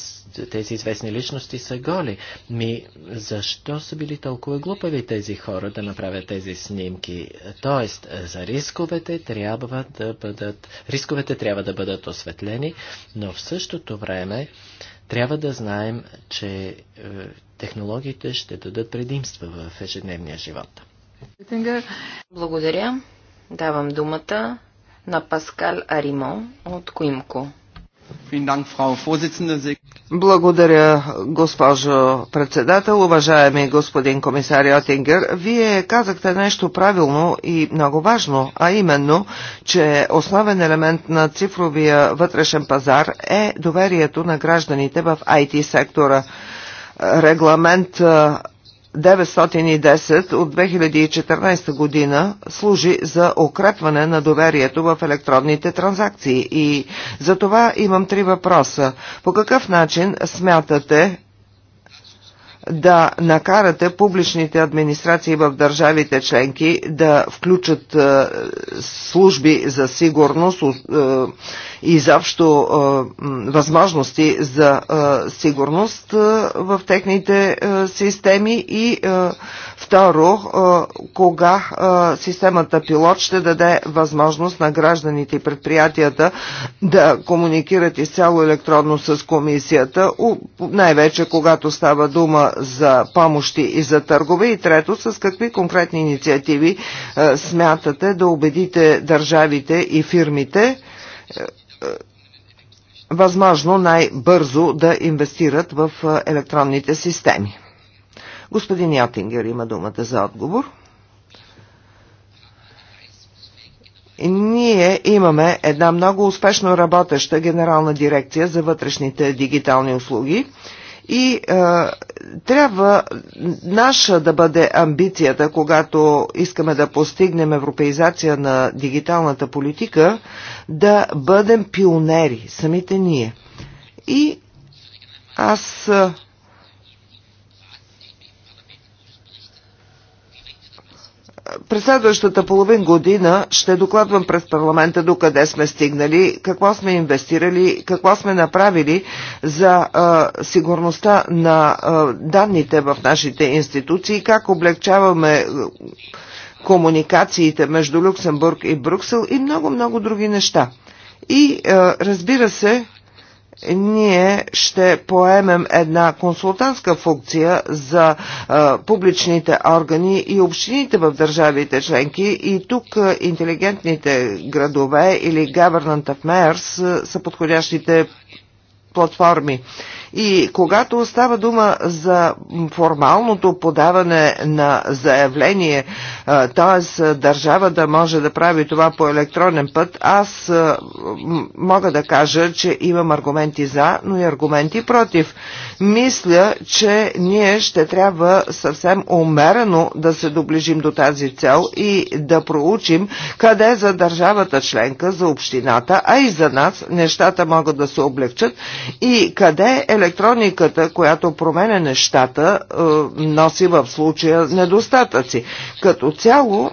тези известни личности са голи. Ми, защо са били толкова глупави тези хора да направят тези снимки? Тоест, за рисковете трябва да бъдат, рисковете трябва да бъдат осветлени, но в същото време трябва да знаем, че технологиите ще дадат предимства в ежедневния живот. Благодаря. Давам думата на Паскал Аримон от Коимко. Благодаря, госпожо председател. Уважаеми господин комисар Йотингер, вие казахте нещо правилно и много важно, а именно, че основен елемент на цифровия вътрешен пазар е доверието на гражданите в IT сектора регламент 910 от 2014 година служи за укрепване на доверието в електронните транзакции и за това имам три въпроса. По какъв начин смятате да накарате публичните администрации в държавите членки да включат е, служби за сигурност е, и заобщо е, възможности за сигурност в техните системи и второ, кога системата пилот ще даде възможност на гражданите и предприятията да комуникират изцяло електронно с комисията, най-вече когато става дума за помощи и за търгове? И трето, с какви конкретни инициативи е, смятате да убедите държавите и фирмите е, е, възможно най-бързо да инвестират в електронните системи? Господин Ятингер има думата за отговор. Ние имаме една много успешно работеща генерална дирекция за вътрешните дигитални услуги. И а, е, трябва наша да бъде амбицията, когато искаме да постигнем европеизация на дигиталната политика, да бъдем пионери, самите ние. И аз през следващата половин година ще докладвам през парламента до къде сме стигнали, какво сме инвестирали, какво сме направили за а, сигурността на а, данните в нашите институции, как облегчаваме комуникациите между Люксембург и Брюксел и много-много други неща. И а, разбира се, ние ще поемем една консултантска функция за а, публичните органи и общините в държавите членки и тук а, интелигентните градове или Government of Mayors са подходящите платформи. А, и когато става дума за формалното подаване на заявление, т.е. държава да може да прави това по електронен път, аз мога да кажа, че имам аргументи за, но и аргументи против. Мисля, че ние ще трябва съвсем умерено да се доближим до тази цел и да проучим къде за държавата членка, за общината, а и за нас нещата могат да се облегчат и къде е електрониката, която променя нещата, е, носи в случая недостатъци. Като цяло,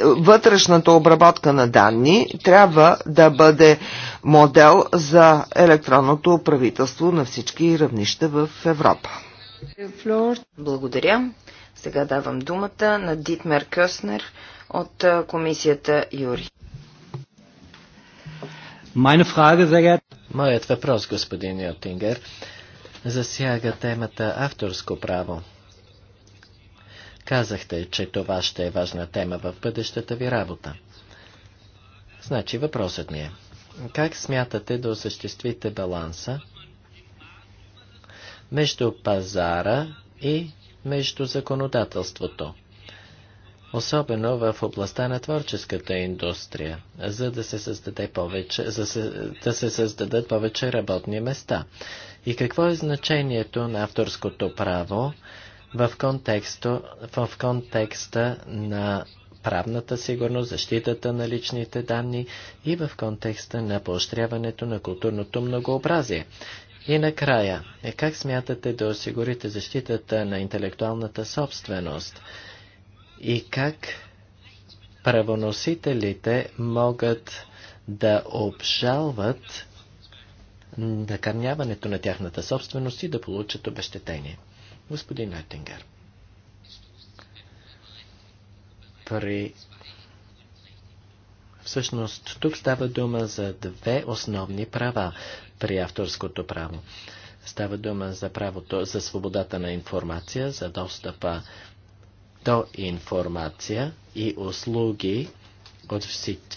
вътрешната обработка на данни трябва да бъде модел за електронното правителство на всички равнища в Европа. Благодаря. Сега давам думата на Дитмер Кюснер от комисията Юри. Meine Frage, сега... Моят въпрос, господин Йотингер, засяга темата авторско право. Казахте, че това ще е важна тема в бъдещата ви работа. Значи въпросът ми е, как смятате да осъществите баланса между пазара и между законодателството? особено в областта на творческата индустрия, за да се, създаде повече, за да се създадат повече работни места. И какво е значението на авторското право в, контексто, в контекста на правната сигурност, защитата на личните данни и в контекста на поощряването на културното многообразие. И накрая, е, как смятате да осигурите защитата на интелектуалната собственост? и как правоносителите могат да обжалват накърняването на тяхната собственост и да получат обещетение. Господин Айтингер, при... Всъщност, тук става дума за две основни права при авторското право. Става дума за правото за свободата на информация, за достъпа до информация и услуги от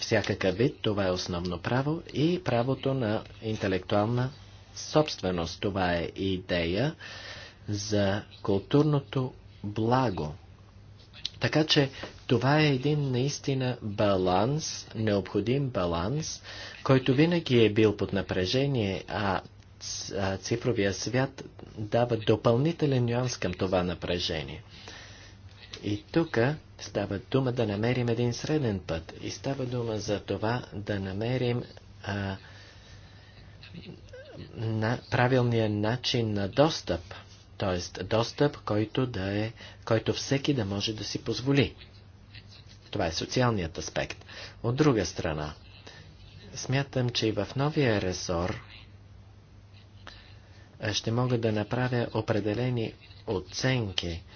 всякакъв вид. Това е основно право и правото на интелектуална собственост. Това е идея за културното благо. Така че това е един наистина баланс, необходим баланс, който винаги е бил под напрежение, а цифровия свят дава допълнителен нюанс към това напрежение. И тук става дума да намерим един среден път. И става дума за това да намерим а, на правилния начин на достъп. Т.е. достъп, който, да е, който всеки да може да си позволи. Това е социалният аспект. От друга страна, смятам, че и в новия ресор ще мога да направя определени оценки –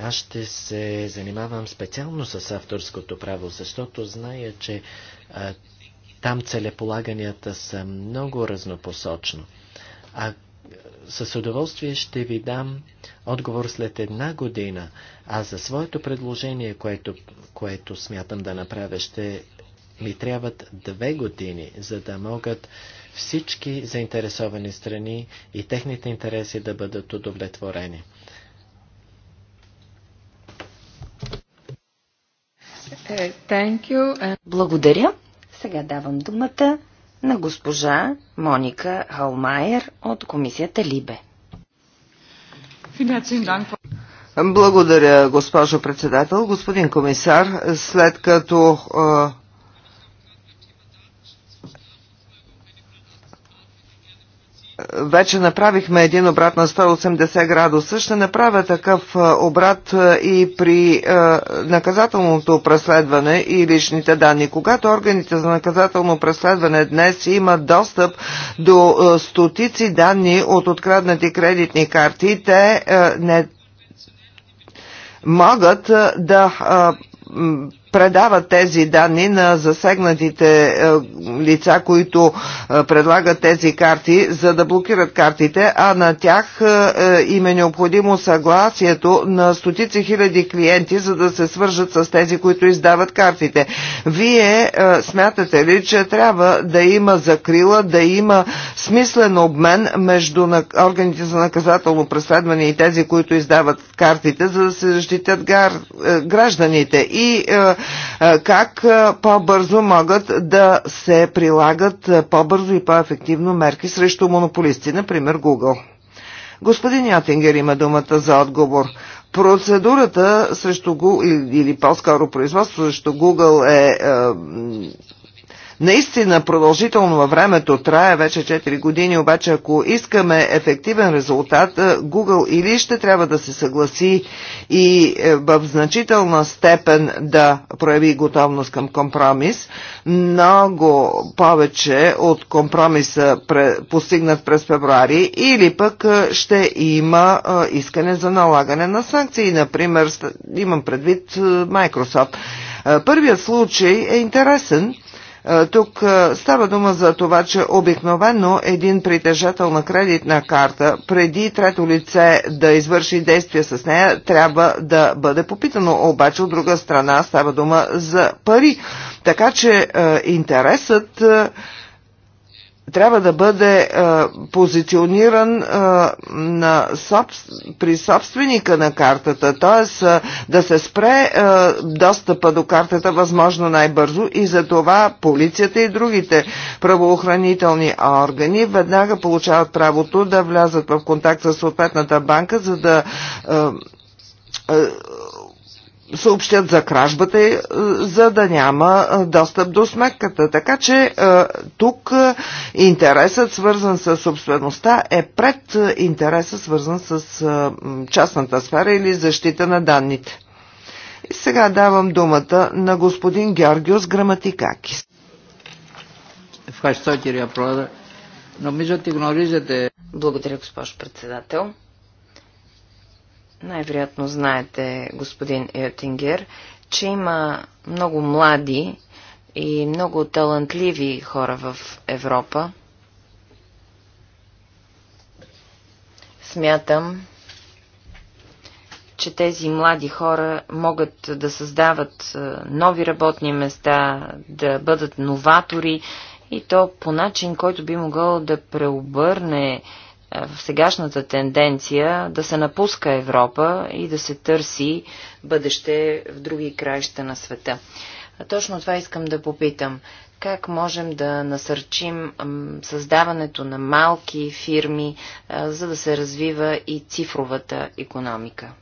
аз ще се занимавам специално с авторското право, защото зная, че а, там целеполаганията са много разнопосочно. А с удоволствие ще ви дам отговор след една година, а за своето предложение, което, което смятам да направя, ще ми трябват две години, за да могат всички заинтересовани страни и техните интереси да бъдат удовлетворени. Е, Благодаря. Сега давам думата на госпожа Моника Халмайер от комисията Либе. Благодаря, госпожо председател. Господин комисар, след като вече направихме един обрат на 180 градуса. Ще направя такъв обрат и при наказателното преследване и личните данни. Когато органите за наказателно преследване днес имат достъп до стотици данни от откраднати кредитни карти, те не могат да предават тези данни на засегнатите е, лица, които е, предлагат тези карти, за да блокират картите, а на тях е, им е необходимо съгласието на стотици хиляди клиенти, за да се свържат с тези, които издават картите. Вие смятате ли, че трябва да има закрила, да има смислен обмен между органите за наказателно преследване и тези, които издават картите, за да се защитят гражданите? И е, как е, по-бързо могат да се прилагат е, по-бързо и по-ефективно мерки срещу монополисти, например Google. Господин Йотингер има думата за отговор. Процедурата срещу Google, или, или по-скоро производство срещу Google е, е наистина продължително във времето трае вече 4 години, обаче ако искаме ефективен резултат, Google или ще трябва да се съгласи и е, в значителна степен да прояви готовност към компромис, много повече от компромиса постигнат през февруари, или пък ще има искане за налагане на санкции. Например, имам предвид Microsoft. Първият случай е интересен. Е, тук е, става дума за това, че обикновено един притежател на кредитна карта, преди трето лице да извърши действия с нея, трябва да бъде попитано. Обаче от друга страна става дума за пари. Така че е, интересът трябва да бъде е, позициониран е, на соб, при собственика на картата, т.е. да се спре е, достъпа до картата възможно най-бързо и за това полицията и другите правоохранителни органи веднага получават правото да влязат в контакт с съответната банка, за да е, съобщят за кражбата, е, за да няма е, достъп до сметката. Така че е, тук интересът свързан с собствеността е пред интереса свързан с частната сфера или защита на данните. И сега давам думата на господин Георгиос Граматикакис. Благодаря, госпожо председател. Най-вероятно знаете, господин Йотингер, че има много млади и много талантливи хора в Европа. Смятам, че тези млади хора могат да създават нови работни места, да бъдат новатори и то по начин, който би могъл да преобърне в сегашната тенденция да се напуска Европа и да се търси бъдеще в други краища на света. Точно това искам да попитам. Как можем да насърчим създаването на малки фирми, за да се развива и цифровата економика?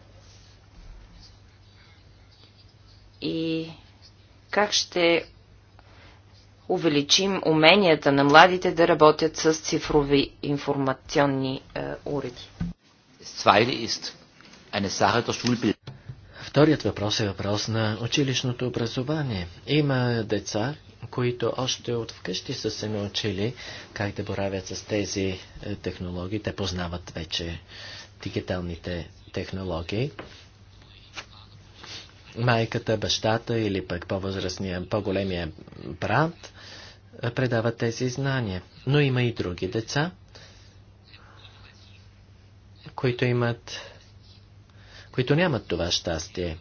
И как ще увеличим уменията на младите да работят с цифрови информационни е, уреди. Вторият въпрос е въпрос на училищното образование. Има деца, които още от вкъщи са се научили как да боравят с тези е, технологии. Те познават вече дигиталните технологии. Майката, бащата или пък по-възрастния, по-големия брат е, предават тези знания. Но има и други деца, които имат, които нямат това щастие.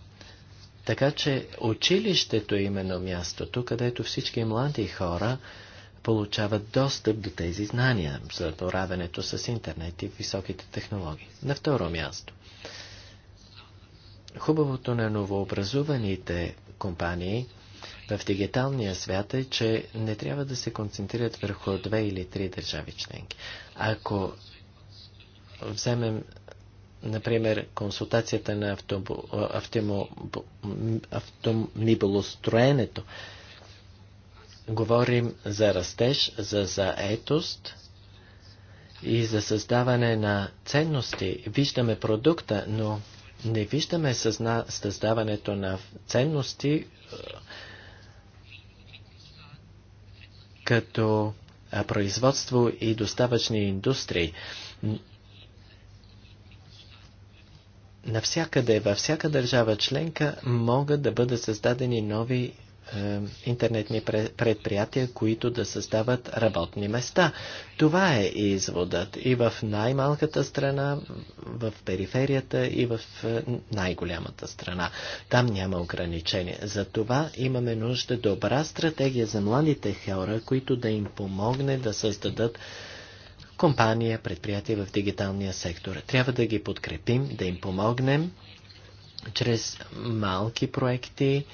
Така че училището е именно мястото, където всички млади хора получават достъп до тези знания за поравенето с интернет и високите технологии. На второ място. Хубавото на новообразуваните компании – в дигиталния свят е, че не трябва да се концентрират върху две или три държави членки. Ако вземем, например, консултацията на автомобилостроенето, говорим за растеж, за заетост и за създаване на ценности. Виждаме продукта, но не виждаме създаването на ценности като производство и доставъчни индустрии. Навсякъде, във всяка държава членка могат да бъдат създадени нови е, интернетни предприятия, които да създават работни места. Това е изводът и в най-малката страна, в периферията и в е, най-голямата страна. Там няма ограничения. За това имаме нужда добра стратегия за младите хора, които да им помогне да създадат компания, предприятия в дигиталния сектор. Трябва да ги подкрепим, да им помогнем чрез малки проекти,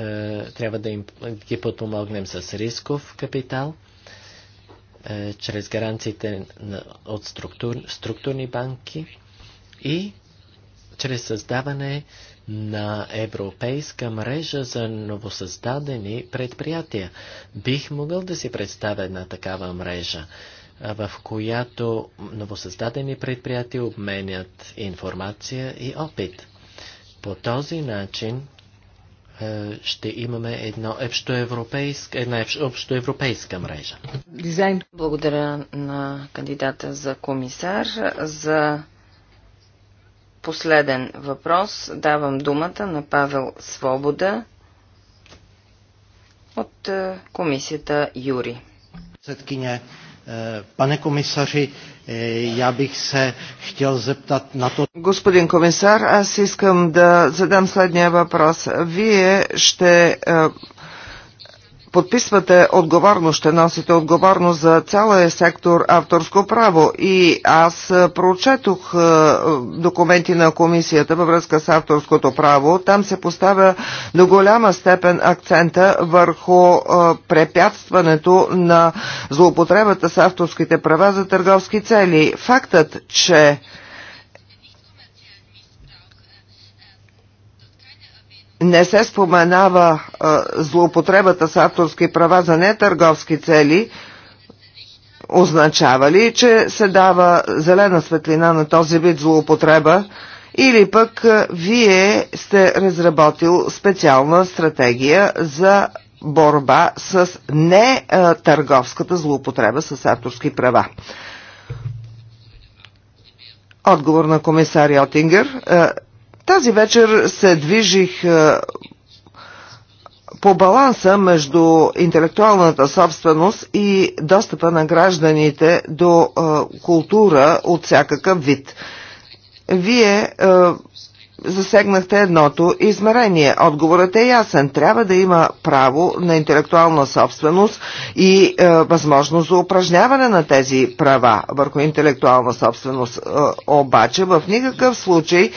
е, трябва да им, ги подпомогнем с рисков капитал, е, чрез гаранциите от структур, структурни банки и чрез създаване на европейска мрежа за новосъздадени предприятия. Бих могъл да си представя една такава мрежа, в която новосъздадени предприятия обменят информация и опит. По този начин е, ще имаме едно общоевропейска, една общоевропейска мрежа. Дизайн. Благодаря на кандидата за комисар. За последен въпрос давам думата на Павел Свобода от е, комисията Юри. Е, пане комисари, я бих се хотел зептат на то. Господин комисар, аз искам да задам следния въпрос. Вие ще подписвате отговорност, ще носите отговорност за цялия сектор авторско право. И аз прочетох е, документи на комисията във връзка с авторското право. Там се поставя до голяма степен акцента върху е, препятстването на злоупотребата с авторските права за търговски цели. Фактът, че не се споменава а, злоупотребата с авторски права за нетърговски цели, означава ли, че се дава зелена светлина на този вид злоупотреба или пък а, вие сте разработил специална стратегия за борба с нетърговската злоупотреба с авторски права? Отговор на комисар Йотингер. Тази вечер се движих е, по баланса между интелектуалната собственост и достъпа на гражданите до е, култура от всякакъв вид. Вие е, засегнахте едното измерение. Отговорът е ясен. Трябва да има право на интелектуална собственост и е, възможност за упражняване на тези права върху интелектуална собственост. Е, обаче в никакъв случай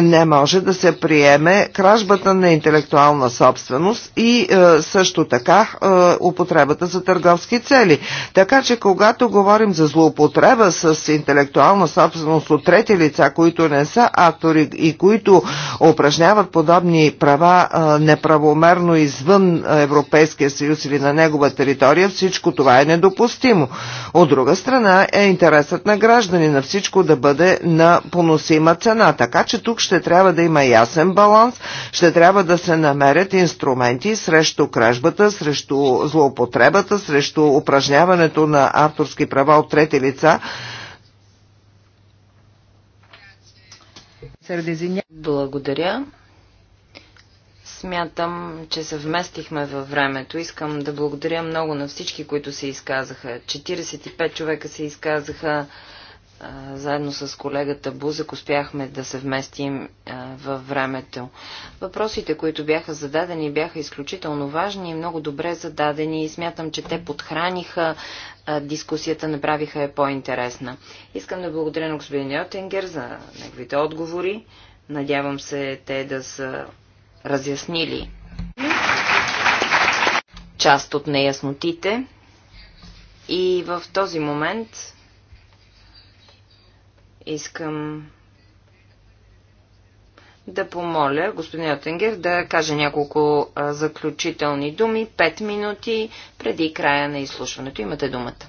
не може да се приеме кражбата на интелектуална собственост и е, също така е, употребата за търговски цели. Така че когато говорим за злоупотреба с интелектуална собственост от трети лица, които не са автори и които упражняват подобни права е, неправомерно извън Европейския съюз или на негова територия, всичко това е недопустимо. От друга страна е интересът на граждани на всичко да бъде на поносима цена. Така че тук ще трябва да има ясен баланс, ще трябва да се намерят инструменти срещу кражбата, срещу злоупотребата, срещу упражняването на авторски права от трети лица. Благодаря. Смятам, че се вместихме във времето. Искам да благодаря много на всички, които се изказаха. 45 човека се изказаха заедно с колегата Бузък успяхме да се вместим във времето. Въпросите, които бяха зададени, бяха изключително важни и много добре зададени и смятам, че те подхраниха дискусията, направиха я по-интересна. Искам да благодаря на господин Йотенгер за неговите отговори. Надявам се те да са разяснили част от неяснотите. И в този момент Искам да помоля господин Отенгер да каже няколко заключителни думи, пет минути преди края на изслушването. Имате думата.